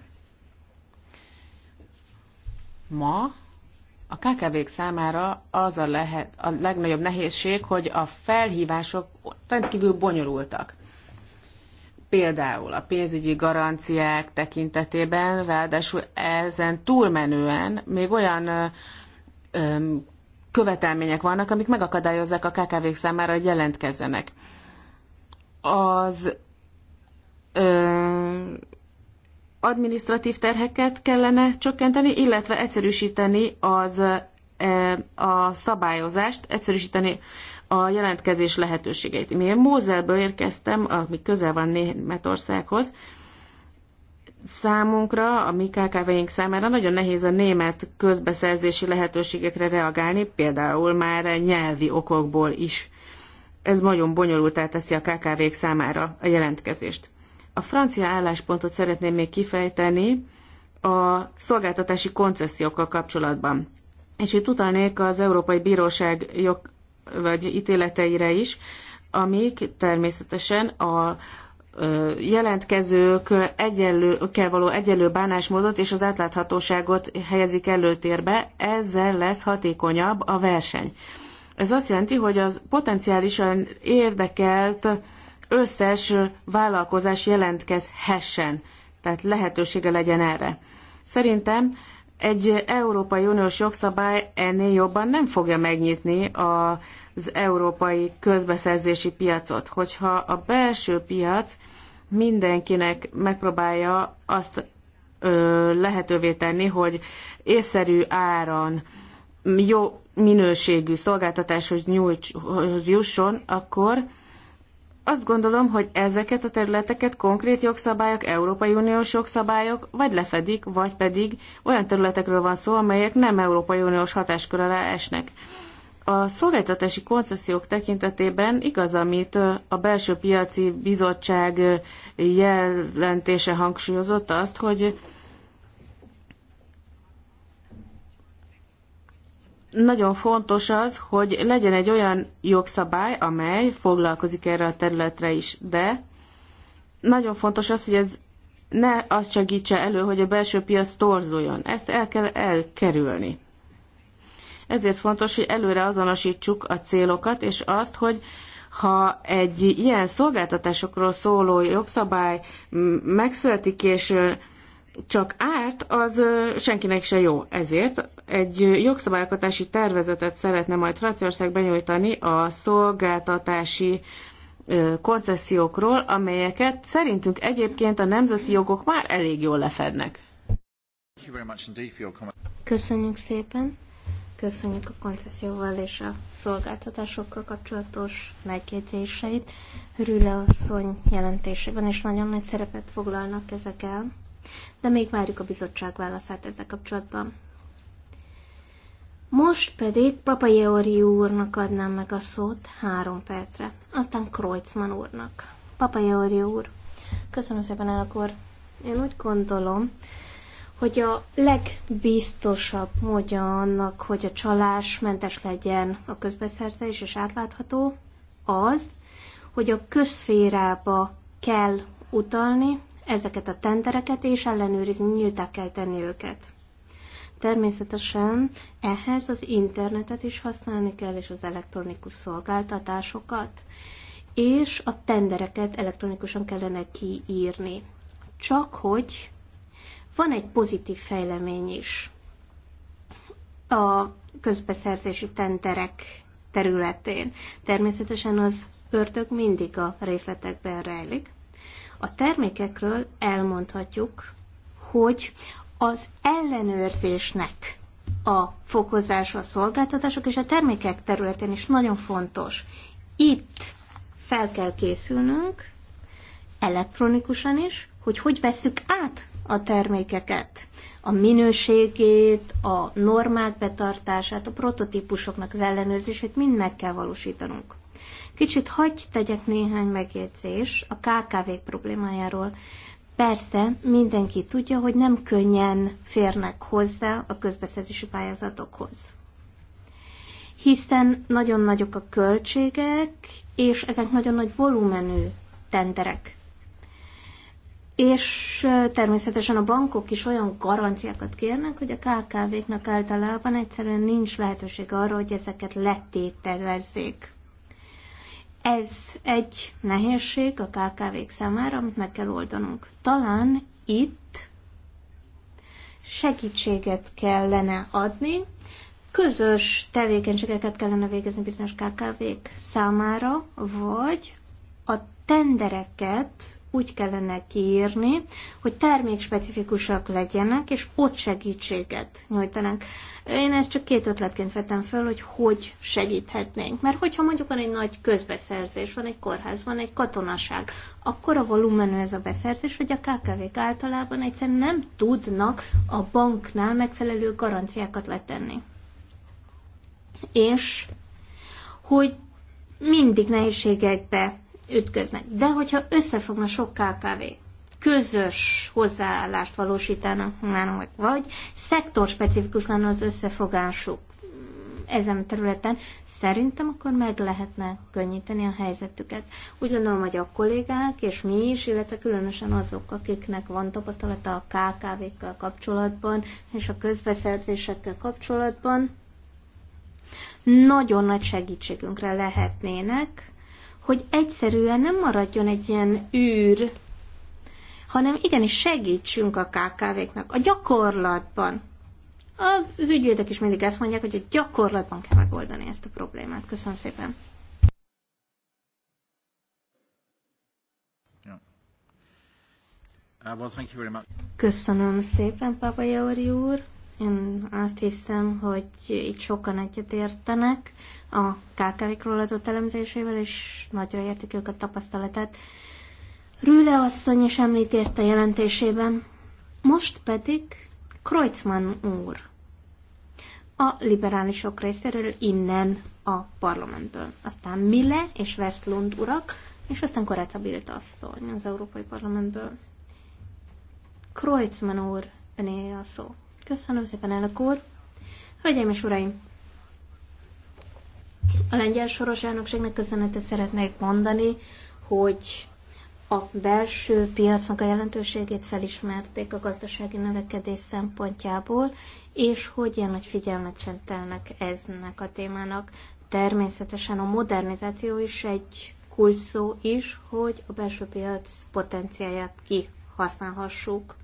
Ma a KKV-k számára az a, lehet, a legnagyobb nehézség, hogy a felhívások rendkívül bonyolultak. Például a pénzügyi garanciák tekintetében, ráadásul ezen túlmenően még olyan öm, követelmények vannak, amik megakadályozzák a KKV-k számára, hogy jelentkezzenek. Az administratív terheket kellene csökkenteni, illetve egyszerűsíteni az e, a szabályozást, egyszerűsíteni a jelentkezés lehetőségeit. Én Mózelből érkeztem, ami közel van Németországhoz, számunkra, a mi KKV-ink számára nagyon nehéz a német közbeszerzési lehetőségekre reagálni, például már nyelvi okokból is. Ez nagyon bonyolult, teszi a KKV-k számára a jelentkezést. A francia álláspontot szeretném még kifejteni a szolgáltatási koncesziókkal kapcsolatban. És itt utalnék az Európai Bíróság jog vagy ítéleteire is, amik természetesen a jelentkezők kell való egyenlő bánásmódot és az átláthatóságot helyezik előtérbe, ezzel lesz hatékonyabb a verseny. Ez azt jelenti, hogy az potenciálisan érdekelt összes vállalkozás jelentkezhessen, tehát lehetősége legyen erre. Szerintem egy Európai Uniós jogszabály ennél jobban nem fogja megnyitni az európai közbeszerzési piacot. Hogyha a belső piac mindenkinek megpróbálja azt ö, lehetővé tenni, hogy észszerű áron jó minőségű szolgáltatáshoz nyújts, jusson, akkor azt gondolom, hogy ezeket a területeket konkrét jogszabályok, Európai Uniós jogszabályok vagy lefedik, vagy pedig olyan területekről van szó, amelyek nem Európai Uniós hatáskör alá esnek. A szolgáltatási koncesziók tekintetében igaz, amit a belső piaci bizottság jelentése hangsúlyozott azt, hogy nagyon fontos az, hogy legyen egy olyan jogszabály, amely foglalkozik erre a területre is, de nagyon fontos az, hogy ez ne azt segítse elő, hogy a belső piac torzuljon. Ezt el kell elkerülni. Ezért fontos, hogy előre azonosítsuk a célokat, és azt, hogy ha egy ilyen szolgáltatásokról szóló jogszabály megszületik, és csak árt, az senkinek se jó. Ezért egy jogszabályalkotási tervezetet szeretne majd Franciaország benyújtani a szolgáltatási koncesziókról, amelyeket szerintünk egyébként a nemzeti jogok már elég jól lefednek. Köszönjük szépen! Köszönjük a koncesszióval és a szolgáltatásokkal kapcsolatos megjegyzéseit. Rüle asszony jelentésében is nagyon nagy szerepet foglalnak ezek el de még várjuk a bizottság válaszát ezzel kapcsolatban. Most pedig Papa Jeori úrnak adnám meg a szót három percre, aztán Kreutzmann úrnak. Papa Jeori úr, köszönöm szépen el akkor. Én úgy gondolom, hogy a legbiztosabb módja annak, hogy a csalás mentes legyen a közbeszerzés és átlátható, az, hogy a közférába kell utalni ezeket a tendereket, és ellenőrizni, nyíltá kell tenni őket. Természetesen ehhez az internetet is használni kell, és az elektronikus szolgáltatásokat, és a tendereket elektronikusan kellene kiírni. Csak hogy van egy pozitív fejlemény is a közbeszerzési tenderek területén. Természetesen az ördög mindig a részletekben rejlik, a termékekről elmondhatjuk, hogy az ellenőrzésnek a fokozása a szolgáltatások és a termékek területén is nagyon fontos. Itt fel kell készülnünk elektronikusan is, hogy hogy vesszük át a termékeket, a minőségét, a normák betartását, a prototípusoknak az ellenőrzését mind meg kell valósítanunk. Kicsit hagyj tegyek néhány megjegyzés a kkv problémájáról. Persze, mindenki tudja, hogy nem könnyen férnek hozzá a közbeszerzési pályázatokhoz. Hiszen nagyon nagyok a költségek, és ezek nagyon nagy volumenű tenderek. És természetesen a bankok is olyan garanciákat kérnek, hogy a KKV-knak általában egyszerűen nincs lehetőség arra, hogy ezeket letételezzék. Ez egy nehézség a kkv számára, amit meg kell oldanunk. Talán itt segítséget kellene adni, közös tevékenységeket kellene végezni bizonyos KKV-k számára, vagy a tendereket úgy kellene kiírni, hogy termékspecifikusak legyenek, és ott segítséget nyújtanak. Én ezt csak két ötletként vettem föl, hogy hogy segíthetnénk. Mert hogyha mondjuk van egy nagy közbeszerzés, van egy kórház, van egy katonaság, akkor a volumenű ez a beszerzés, hogy a KKV-k általában egyszerűen nem tudnak a banknál megfelelő garanciákat letenni. És hogy mindig nehézségekbe ütköznek. De hogyha összefogna sok KKV, közös hozzáállást valósítanak meg, vagy szektorspecifikus lenne az összefogásuk ezen a területen, szerintem akkor meg lehetne könnyíteni a helyzetüket. Úgy gondolom, hogy a kollégák és mi is, illetve különösen azok, akiknek van tapasztalata a KKV-kkel kapcsolatban és a közbeszerzésekkel kapcsolatban, nagyon nagy segítségünkre lehetnének, hogy egyszerűen nem maradjon egy ilyen űr, hanem igenis segítsünk a KKV-knak a gyakorlatban. Az ügyvédek is mindig ezt mondják, hogy a gyakorlatban kell megoldani ezt a problémát. Köszönöm szépen. Uh, Köszönöm szépen, Papa Jóri úr. Én azt hiszem, hogy itt sokan egyetértenek, a KKV-król adott elemzésével, és nagyra ők a tapasztalatát. Rüle asszony is említi ezt a jelentésében. Most pedig Kreuzmann úr a liberálisok részéről innen a parlamentből. Aztán Mille és Westlund urak, és aztán Koreca Bilt asszony az Európai Parlamentből. Kreuzmann úr, öné a szó. Köszönöm szépen, elnök úr. Hölgyeim és uraim, a lengyel soros elnökségnek köszönetet szeretnék mondani, hogy a belső piacnak a jelentőségét felismerték a gazdasági növekedés szempontjából, és hogy ilyen nagy figyelmet szentelnek eznek a témának. Természetesen a modernizáció is egy kulcs szó is, hogy a belső piac potenciáját kihasználhassuk,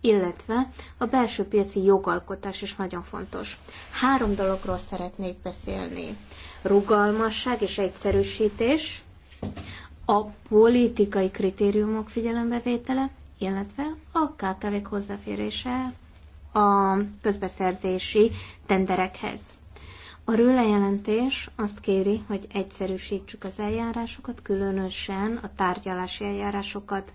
illetve a belső piaci jogalkotás is nagyon fontos. Három dologról szeretnék beszélni rugalmasság és egyszerűsítés, a politikai kritériumok figyelembevétele, illetve a kkv hozzáférése a közbeszerzési tenderekhez. A Rőle jelentés azt kéri, hogy egyszerűsítsük az eljárásokat, különösen a tárgyalási eljárásokat.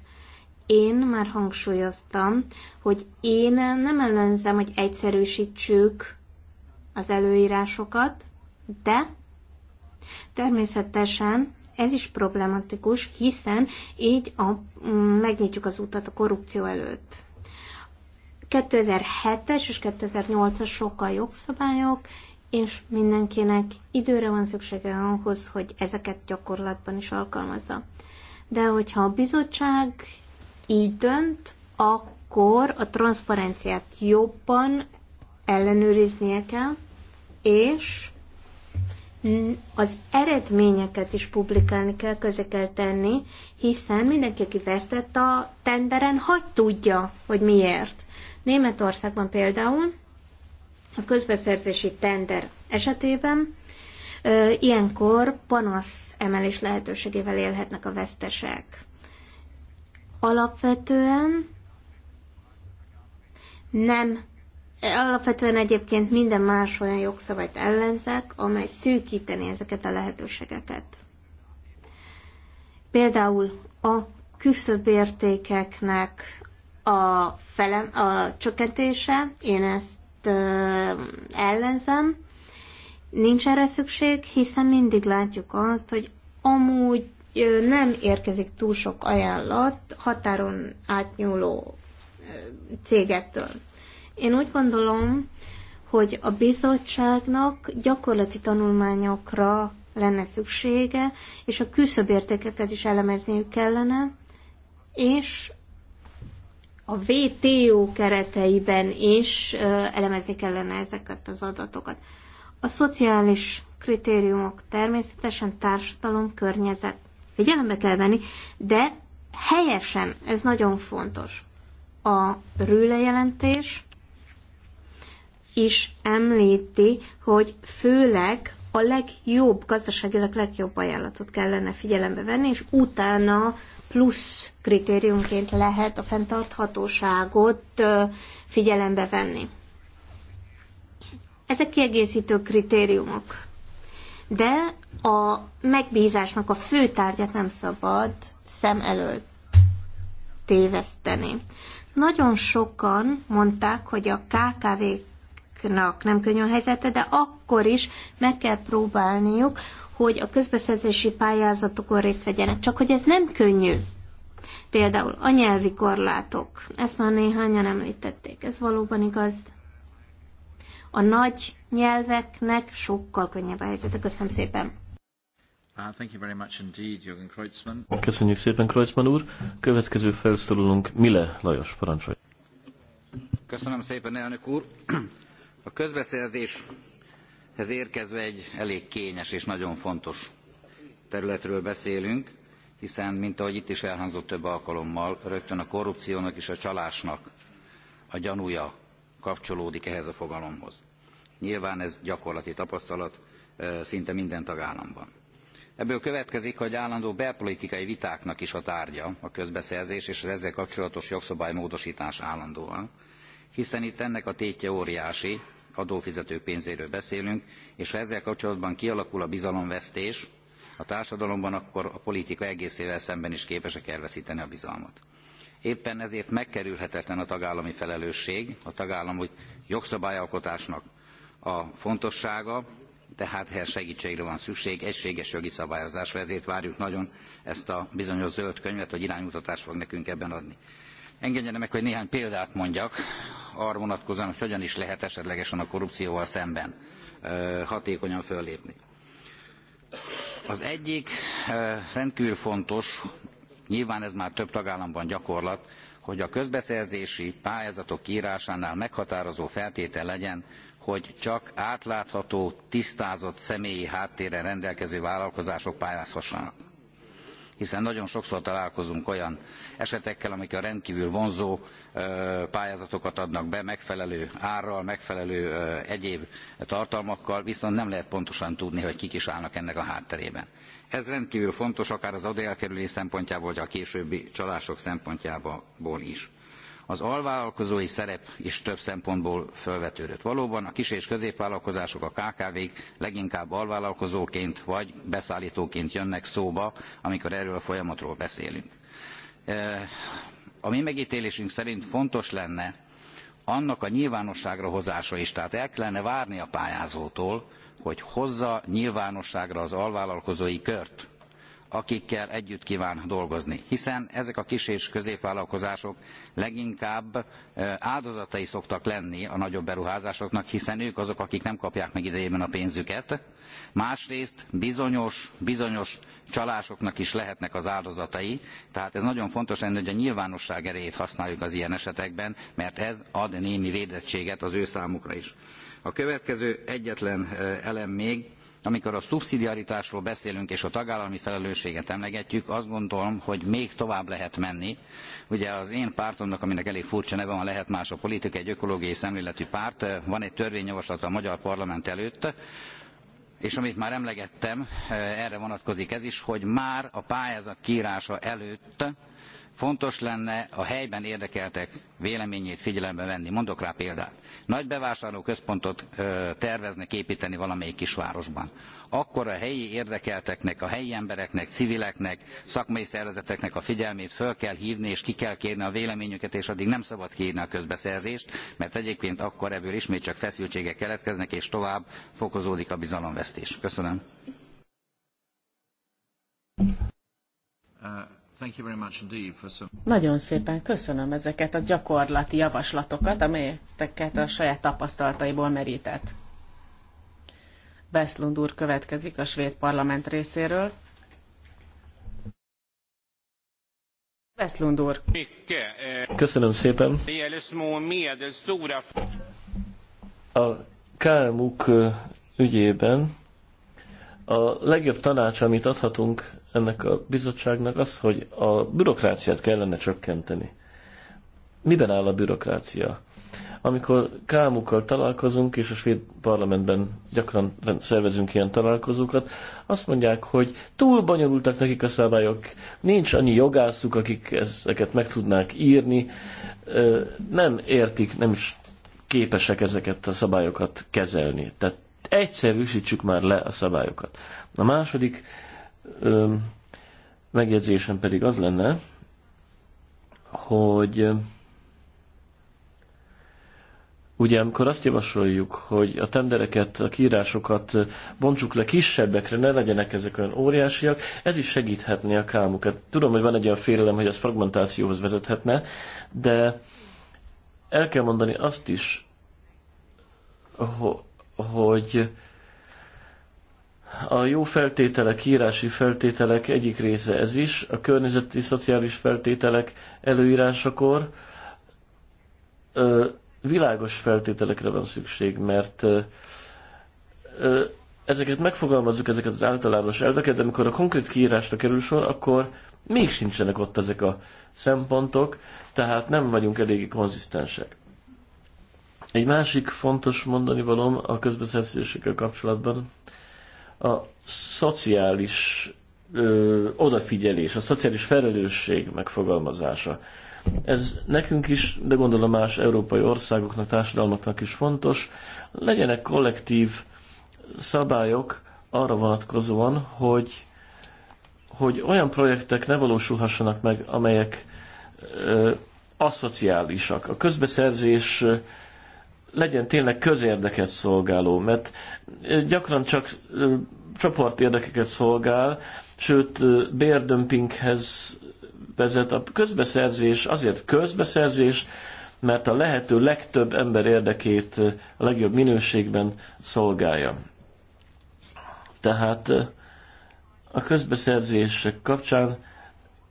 Én már hangsúlyoztam, hogy én nem ellenzem, hogy egyszerűsítsük az előírásokat, de Természetesen ez is problematikus, hiszen így a, mm, megnyitjuk az utat a korrupció előtt. 2007-es és 2008-as sokkal jogszabályok, és mindenkinek időre van szüksége ahhoz, hogy ezeket gyakorlatban is alkalmazza. De hogyha a bizottság így dönt, akkor a transzparenciát jobban ellenőriznie kell, és az eredményeket is publikálni kell, közé kell tenni, hiszen mindenki, aki vesztett a tenderen, hagy tudja, hogy miért. Németországban például a közbeszerzési tender esetében ö, ilyenkor panasz emelés lehetőségével élhetnek a vesztesek. Alapvetően nem Alapvetően egyébként minden más olyan jogszabályt ellenzek, amely szűkíteni ezeket a lehetőségeket. Például a küszöbértékeknek a, felem, a csökkentése, én ezt ö, ellenzem, nincs erre szükség, hiszen mindig látjuk azt, hogy amúgy nem érkezik túl sok ajánlat határon átnyúló cégektől. Én úgy gondolom, hogy a bizottságnak gyakorlati tanulmányokra lenne szüksége, és a küszöbértékeket is elemezniük kellene, és a VTO kereteiben is elemezni kellene ezeket az adatokat. A szociális kritériumok természetesen társadalom, környezet figyelembe kell venni, de helyesen, ez nagyon fontos. A rüle jelentés is említi, hogy főleg a legjobb, gazdaságilag legjobb ajánlatot kellene figyelembe venni, és utána plusz kritériumként lehet a fenntarthatóságot figyelembe venni. Ezek kiegészítő kritériumok. De a megbízásnak a fő tárgyát nem szabad szem elől téveszteni. Nagyon sokan mondták, hogy a KKV-k országnak nem könnyű a helyzete, de akkor is meg kell próbálniuk, hogy a közbeszerzési pályázatokon részt vegyenek. Csak hogy ez nem könnyű. Például a nyelvi korlátok. Ezt már néhányan említették. Ez valóban igaz. A nagy nyelveknek sokkal könnyebb a helyzete. Köszönöm szépen. Uh, Köszönjük szépen, Kreuzmann úr. Következő felszólalunk Mile Lajos, parancsolj. Köszönöm szépen, elnök úr a közbeszerzéshez érkezve egy elég kényes és nagyon fontos területről beszélünk, hiszen, mint ahogy itt is elhangzott több alkalommal, rögtön a korrupciónak és a csalásnak a gyanúja kapcsolódik ehhez a fogalomhoz. Nyilván ez gyakorlati tapasztalat szinte minden tagállamban. Ebből következik, hogy állandó belpolitikai vitáknak is a tárgya a közbeszerzés és az ezzel kapcsolatos jogszabály módosítás állandóan, hiszen itt ennek a tétje óriási, adófizetők pénzéről beszélünk, és ha ezzel kapcsolatban kialakul a bizalomvesztés a társadalomban, akkor a politika egészével szemben is képesek elveszíteni a bizalmat. Éppen ezért megkerülhetetlen a tagállami felelősség, a tagállami jogszabályalkotásnak a fontossága, tehát ehhez segítségre van szükség, egységes jogi szabályozásra, ezért várjuk nagyon ezt a bizonyos zöld könyvet, hogy iránymutatást fog nekünk ebben adni. Engedjenek meg, hogy néhány példát mondjak arra vonatkozóan, hogy hogyan is lehet esetlegesen a korrupcióval szemben hatékonyan föllépni. Az egyik rendkívül fontos, nyilván ez már több tagállamban gyakorlat, hogy a közbeszerzési pályázatok kiírásánál meghatározó feltétel legyen, hogy csak átlátható, tisztázott személyi háttérrel rendelkező vállalkozások pályázhassanak hiszen nagyon sokszor találkozunk olyan esetekkel, amikor rendkívül vonzó pályázatokat adnak be megfelelő árral, megfelelő egyéb tartalmakkal, viszont nem lehet pontosan tudni, hogy kik is állnak ennek a hátterében. Ez rendkívül fontos akár az adóelkerülés szempontjából, vagy a későbbi csalások szempontjából is. Az alvállalkozói szerep is több szempontból felvetődött. Valóban a kis és középvállalkozások, a KKV-k leginkább alvállalkozóként vagy beszállítóként jönnek szóba, amikor erről a folyamatról beszélünk. E, a mi megítélésünk szerint fontos lenne annak a nyilvánosságra hozása is, tehát el kellene várni a pályázótól, hogy hozza nyilvánosságra az alvállalkozói kört, akikkel együtt kíván dolgozni. Hiszen ezek a kis és középvállalkozások leginkább e, áldozatai szoktak lenni a nagyobb beruházásoknak, hiszen ők azok, akik nem kapják meg idejében a pénzüket. Másrészt bizonyos, bizonyos csalásoknak is lehetnek az áldozatai, tehát ez nagyon fontos lenne, hogy a nyilvánosság erejét használjuk az ilyen esetekben, mert ez ad némi védettséget az ő számukra is. A következő egyetlen e, elem még, amikor a szubszidiaritásról beszélünk és a tagállami felelősséget emlegetjük, azt gondolom, hogy még tovább lehet menni. Ugye az én pártomnak, aminek elég furcsa neve van, lehet más a politika, egy ökológiai szemléletű párt, van egy törvényjavaslat a magyar parlament előtt, és amit már emlegettem, erre vonatkozik ez is, hogy már a pályázat kiírása előtt Fontos lenne a helyben érdekeltek véleményét figyelembe venni. Mondok rá példát. Nagy bevásárlóközpontot terveznek építeni valamelyik kisvárosban. Akkor a helyi érdekelteknek, a helyi embereknek, civileknek, szakmai szervezeteknek a figyelmét föl kell hívni, és ki kell kérni a véleményüket, és addig nem szabad kiírni a közbeszerzést, mert egyébként akkor ebből ismét csak feszültségek keletkeznek, és tovább fokozódik a bizalomvesztés. Köszönöm. Uh. Nagyon szépen köszönöm ezeket a gyakorlati javaslatokat, amelyeket a saját tapasztalataiból merített. Beszlund úr következik a svéd parlament részéről. Beszlund úr. Köszönöm szépen. A KMU-k ügyében a legjobb tanács, amit adhatunk ennek a bizottságnak az, hogy a bürokráciát kellene csökkenteni. Miben áll a bürokrácia? Amikor Kámukkal találkozunk, és a svéd parlamentben gyakran szervezünk ilyen találkozókat, azt mondják, hogy túl bonyolultak nekik a szabályok, nincs annyi jogászuk, akik ezeket meg tudnák írni, nem értik, nem is képesek ezeket a szabályokat kezelni. Tehát egyszerűsítsük már le a szabályokat. A második megjegyzésem pedig az lenne, hogy Ugye, amikor azt javasoljuk, hogy a tendereket, a kiírásokat bontsuk le kisebbekre, ne legyenek ezek olyan óriásiak, ez is segíthetné a kámukat. Tudom, hogy van egy olyan félelem, hogy ez fragmentációhoz vezethetne, de el kell mondani azt is, hogy a jó feltételek, írási feltételek egyik része ez is, a környezeti szociális feltételek előírásakor ö, világos feltételekre van szükség, mert ö, ezeket megfogalmazzuk, ezeket az általános elveket, de amikor a konkrét kiírásra kerül sor, akkor még sincsenek ott ezek a szempontok, tehát nem vagyunk eléggé konzisztensek. Egy másik fontos mondani valom a közbeszerzésekkel kapcsolatban, a szociális ö, odafigyelés, a szociális felelősség megfogalmazása. Ez nekünk is, de gondolom más európai országoknak, társadalmaknak is fontos. Legyenek kollektív szabályok arra vonatkozóan, hogy, hogy olyan projektek ne valósulhassanak meg, amelyek ö, aszociálisak. A közbeszerzés ö, legyen tényleg közérdeket szolgáló, mert gyakran csak érdekeket szolgál, sőt bérdömpinghez vezet. A közbeszerzés azért közbeszerzés, mert a lehető legtöbb ember érdekét a legjobb minőségben szolgálja. Tehát a közbeszerzések kapcsán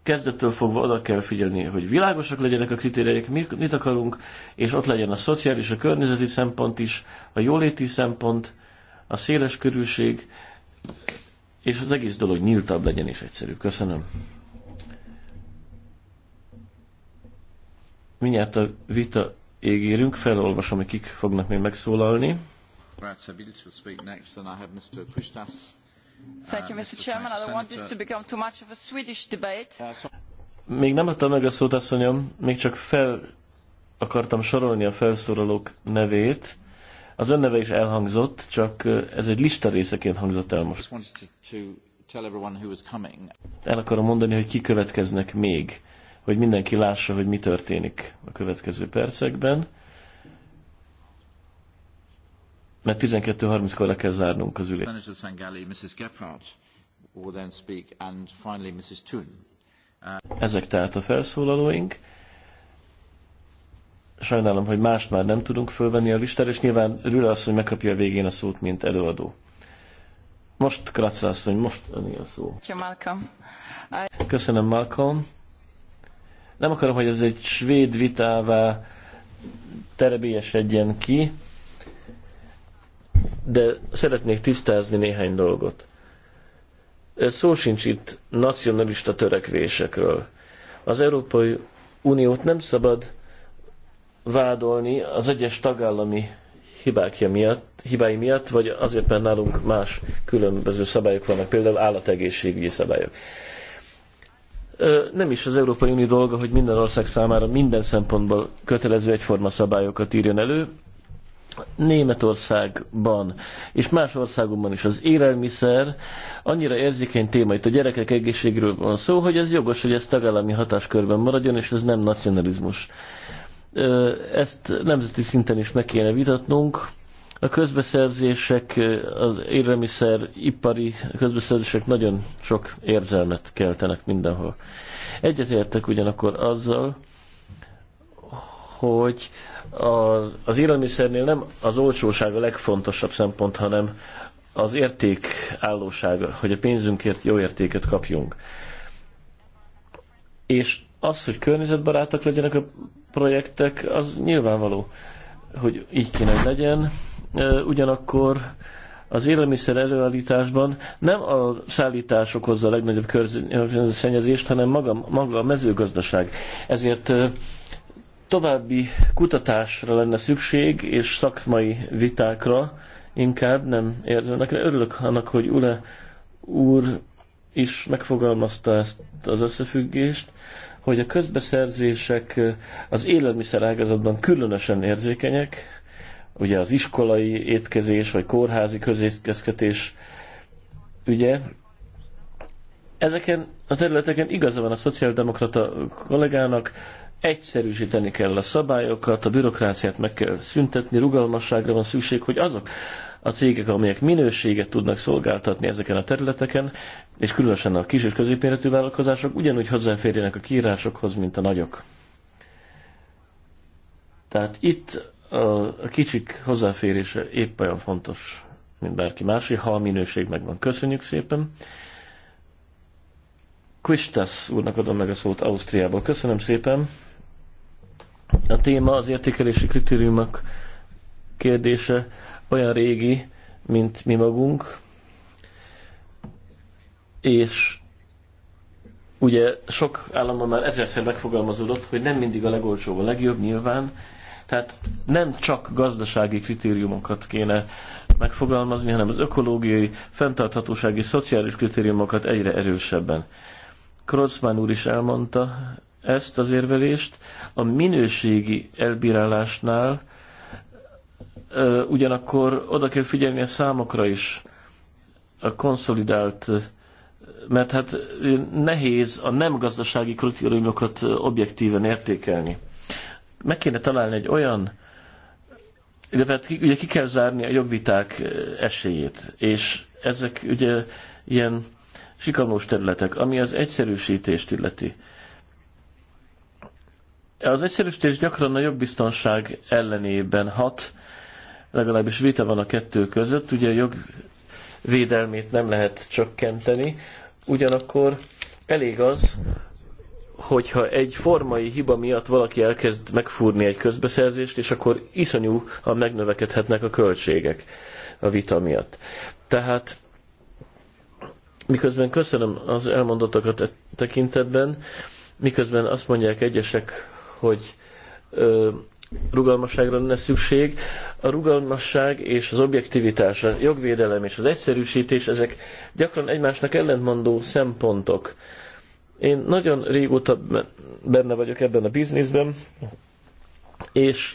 kezdettől fogva oda kell figyelni, hogy világosak legyenek a kritériák, mit, akarunk, és ott legyen a szociális, a környezeti szempont is, a jóléti szempont, a széles körülség, és az egész dolog nyíltabb legyen és egyszerű. Köszönöm. Mindjárt a vita égérünk, felolvasom, hogy kik fognak még megszólalni. Thank you, Mr. Chairman. I don't want this to become too much of a Swedish debate. Még nem adtam meg a szót, asszonyom, még csak fel akartam sorolni a felszólalók nevét. Az ön neve is elhangzott, csak ez egy lista részeként hangzott el most. El akarom mondani, hogy ki következnek még, hogy mindenki lássa, hogy mi történik a következő percekben mert 12.30-kor le kell zárnunk az ülést. Uh, Ezek tehát a felszólalóink. Sajnálom, hogy mást már nem tudunk fölvenni a listára, és nyilván Rüle hogy megkapja a végén a szót, mint előadó. Most Kratza asszony, most öné a szó. Köszönöm, Malcolm. Nem akarom, hogy ez egy svéd vitává terebélyesedjen ki, de szeretnék tisztázni néhány dolgot. Szó sincs itt nacionalista törekvésekről. Az Európai Uniót nem szabad vádolni az egyes tagállami hibákja miatt, hibái miatt, vagy azért, mert nálunk más különböző szabályok vannak, például állategészségügyi szabályok. Nem is az Európai Unió dolga, hogy minden ország számára minden szempontból kötelező egyforma szabályokat írjon elő, Németországban és más országokban is az élelmiszer annyira érzékeny téma, itt a gyerekek egészségről van szó, hogy ez jogos, hogy ez tagállami hatáskörben maradjon, és ez nem nacionalizmus. Ezt nemzeti szinten is meg kéne vitatnunk. A közbeszerzések, az élelmiszer, ipari közbeszerzések nagyon sok érzelmet keltenek mindenhol. Egyetértek ugyanakkor azzal, hogy az, az élelmiszernél nem az olcsóság a legfontosabb szempont, hanem az érték állósága, hogy a pénzünkért jó értéket kapjunk. És az, hogy környezetbarátak legyenek a projektek, az nyilvánvaló, hogy így kéne legyen. Ugyanakkor az élelmiszer előállításban nem a szállítás okozza a legnagyobb környezetszennyezést, hanem maga, maga a mezőgazdaság. Ezért További kutatásra lenne szükség, és szakmai vitákra inkább nem érzőnek. Örülök annak, hogy Ule úr is megfogalmazta ezt az összefüggést, hogy a közbeszerzések az élelmiszer ágazatban különösen érzékenyek, ugye az iskolai étkezés vagy kórházi közétkeztetés ügye. Ezeken a területeken igaza van a szociáldemokrata kollégának, egyszerűsíteni kell a szabályokat, a bürokráciát meg kell szüntetni, rugalmasságra van szükség, hogy azok a cégek, amelyek minőséget tudnak szolgáltatni ezeken a területeken, és különösen a kis és középméretű vállalkozások ugyanúgy hozzáférjenek a kiírásokhoz, mint a nagyok. Tehát itt a kicsik hozzáférése épp olyan fontos, mint bárki másé, ha a minőség megvan. Köszönjük szépen! Quistas úrnak adom meg a szót Ausztriából. Köszönöm szépen! A téma az értékelési kritériumok kérdése olyan régi, mint mi magunk, és ugye sok államban már ezerszer megfogalmazódott, hogy nem mindig a legolcsóbb a legjobb nyilván, tehát nem csak gazdasági kritériumokat kéne megfogalmazni, hanem az ökológiai, fenntarthatósági, szociális kritériumokat egyre erősebben. Krocman úr is elmondta ezt az érvelést. A minőségi elbírálásnál ugyanakkor oda kell figyelni a számokra is, a konszolidált, mert hát nehéz a nem gazdasági kritériumokat objektíven értékelni. Meg kéne találni egy olyan, de hát ki, ugye ki kell zárni a jogviták esélyét, és ezek ugye ilyen sikamlós területek, ami az egyszerűsítést illeti. Az egyszerűsítés gyakran a jogbiztonság ellenében hat, legalábbis vita van a kettő között, ugye a jog védelmét nem lehet csökkenteni, ugyanakkor elég az, hogyha egy formai hiba miatt valaki elkezd megfúrni egy közbeszerzést, és akkor iszonyú, ha megnövekedhetnek a költségek a vita miatt. Tehát miközben köszönöm az elmondottakat e tekintetben, miközben azt mondják egyesek, hogy ö, rugalmasságra lenne szükség. A rugalmasság és az objektivitás, a jogvédelem és az egyszerűsítés, ezek gyakran egymásnak ellentmondó szempontok. Én nagyon régóta benne vagyok ebben a bizniszben, és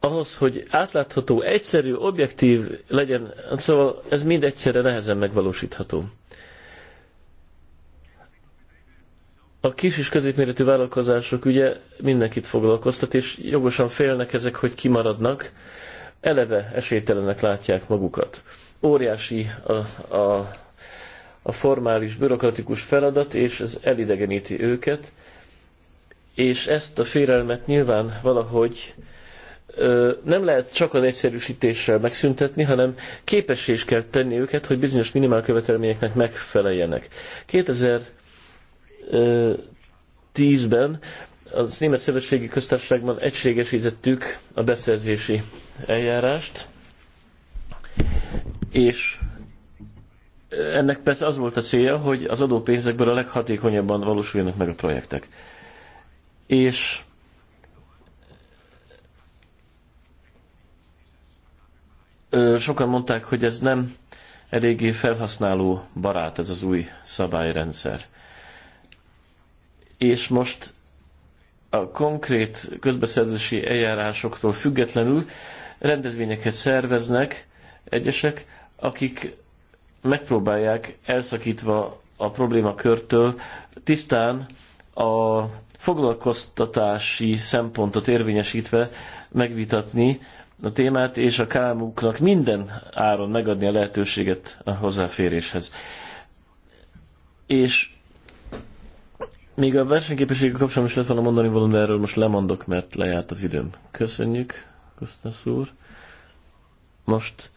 ahhoz, hogy átlátható, egyszerű, objektív legyen, szóval ez mind egyszerre nehezen megvalósítható. A kis és középméretű vállalkozások ugye mindenkit foglalkoztat, és jogosan félnek ezek, hogy kimaradnak, eleve esélytelenek látják magukat. Óriási a, a, a formális, bürokratikus feladat, és ez elidegeníti őket, és ezt a félelmet nyilván valahogy ö, nem lehet csak az egyszerűsítéssel megszüntetni, hanem képessé is kell tenni őket, hogy bizonyos minimál követelményeknek megfeleljenek. 2000 2010-ben az Német Szövetségi Köztársaságban egységesítettük a beszerzési eljárást, és ennek persze az volt a célja, hogy az adópénzekből a leghatékonyabban valósuljanak meg a projektek. És sokan mondták, hogy ez nem eléggé felhasználó barát ez az új szabályrendszer és most a konkrét közbeszerzési eljárásoktól függetlenül rendezvényeket szerveznek egyesek, akik megpróbálják elszakítva a problémakörtől tisztán a foglalkoztatási szempontot érvényesítve megvitatni a témát, és a kámuknak minden áron megadni a lehetőséget a hozzáféréshez. És még a versenyképességgel kapcsolatban is lett volna mondani való, de erről most lemondok, mert lejárt az időm. Köszönjük, Kostas úr. Most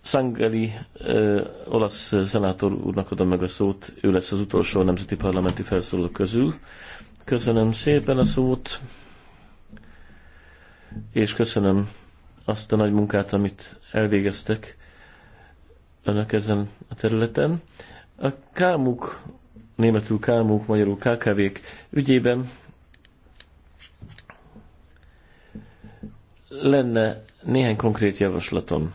Sangeli ö, olasz szenátor úrnak adom meg a szót, ő lesz az utolsó nemzeti parlamenti felszóló közül. Köszönöm szépen a szót, és köszönöm azt a nagy munkát, amit elvégeztek önök ezen a területen. A Kámuk németül kálmók, magyarul KKV-k ügyében lenne néhány konkrét javaslatom.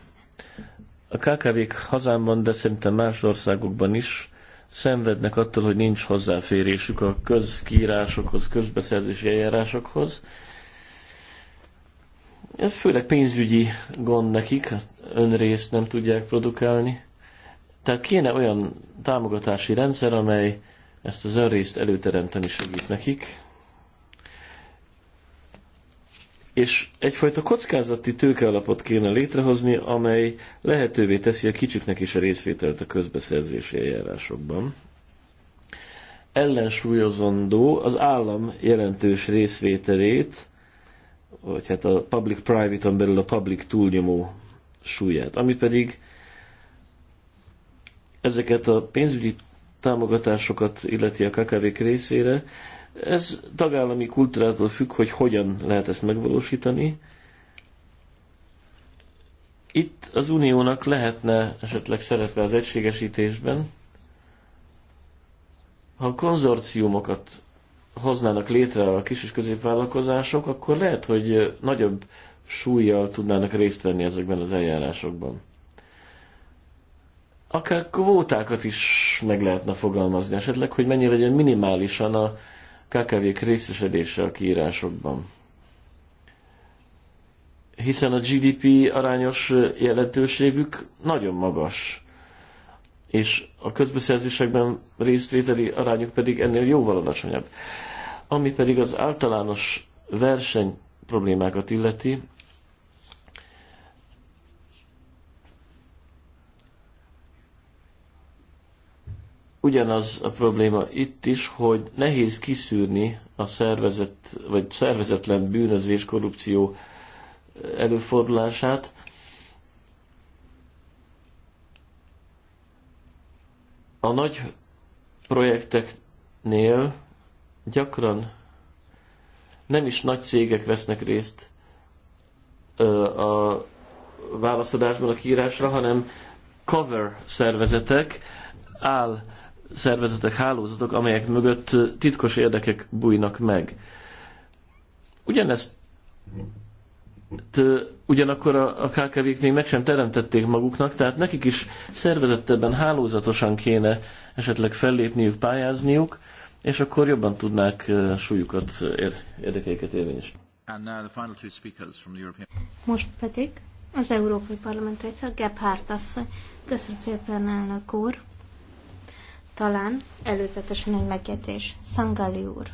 A KKV-k hazámban, de szerintem más országokban is szenvednek attól, hogy nincs hozzáférésük a közkírásokhoz, közbeszerzési eljárásokhoz. Ez főleg pénzügyi gond nekik, önrészt nem tudják produkálni. Tehát kéne olyan támogatási rendszer, amely ezt az önrészt előteremteni segít nekik. És egyfajta kockázati tőkealapot kéne létrehozni, amely lehetővé teszi a kicsiknek is a részvételt a közbeszerzési eljárásokban. Ellensúlyozandó az állam jelentős részvételét, vagy hát a public-private-on belül a public túlnyomó súlyát, ami pedig ezeket a pénzügyi támogatásokat illeti a kkv részére. Ez tagállami kultúrától függ, hogy hogyan lehet ezt megvalósítani. Itt az uniónak lehetne esetleg szerepe az egységesítésben, ha konzorciumokat hoznának létre a kis és középvállalkozások, akkor lehet, hogy nagyobb súlyjal tudnának részt venni ezekben az eljárásokban akár kvótákat is meg lehetne fogalmazni esetleg, hogy mennyi legyen minimálisan a KKV-k részesedése a kiírásokban. Hiszen a GDP arányos jelentőségük nagyon magas, és a közbeszerzésekben részvételi arányuk pedig ennél jóval alacsonyabb. Ami pedig az általános verseny problémákat illeti, ugyanaz a probléma itt is, hogy nehéz kiszűrni a szervezet, vagy szervezetlen bűnözés, korrupció eh, előfordulását. A nagy projekteknél gyakran nem is nagy cégek vesznek részt eh, a válaszadásban a kiírásra, hanem cover szervezetek, áll szervezetek, hálózatok, amelyek mögött titkos érdekek bújnak meg. Ugyanezt ugyanakkor a, a KKV-k még meg sem teremtették maguknak, tehát nekik is szervezettebben, hálózatosan kéne esetleg fellépniük, pályázniuk, és akkor jobban tudnák súlyukat, érdekeiket érvényesíteni. European... Most pedig az Európai Parlament része, Gebhardt asszony. Köszönöm szépen, elnök úr! Talán előzetesen egy megjegyzés. Szangali úr.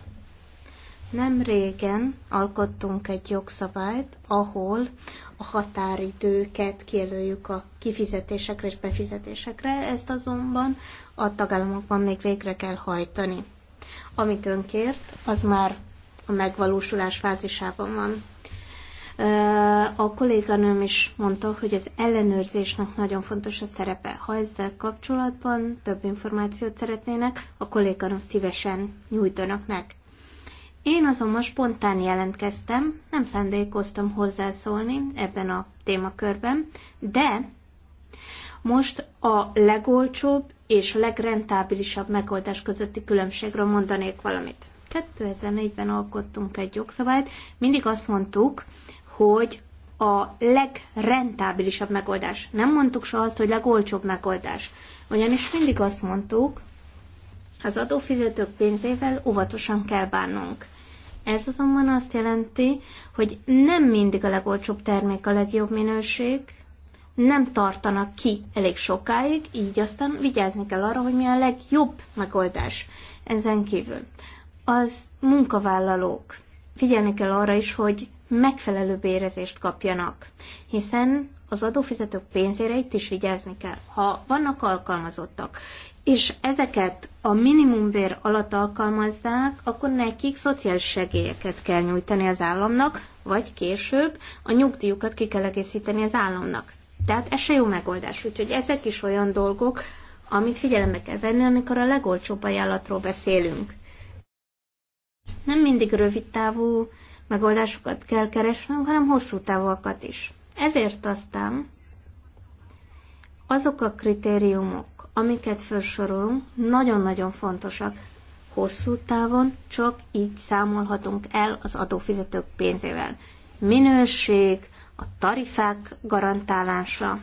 Nem régen alkottunk egy jogszabályt, ahol a határidőket kijelöljük a kifizetésekre és befizetésekre, ezt azonban a tagállamokban még végre kell hajtani. Amit önkért, az már a megvalósulás fázisában van. A kolléganőm is mondta, hogy az ellenőrzésnek nagyon fontos a szerepe. Ha ezzel kapcsolatban több információt szeretnének, a kolléganőm szívesen nyújtanak meg. Én azonban spontán jelentkeztem, nem szándékoztam hozzászólni ebben a témakörben, de most a legolcsóbb és legrentábilisabb megoldás közötti különbségről mondanék valamit. 2004-ben alkottunk egy jogszabályt, mindig azt mondtuk, hogy a legrentábilisabb megoldás. Nem mondtuk soha azt, hogy legolcsóbb megoldás. Ugyanis mindig azt mondtuk, az adófizetők pénzével óvatosan kell bánnunk. Ez azonban azt jelenti, hogy nem mindig a legolcsóbb termék a legjobb minőség, nem tartanak ki elég sokáig, így aztán vigyázni kell arra, hogy mi a legjobb megoldás. Ezen kívül az munkavállalók. Figyelni kell arra is, hogy megfelelő bérezést kapjanak, hiszen az adófizetők pénzére itt is vigyázni kell. Ha vannak alkalmazottak, és ezeket a minimumbér alatt alkalmazzák, akkor nekik szociális segélyeket kell nyújtani az államnak, vagy később a nyugdíjukat ki kell egészíteni az államnak. Tehát ez se jó megoldás, úgyhogy ezek is olyan dolgok, amit figyelembe kell venni, amikor a legolcsóbb ajánlatról beszélünk. Nem mindig rövid távú megoldásokat kell keresnünk, hanem hosszú távokat is. Ezért aztán azok a kritériumok, amiket felsorolunk, nagyon-nagyon fontosak. Hosszú távon csak így számolhatunk el az adófizetők pénzével. Minőség, a tarifák garantálása,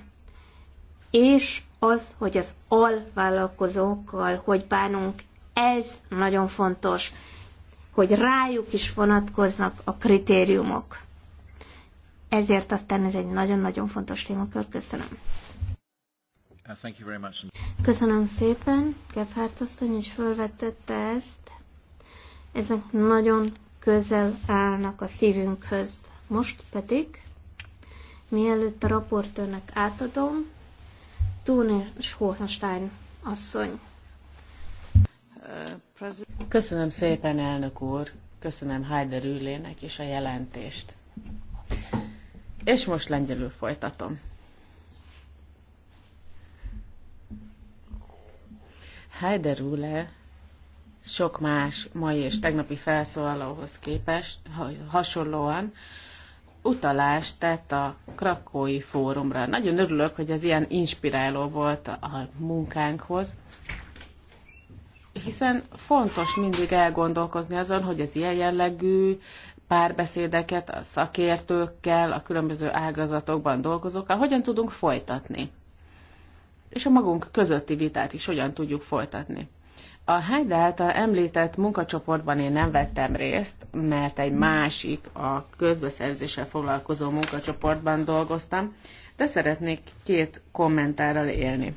és az, hogy az alvállalkozókkal hogy bánunk, ez nagyon fontos hogy rájuk is vonatkoznak a kritériumok. Ezért aztán ez egy nagyon-nagyon fontos témakör. Köszönöm. Uh, Köszönöm szépen, Gephardt asszony, hogy felvetette ezt. Ezek nagyon közel állnak a szívünkhöz. Most pedig, mielőtt a raportőrnek átadom, Túnér Schoenstein asszony. Köszönöm szépen, elnök úr. Köszönöm Heider Ülének is a jelentést. És most lengyelül folytatom. Heider Üle sok más mai és tegnapi felszólalóhoz képest hasonlóan utalást tett a Krakói Fórumra. Nagyon örülök, hogy ez ilyen inspiráló volt a munkánkhoz, hiszen fontos mindig elgondolkozni azon, hogy az ilyen jellegű párbeszédeket a szakértőkkel, a különböző ágazatokban dolgozókkal hogyan tudunk folytatni. És a magunk közötti vitát is hogyan tudjuk folytatni. A Heide által említett munkacsoportban én nem vettem részt, mert egy másik, a közbeszerzéssel foglalkozó munkacsoportban dolgoztam, de szeretnék két kommentárral élni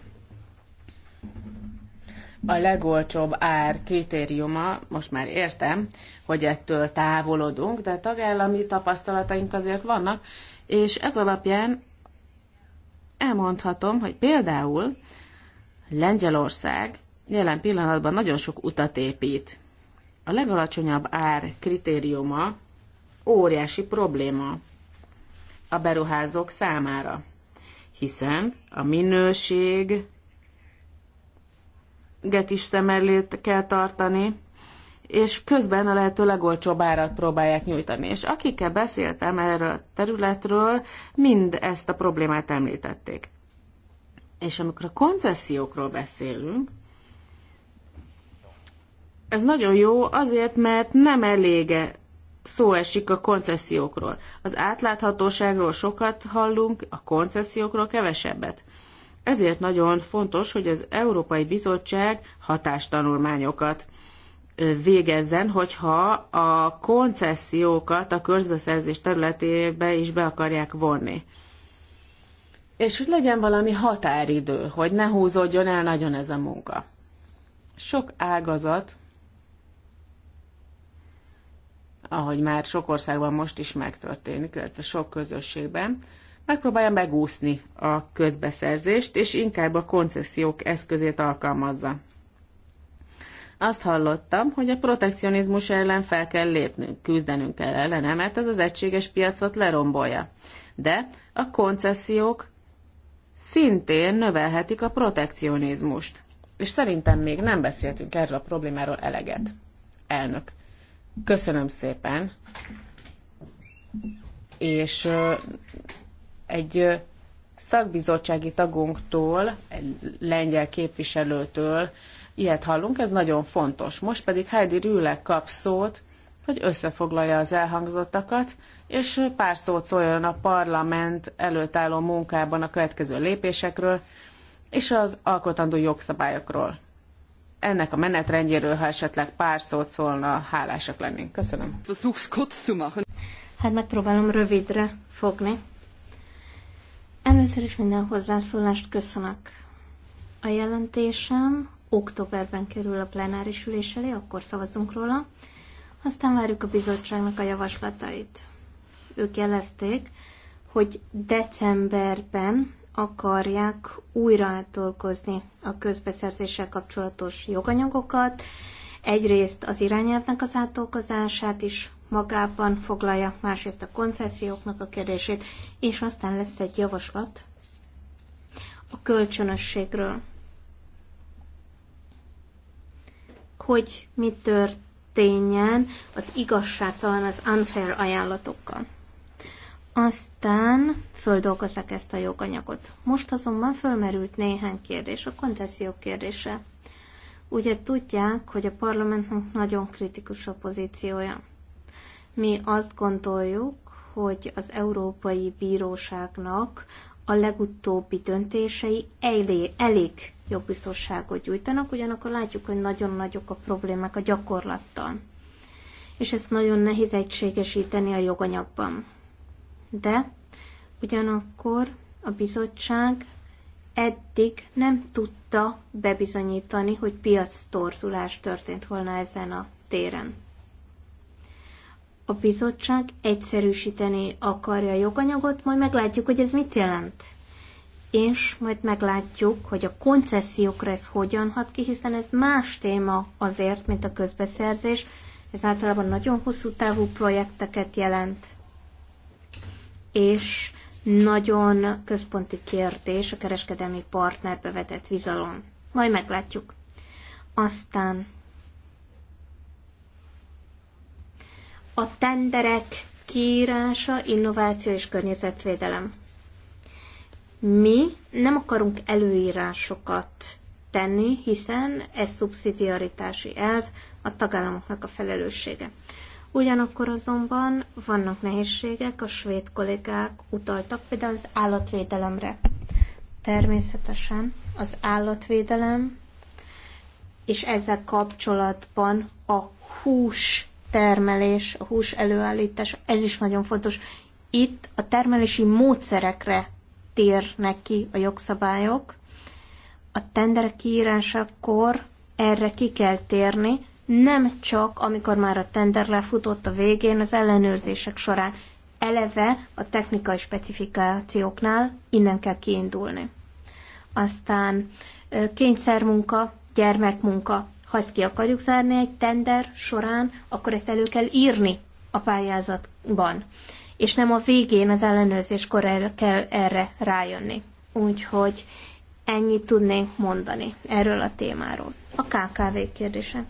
a legolcsóbb ár kritériuma, most már értem, hogy ettől távolodunk, de tagállami tapasztalataink azért vannak, és ez alapján elmondhatom, hogy például Lengyelország jelen pillanatban nagyon sok utat épít. A legalacsonyabb ár kritériuma óriási probléma a beruházók számára, hiszen a minőség get is szem kell tartani, és közben a lehető legolcsóbb árat próbálják nyújtani. És akikkel beszéltem erről a területről, mind ezt a problémát említették. És amikor a koncesziókról beszélünk, ez nagyon jó azért, mert nem elége szó esik a koncesziókról. Az átláthatóságról sokat hallunk, a koncesziókról kevesebbet. Ezért nagyon fontos, hogy az Európai Bizottság hatástanulmányokat végezzen, hogyha a koncesziókat a körzeszerzés területébe is be akarják vonni. És hogy legyen valami határidő, hogy ne húzódjon el nagyon ez a munka. Sok ágazat, ahogy már sok országban most is megtörténik, illetve sok közösségben, megpróbálja megúszni a közbeszerzést, és inkább a koncesziók eszközét alkalmazza. Azt hallottam, hogy a protekcionizmus ellen fel kell lépnünk, küzdenünk kell ellene, mert ez az egységes piacot lerombolja. De a koncesziók szintén növelhetik a protekcionizmust. És szerintem még nem beszéltünk erről a problémáról eleget. Elnök, köszönöm szépen, és egy szakbizottsági tagunktól, egy lengyel képviselőtől ilyet hallunk, ez nagyon fontos. Most pedig Heidi Rühle kap szót, hogy összefoglalja az elhangzottakat, és pár szót szóljon a parlament előtt álló munkában a következő lépésekről, és az alkotandó jogszabályokról. Ennek a menetrendjéről, ha esetleg pár szót szólna, hálásak lennénk. Köszönöm. Hát megpróbálom rövidre fogni. Először is minden hozzászólást köszönök. A jelentésem októberben kerül a plenáris ülés elé, akkor szavazunk róla. Aztán várjuk a bizottságnak a javaslatait. Ők jelezték, hogy decemberben akarják újra átolkozni a közbeszerzéssel kapcsolatos joganyagokat, egyrészt az irányelvnek az átolkozását is magában foglalja, másrészt a koncesszióknak a kérdését, és aztán lesz egy javaslat a kölcsönösségről. Hogy mi történjen az igazságtalan, az unfair ajánlatokkal. Aztán földolgozzák ezt a joganyagot. Most azonban fölmerült néhány kérdés, a koncesziók kérdése. Ugye tudják, hogy a parlamentnek nagyon kritikus a pozíciója. Mi azt gondoljuk, hogy az Európai Bíróságnak a legutóbbi döntései elég, elég jogbiztonságot gyújtanak, ugyanakkor látjuk, hogy nagyon nagyok a problémák a gyakorlattal. És ezt nagyon nehéz egységesíteni a joganyagban. De ugyanakkor a bizottság eddig nem tudta bebizonyítani, hogy piac torzulás történt volna ezen a téren a bizottság egyszerűsíteni akarja a joganyagot, majd meglátjuk, hogy ez mit jelent. És majd meglátjuk, hogy a koncesziókra ez hogyan hat ki, hiszen ez más téma azért, mint a közbeszerzés. Ez általában nagyon hosszú távú projekteket jelent. És nagyon központi kérdés a kereskedelmi partnerbe vetett bizalom. Majd meglátjuk. Aztán a tenderek kiírása, innováció és környezetvédelem. Mi nem akarunk előírásokat tenni, hiszen ez szubszidiaritási elv, a tagállamoknak a felelőssége. Ugyanakkor azonban vannak nehézségek, a svéd kollégák utaltak például az állatvédelemre. Természetesen az állatvédelem, és ezzel kapcsolatban a hús termelés, a hús előállítás, ez is nagyon fontos. Itt a termelési módszerekre térnek ki a jogszabályok. A tenderek kiírásakor erre ki kell térni, nem csak amikor már a tender lefutott a végén, az ellenőrzések során. Eleve a technikai specifikációknál innen kell kiindulni. Aztán kényszermunka, gyermekmunka. Ha ezt ki akarjuk zárni egy tender során, akkor ezt elő kell írni a pályázatban, és nem a végén az ellenőrzéskor el kell erre rájönni. Úgyhogy ennyit tudnék mondani erről a témáról. A KKV kérdése.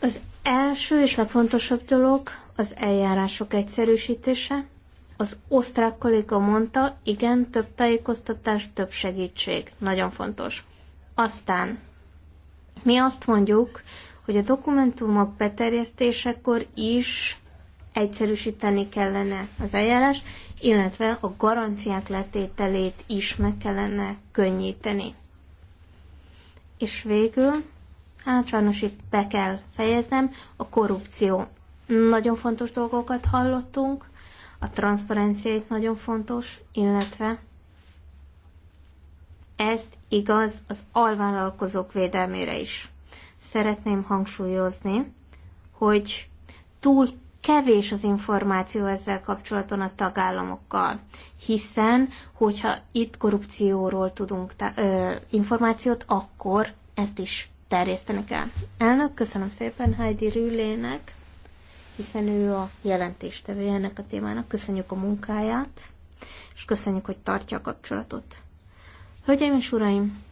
Az első és legfontosabb dolog az eljárások egyszerűsítése. Az osztrák kolléga mondta, igen, több tájékoztatás, több segítség. Nagyon fontos. Aztán mi azt mondjuk, hogy a dokumentumok beterjesztésekor is egyszerűsíteni kellene az eljárás, illetve a garanciák letételét is meg kellene könnyíteni. És végül, hát sajnos itt be kell fejeznem, a korrupció. Nagyon fontos dolgokat hallottunk, a transzparencia itt nagyon fontos, illetve ez igaz az alvállalkozók védelmére is. Szeretném hangsúlyozni, hogy túl kevés az információ ezzel kapcsolatban a tagállamokkal, hiszen hogyha itt korrupcióról tudunk ta- ö, információt, akkor ezt is terjesztenek el. Elnök, köszönöm szépen Heidi Rüllének, hiszen ő a jelentéstevője ennek a témának. Köszönjük a munkáját, és köszönjük, hogy tartja a kapcsolatot. Hölgyeim és uraim,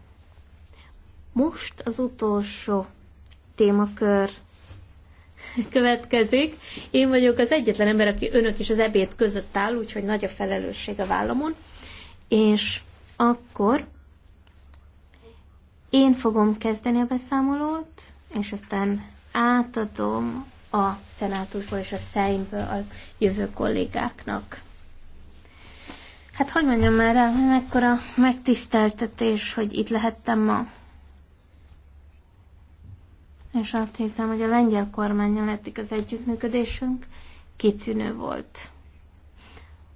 most az utolsó témakör következik. Én vagyok az egyetlen ember, aki önök és az ebéd között áll, úgyhogy nagy a felelősség a vállamon. És akkor én fogom kezdeni a beszámolót, és aztán átadom a szenátusból és a szeimből a jövő kollégáknak. Hát hogy mondjam már el, mekkora megtiszteltetés, hogy itt lehettem ma. És azt hiszem, hogy a lengyel kormányon eddig az együttműködésünk kitűnő volt.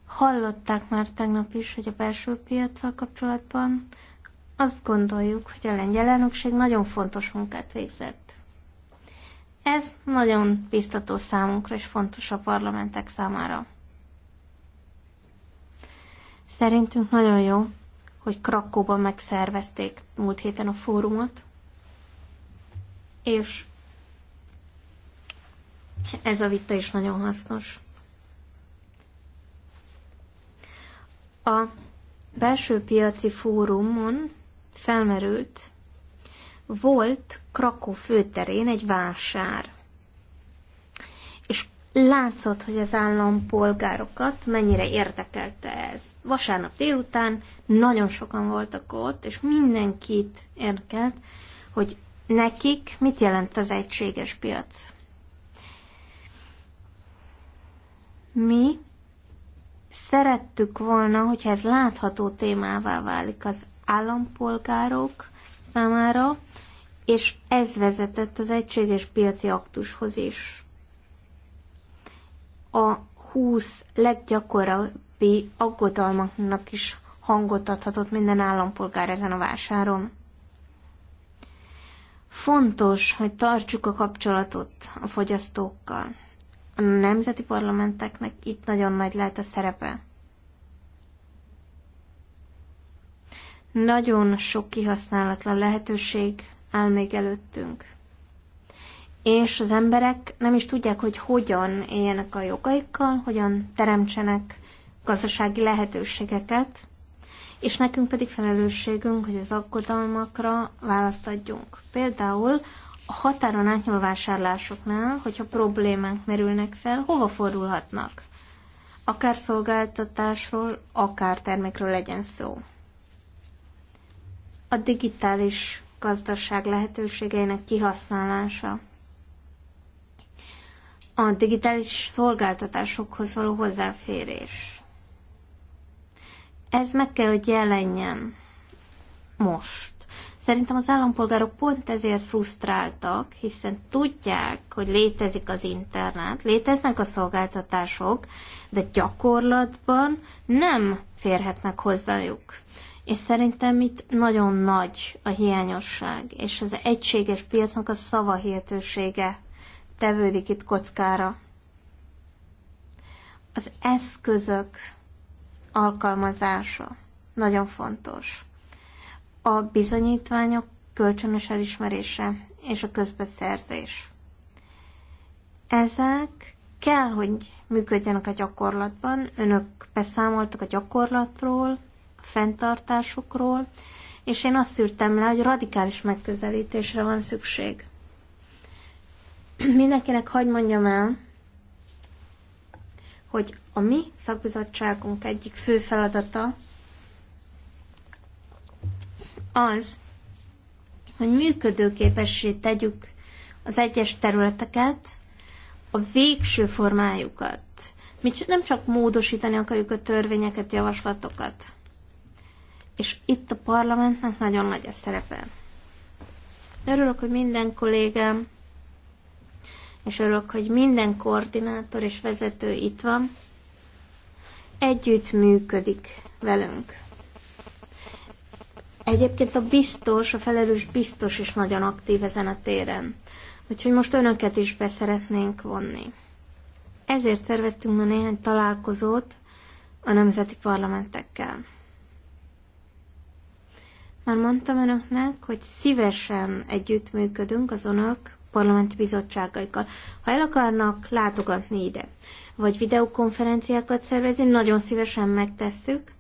Hallották már tegnap is, hogy a belső piacsal kapcsolatban azt gondoljuk, hogy a lengyel elnökség nagyon fontos munkát végzett. Ez nagyon biztató számunkra és fontos a parlamentek számára. Szerintünk nagyon jó, hogy Krakóban megszervezték múlt héten a fórumot, és ez a vita is nagyon hasznos. A belső piaci fórumon felmerült, volt Krakó főterén egy vásár látszott, hogy az állampolgárokat mennyire érdekelte ez. Vasárnap délután nagyon sokan voltak ott, és mindenkit érdekelt, hogy nekik mit jelent az egységes piac. Mi szerettük volna, hogyha ez látható témává válik az állampolgárok számára, és ez vezetett az egységes piaci aktushoz is a 20 leggyakorabbi aggodalmaknak is hangot adhatott minden állampolgár ezen a vásáron. Fontos, hogy tartsuk a kapcsolatot a fogyasztókkal. A nemzeti parlamenteknek itt nagyon nagy lehet a szerepe. Nagyon sok kihasználatlan lehetőség áll még előttünk és az emberek nem is tudják, hogy hogyan éljenek a jogaikkal, hogyan teremtsenek gazdasági lehetőségeket, és nekünk pedig felelősségünk, hogy az aggodalmakra választ adjunk. Például a határon átnyúló vásárlásoknál, hogyha problémák merülnek fel, hova fordulhatnak? Akár szolgáltatásról, akár termékről legyen szó. A digitális gazdaság lehetőségeinek kihasználása a digitális szolgáltatásokhoz való hozzáférés. Ez meg kell, hogy jelenjen most. Szerintem az állampolgárok pont ezért frusztráltak, hiszen tudják, hogy létezik az internet, léteznek a szolgáltatások, de gyakorlatban nem férhetnek hozzájuk. És szerintem itt nagyon nagy a hiányosság, és az egységes piacnak a szavahihetősége tevődik itt kockára. Az eszközök alkalmazása nagyon fontos. A bizonyítványok kölcsönös elismerése és a közbeszerzés. Ezek kell, hogy működjenek a gyakorlatban. Önök beszámoltak a gyakorlatról, a fenntartásukról, és én azt szűrtem le, hogy radikális megközelítésre van szükség. Mindenkinek hagyd mondjam el, hogy a mi szakbizottságunk egyik fő feladata az, hogy működőképessé tegyük az egyes területeket, a végső formájukat. Mi nem csak módosítani akarjuk a törvényeket, javaslatokat. És itt a parlamentnek nagyon nagy a szerepe. Örülök, hogy minden kollégám és örülök, hogy minden koordinátor és vezető itt van, együtt működik velünk. Egyébként a biztos, a felelős biztos is nagyon aktív ezen a téren. Úgyhogy most önöket is beszeretnénk vonni. Ezért szerveztünk ma néhány találkozót a nemzeti parlamentekkel. Már mondtam önöknek, hogy szívesen együttműködünk az önök parlamenti bizottságaikkal. Ha el akarnak látogatni ide, vagy videokonferenciákat szervezni, nagyon szívesen megtesszük,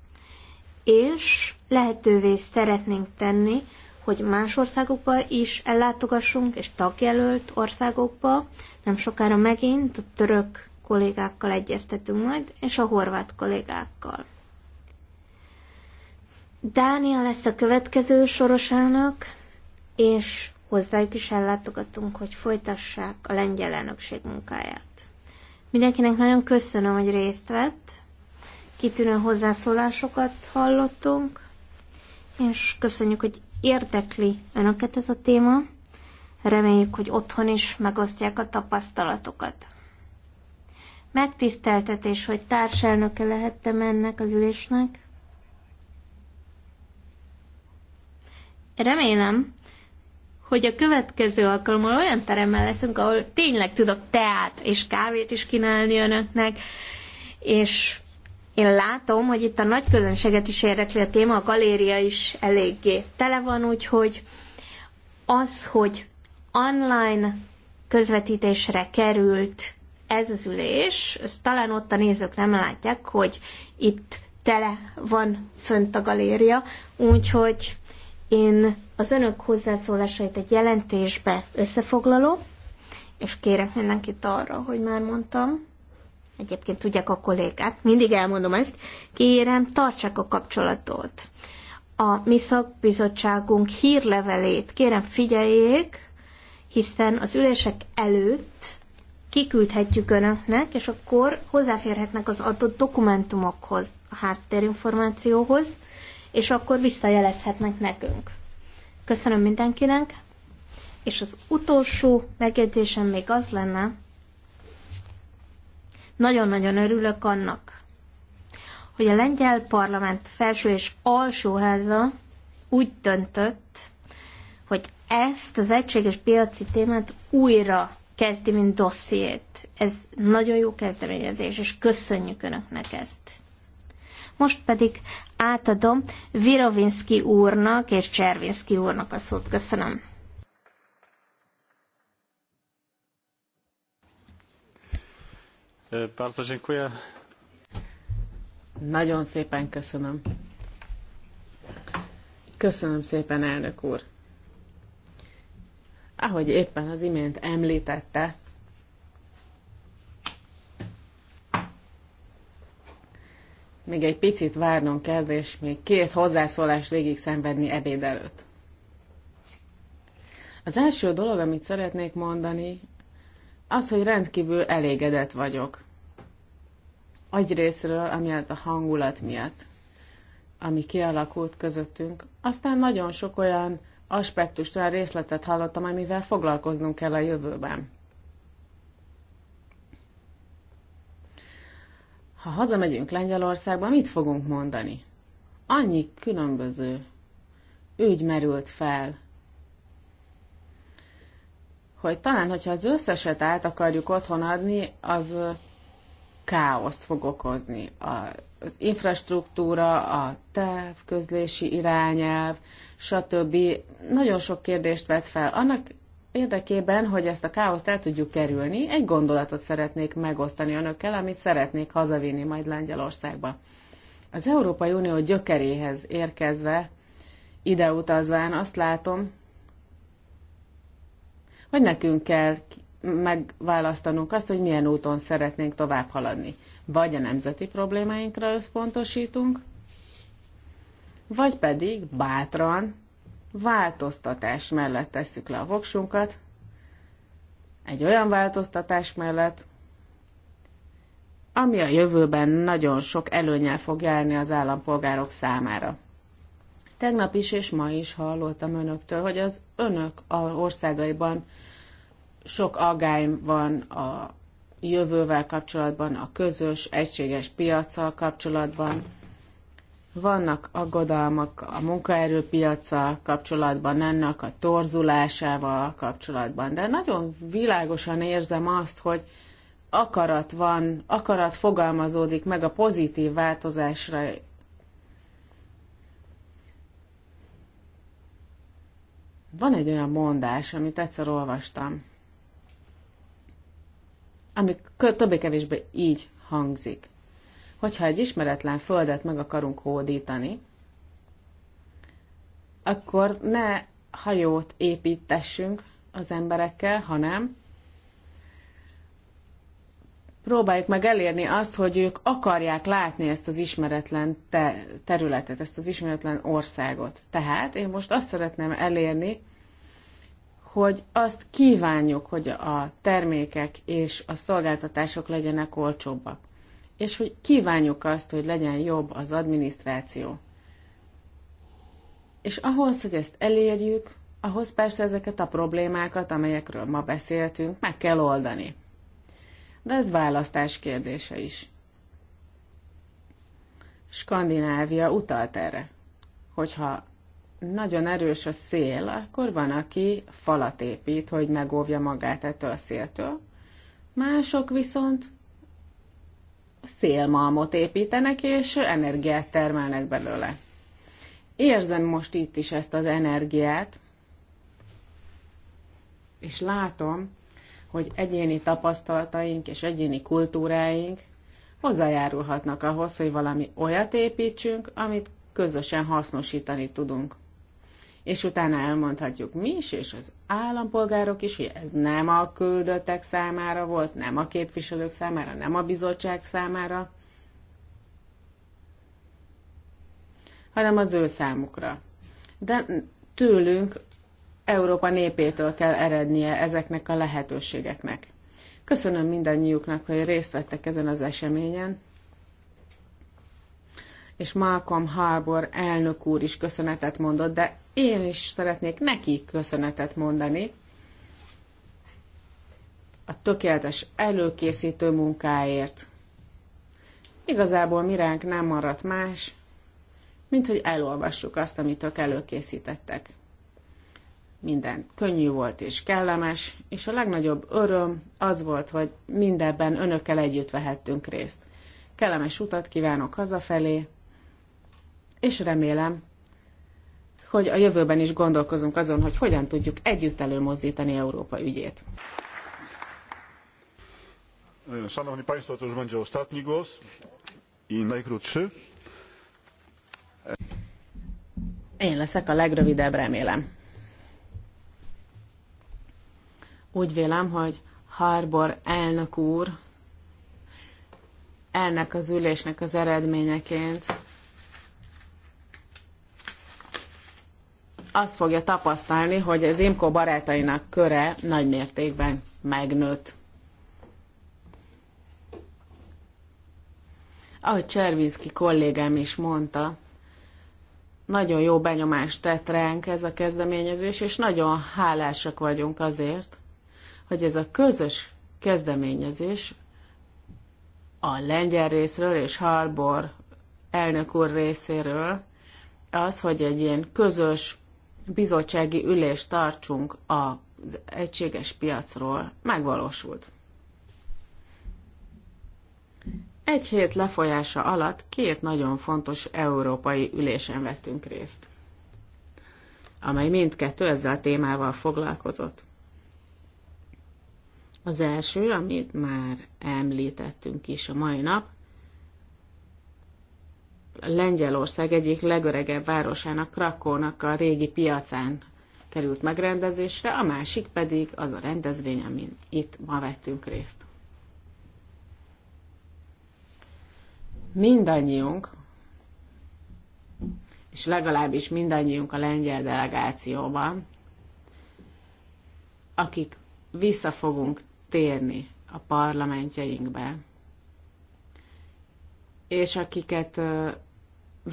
és lehetővé szeretnénk tenni, hogy más országokba is ellátogassunk, és tagjelölt országokba. Nem sokára megint a török kollégákkal egyeztetünk majd, és a horvát kollégákkal. Dánia lesz a következő sorosának, és hozzájuk is ellátogatunk, hogy folytassák a lengyel elnökség munkáját. Mindenkinek nagyon köszönöm, hogy részt vett, kitűnő hozzászólásokat hallottunk, és köszönjük, hogy érdekli önöket ez a téma. Reméljük, hogy otthon is megosztják a tapasztalatokat. Megtiszteltetés, hogy társelnöke lehettem ennek az ülésnek. Remélem, hogy a következő alkalommal olyan teremmel leszünk, ahol tényleg tudok teát és kávét is kínálni önöknek, és én látom, hogy itt a nagy közönséget is érdekli a téma, a galéria is eléggé tele van, úgyhogy az, hogy online közvetítésre került ez az ülés, ezt talán ott a nézők nem látják, hogy itt tele van fönt a galéria, úgyhogy én az önök hozzászólásait egy jelentésbe összefoglaló, és kérek mindenkit arra, hogy már mondtam, egyébként tudják a kollégák, mindig elmondom ezt, kérem, tartsák a kapcsolatot. A mi szakbizottságunk hírlevelét kérem figyeljék, hiszen az ülések előtt kiküldhetjük önöknek, és akkor hozzáférhetnek az adott dokumentumokhoz, a háttérinformációhoz, és akkor visszajelezhetnek nekünk. Köszönöm mindenkinek, és az utolsó megjegyzésem még az lenne, nagyon-nagyon örülök annak, hogy a lengyel parlament felső és alsóháza úgy döntött, hogy ezt az egységes piaci témát újra kezdi, mint dossziét. Ez nagyon jó kezdeményezés, és köszönjük Önöknek ezt. Most pedig átadom Virovinski úrnak és Cservinski úrnak a szót. Köszönöm. E, bardzo dziękuję. Nagyon szépen köszönöm. Köszönöm szépen, elnök úr. Ahogy éppen az imént említette, még egy picit várnom kell, és még két hozzászólást végig szenvedni ebéd előtt. Az első dolog, amit szeretnék mondani, az, hogy rendkívül elégedett vagyok. Agyrészről, amiatt a hangulat miatt, ami kialakult közöttünk. Aztán nagyon sok olyan aspektust, olyan részletet hallottam, amivel foglalkoznunk kell a jövőben. Ha hazamegyünk Lengyelországba, mit fogunk mondani? Annyi különböző ügy merült fel, hogy talán, hogyha az összeset át akarjuk otthon adni, az káoszt fog okozni. Az infrastruktúra, a távközlési irányelv, stb. Nagyon sok kérdést vet fel. Annak érdekében, hogy ezt a káoszt el tudjuk kerülni, egy gondolatot szeretnék megosztani önökkel, amit szeretnék hazavinni majd Lengyelországba. Az Európai Unió gyökeréhez érkezve, ide utazván azt látom, hogy nekünk kell megválasztanunk azt, hogy milyen úton szeretnénk tovább haladni. Vagy a nemzeti problémáinkra összpontosítunk, vagy pedig bátran változtatás mellett tesszük le a voksunkat, egy olyan változtatás mellett, ami a jövőben nagyon sok előnyel fog járni az állampolgárok számára. Tegnap is és ma is hallottam önöktől, hogy az önök a országaiban sok agály van a jövővel kapcsolatban, a közös, egységes piacsal kapcsolatban, vannak aggodalmak a munkaerőpiaca kapcsolatban, ennek a torzulásával kapcsolatban, de nagyon világosan érzem azt, hogy akarat van, akarat fogalmazódik meg a pozitív változásra Van egy olyan mondás, amit egyszer olvastam, ami többé-kevésbé így hangzik hogyha egy ismeretlen földet meg akarunk hódítani, akkor ne hajót építessünk az emberekkel, hanem próbáljuk meg elérni azt, hogy ők akarják látni ezt az ismeretlen te- területet, ezt az ismeretlen országot. Tehát én most azt szeretném elérni, hogy azt kívánjuk, hogy a termékek és a szolgáltatások legyenek olcsóbbak és hogy kívánjuk azt, hogy legyen jobb az adminisztráció. És ahhoz, hogy ezt elérjük, ahhoz persze ezeket a problémákat, amelyekről ma beszéltünk, meg kell oldani. De ez választás kérdése is. Skandinávia utalt erre, hogyha nagyon erős a szél, akkor van, aki falat épít, hogy megóvja magát ettől a széltől, mások viszont szélmalmot építenek, és energiát termelnek belőle. Érzem most itt is ezt az energiát, és látom, hogy egyéni tapasztalataink és egyéni kultúráink hozzájárulhatnak ahhoz, hogy valami olyat építsünk, amit közösen hasznosítani tudunk és utána elmondhatjuk mi is, és az állampolgárok is, hogy ez nem a küldöttek számára volt, nem a képviselők számára, nem a bizottság számára, hanem az ő számukra. De tőlünk, Európa népétől kell erednie ezeknek a lehetőségeknek. Köszönöm mindannyiuknak, hogy részt vettek ezen az eseményen és Malcolm Harbour elnök úr is köszönetet mondott, de én is szeretnék neki köszönetet mondani a tökéletes előkészítő munkáért. Igazából miránk nem maradt más, mint hogy elolvassuk azt, amit ők előkészítettek. Minden könnyű volt és kellemes, és a legnagyobb öröm az volt, hogy mindebben önökkel együtt vehettünk részt. Kellemes utat kívánok hazafelé, és remélem, hogy a jövőben is gondolkozunk azon, hogy hogyan tudjuk együtt előmozdítani Európa ügyét. Szanowni Państwo, to już będzie ostatni głos i najkrótszy. Én leszek a legrövidebb, remélem. Úgy vélem, hogy Harbor elnök úr ennek az ülésnek az eredményeként azt fogja tapasztalni, hogy az IMCO barátainak köre nagy mértékben megnőtt. Ahogy Cservinszki kollégám is mondta, nagyon jó benyomást tett ránk ez a kezdeményezés, és nagyon hálásak vagyunk azért, hogy ez a közös kezdeményezés a lengyel részről és Harbor elnök úr részéről az, hogy egy ilyen közös bizottsági ülést tartsunk az egységes piacról, megvalósult. Egy hét lefolyása alatt két nagyon fontos európai ülésen vettünk részt, amely mindkettő ezzel a témával foglalkozott. Az első, amit már említettünk is a mai nap, Lengyelország egyik legöregebb városának, Krakónak a régi piacán került megrendezésre, a másik pedig az a rendezvény, amin itt ma vettünk részt. Mindannyiunk, és legalábbis mindannyiunk a lengyel delegációban, akik vissza fogunk térni a parlamentjeinkbe, és akiket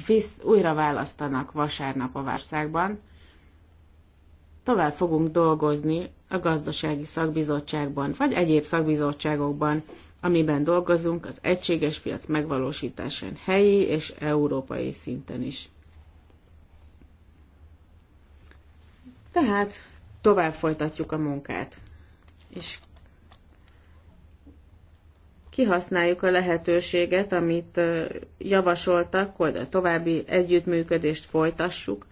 visz, újra választanak vasárnap a Várszágban. Tovább fogunk dolgozni a gazdasági szakbizottságban, vagy egyéb szakbizottságokban, amiben dolgozunk az egységes piac megvalósításán helyi és európai szinten is. Tehát tovább folytatjuk a munkát. És kihasználjuk a lehetőséget, amit javasoltak, hogy a további együttműködést folytassuk.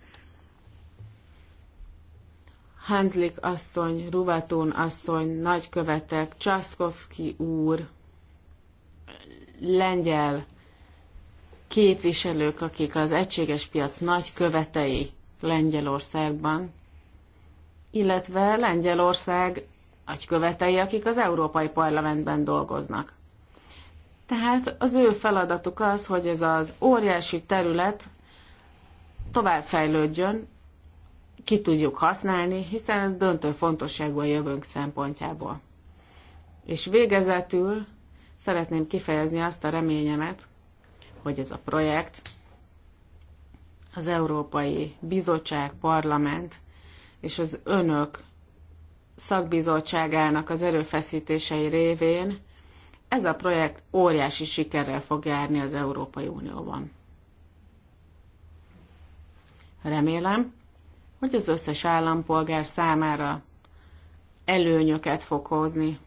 Hanslik asszony, Ruvatón asszony, nagykövetek, Csaszkovszki úr, lengyel képviselők, akik az egységes piac nagy követei Lengyelországban, illetve Lengyelország nagykövetei, akik az Európai Parlamentben dolgoznak. Tehát az ő feladatuk az, hogy ez az óriási terület továbbfejlődjön, ki tudjuk használni, hiszen ez döntő fontosságú a jövőnk szempontjából. És végezetül szeretném kifejezni azt a reményemet, hogy ez a projekt az Európai Bizottság, Parlament és az önök szakbizottságának az erőfeszítései révén ez a projekt óriási sikerrel fog járni az Európai Unióban. Remélem, hogy az összes állampolgár számára előnyöket fog hozni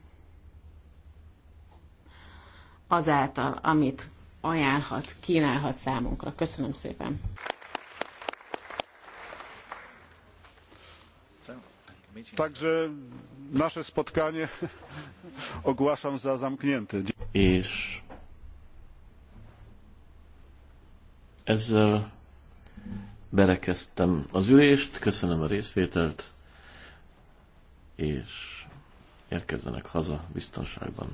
azáltal, amit ajánlhat, kínálhat számunkra. Köszönöm szépen! Takže nasze spotkanie ogłaszam za zamknięte. És ezzel berekeztem az ülést, köszönöm a részvételt, és érkezzenek haza biztonságban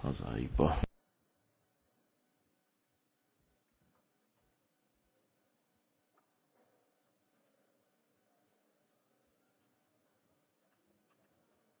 hazáikba.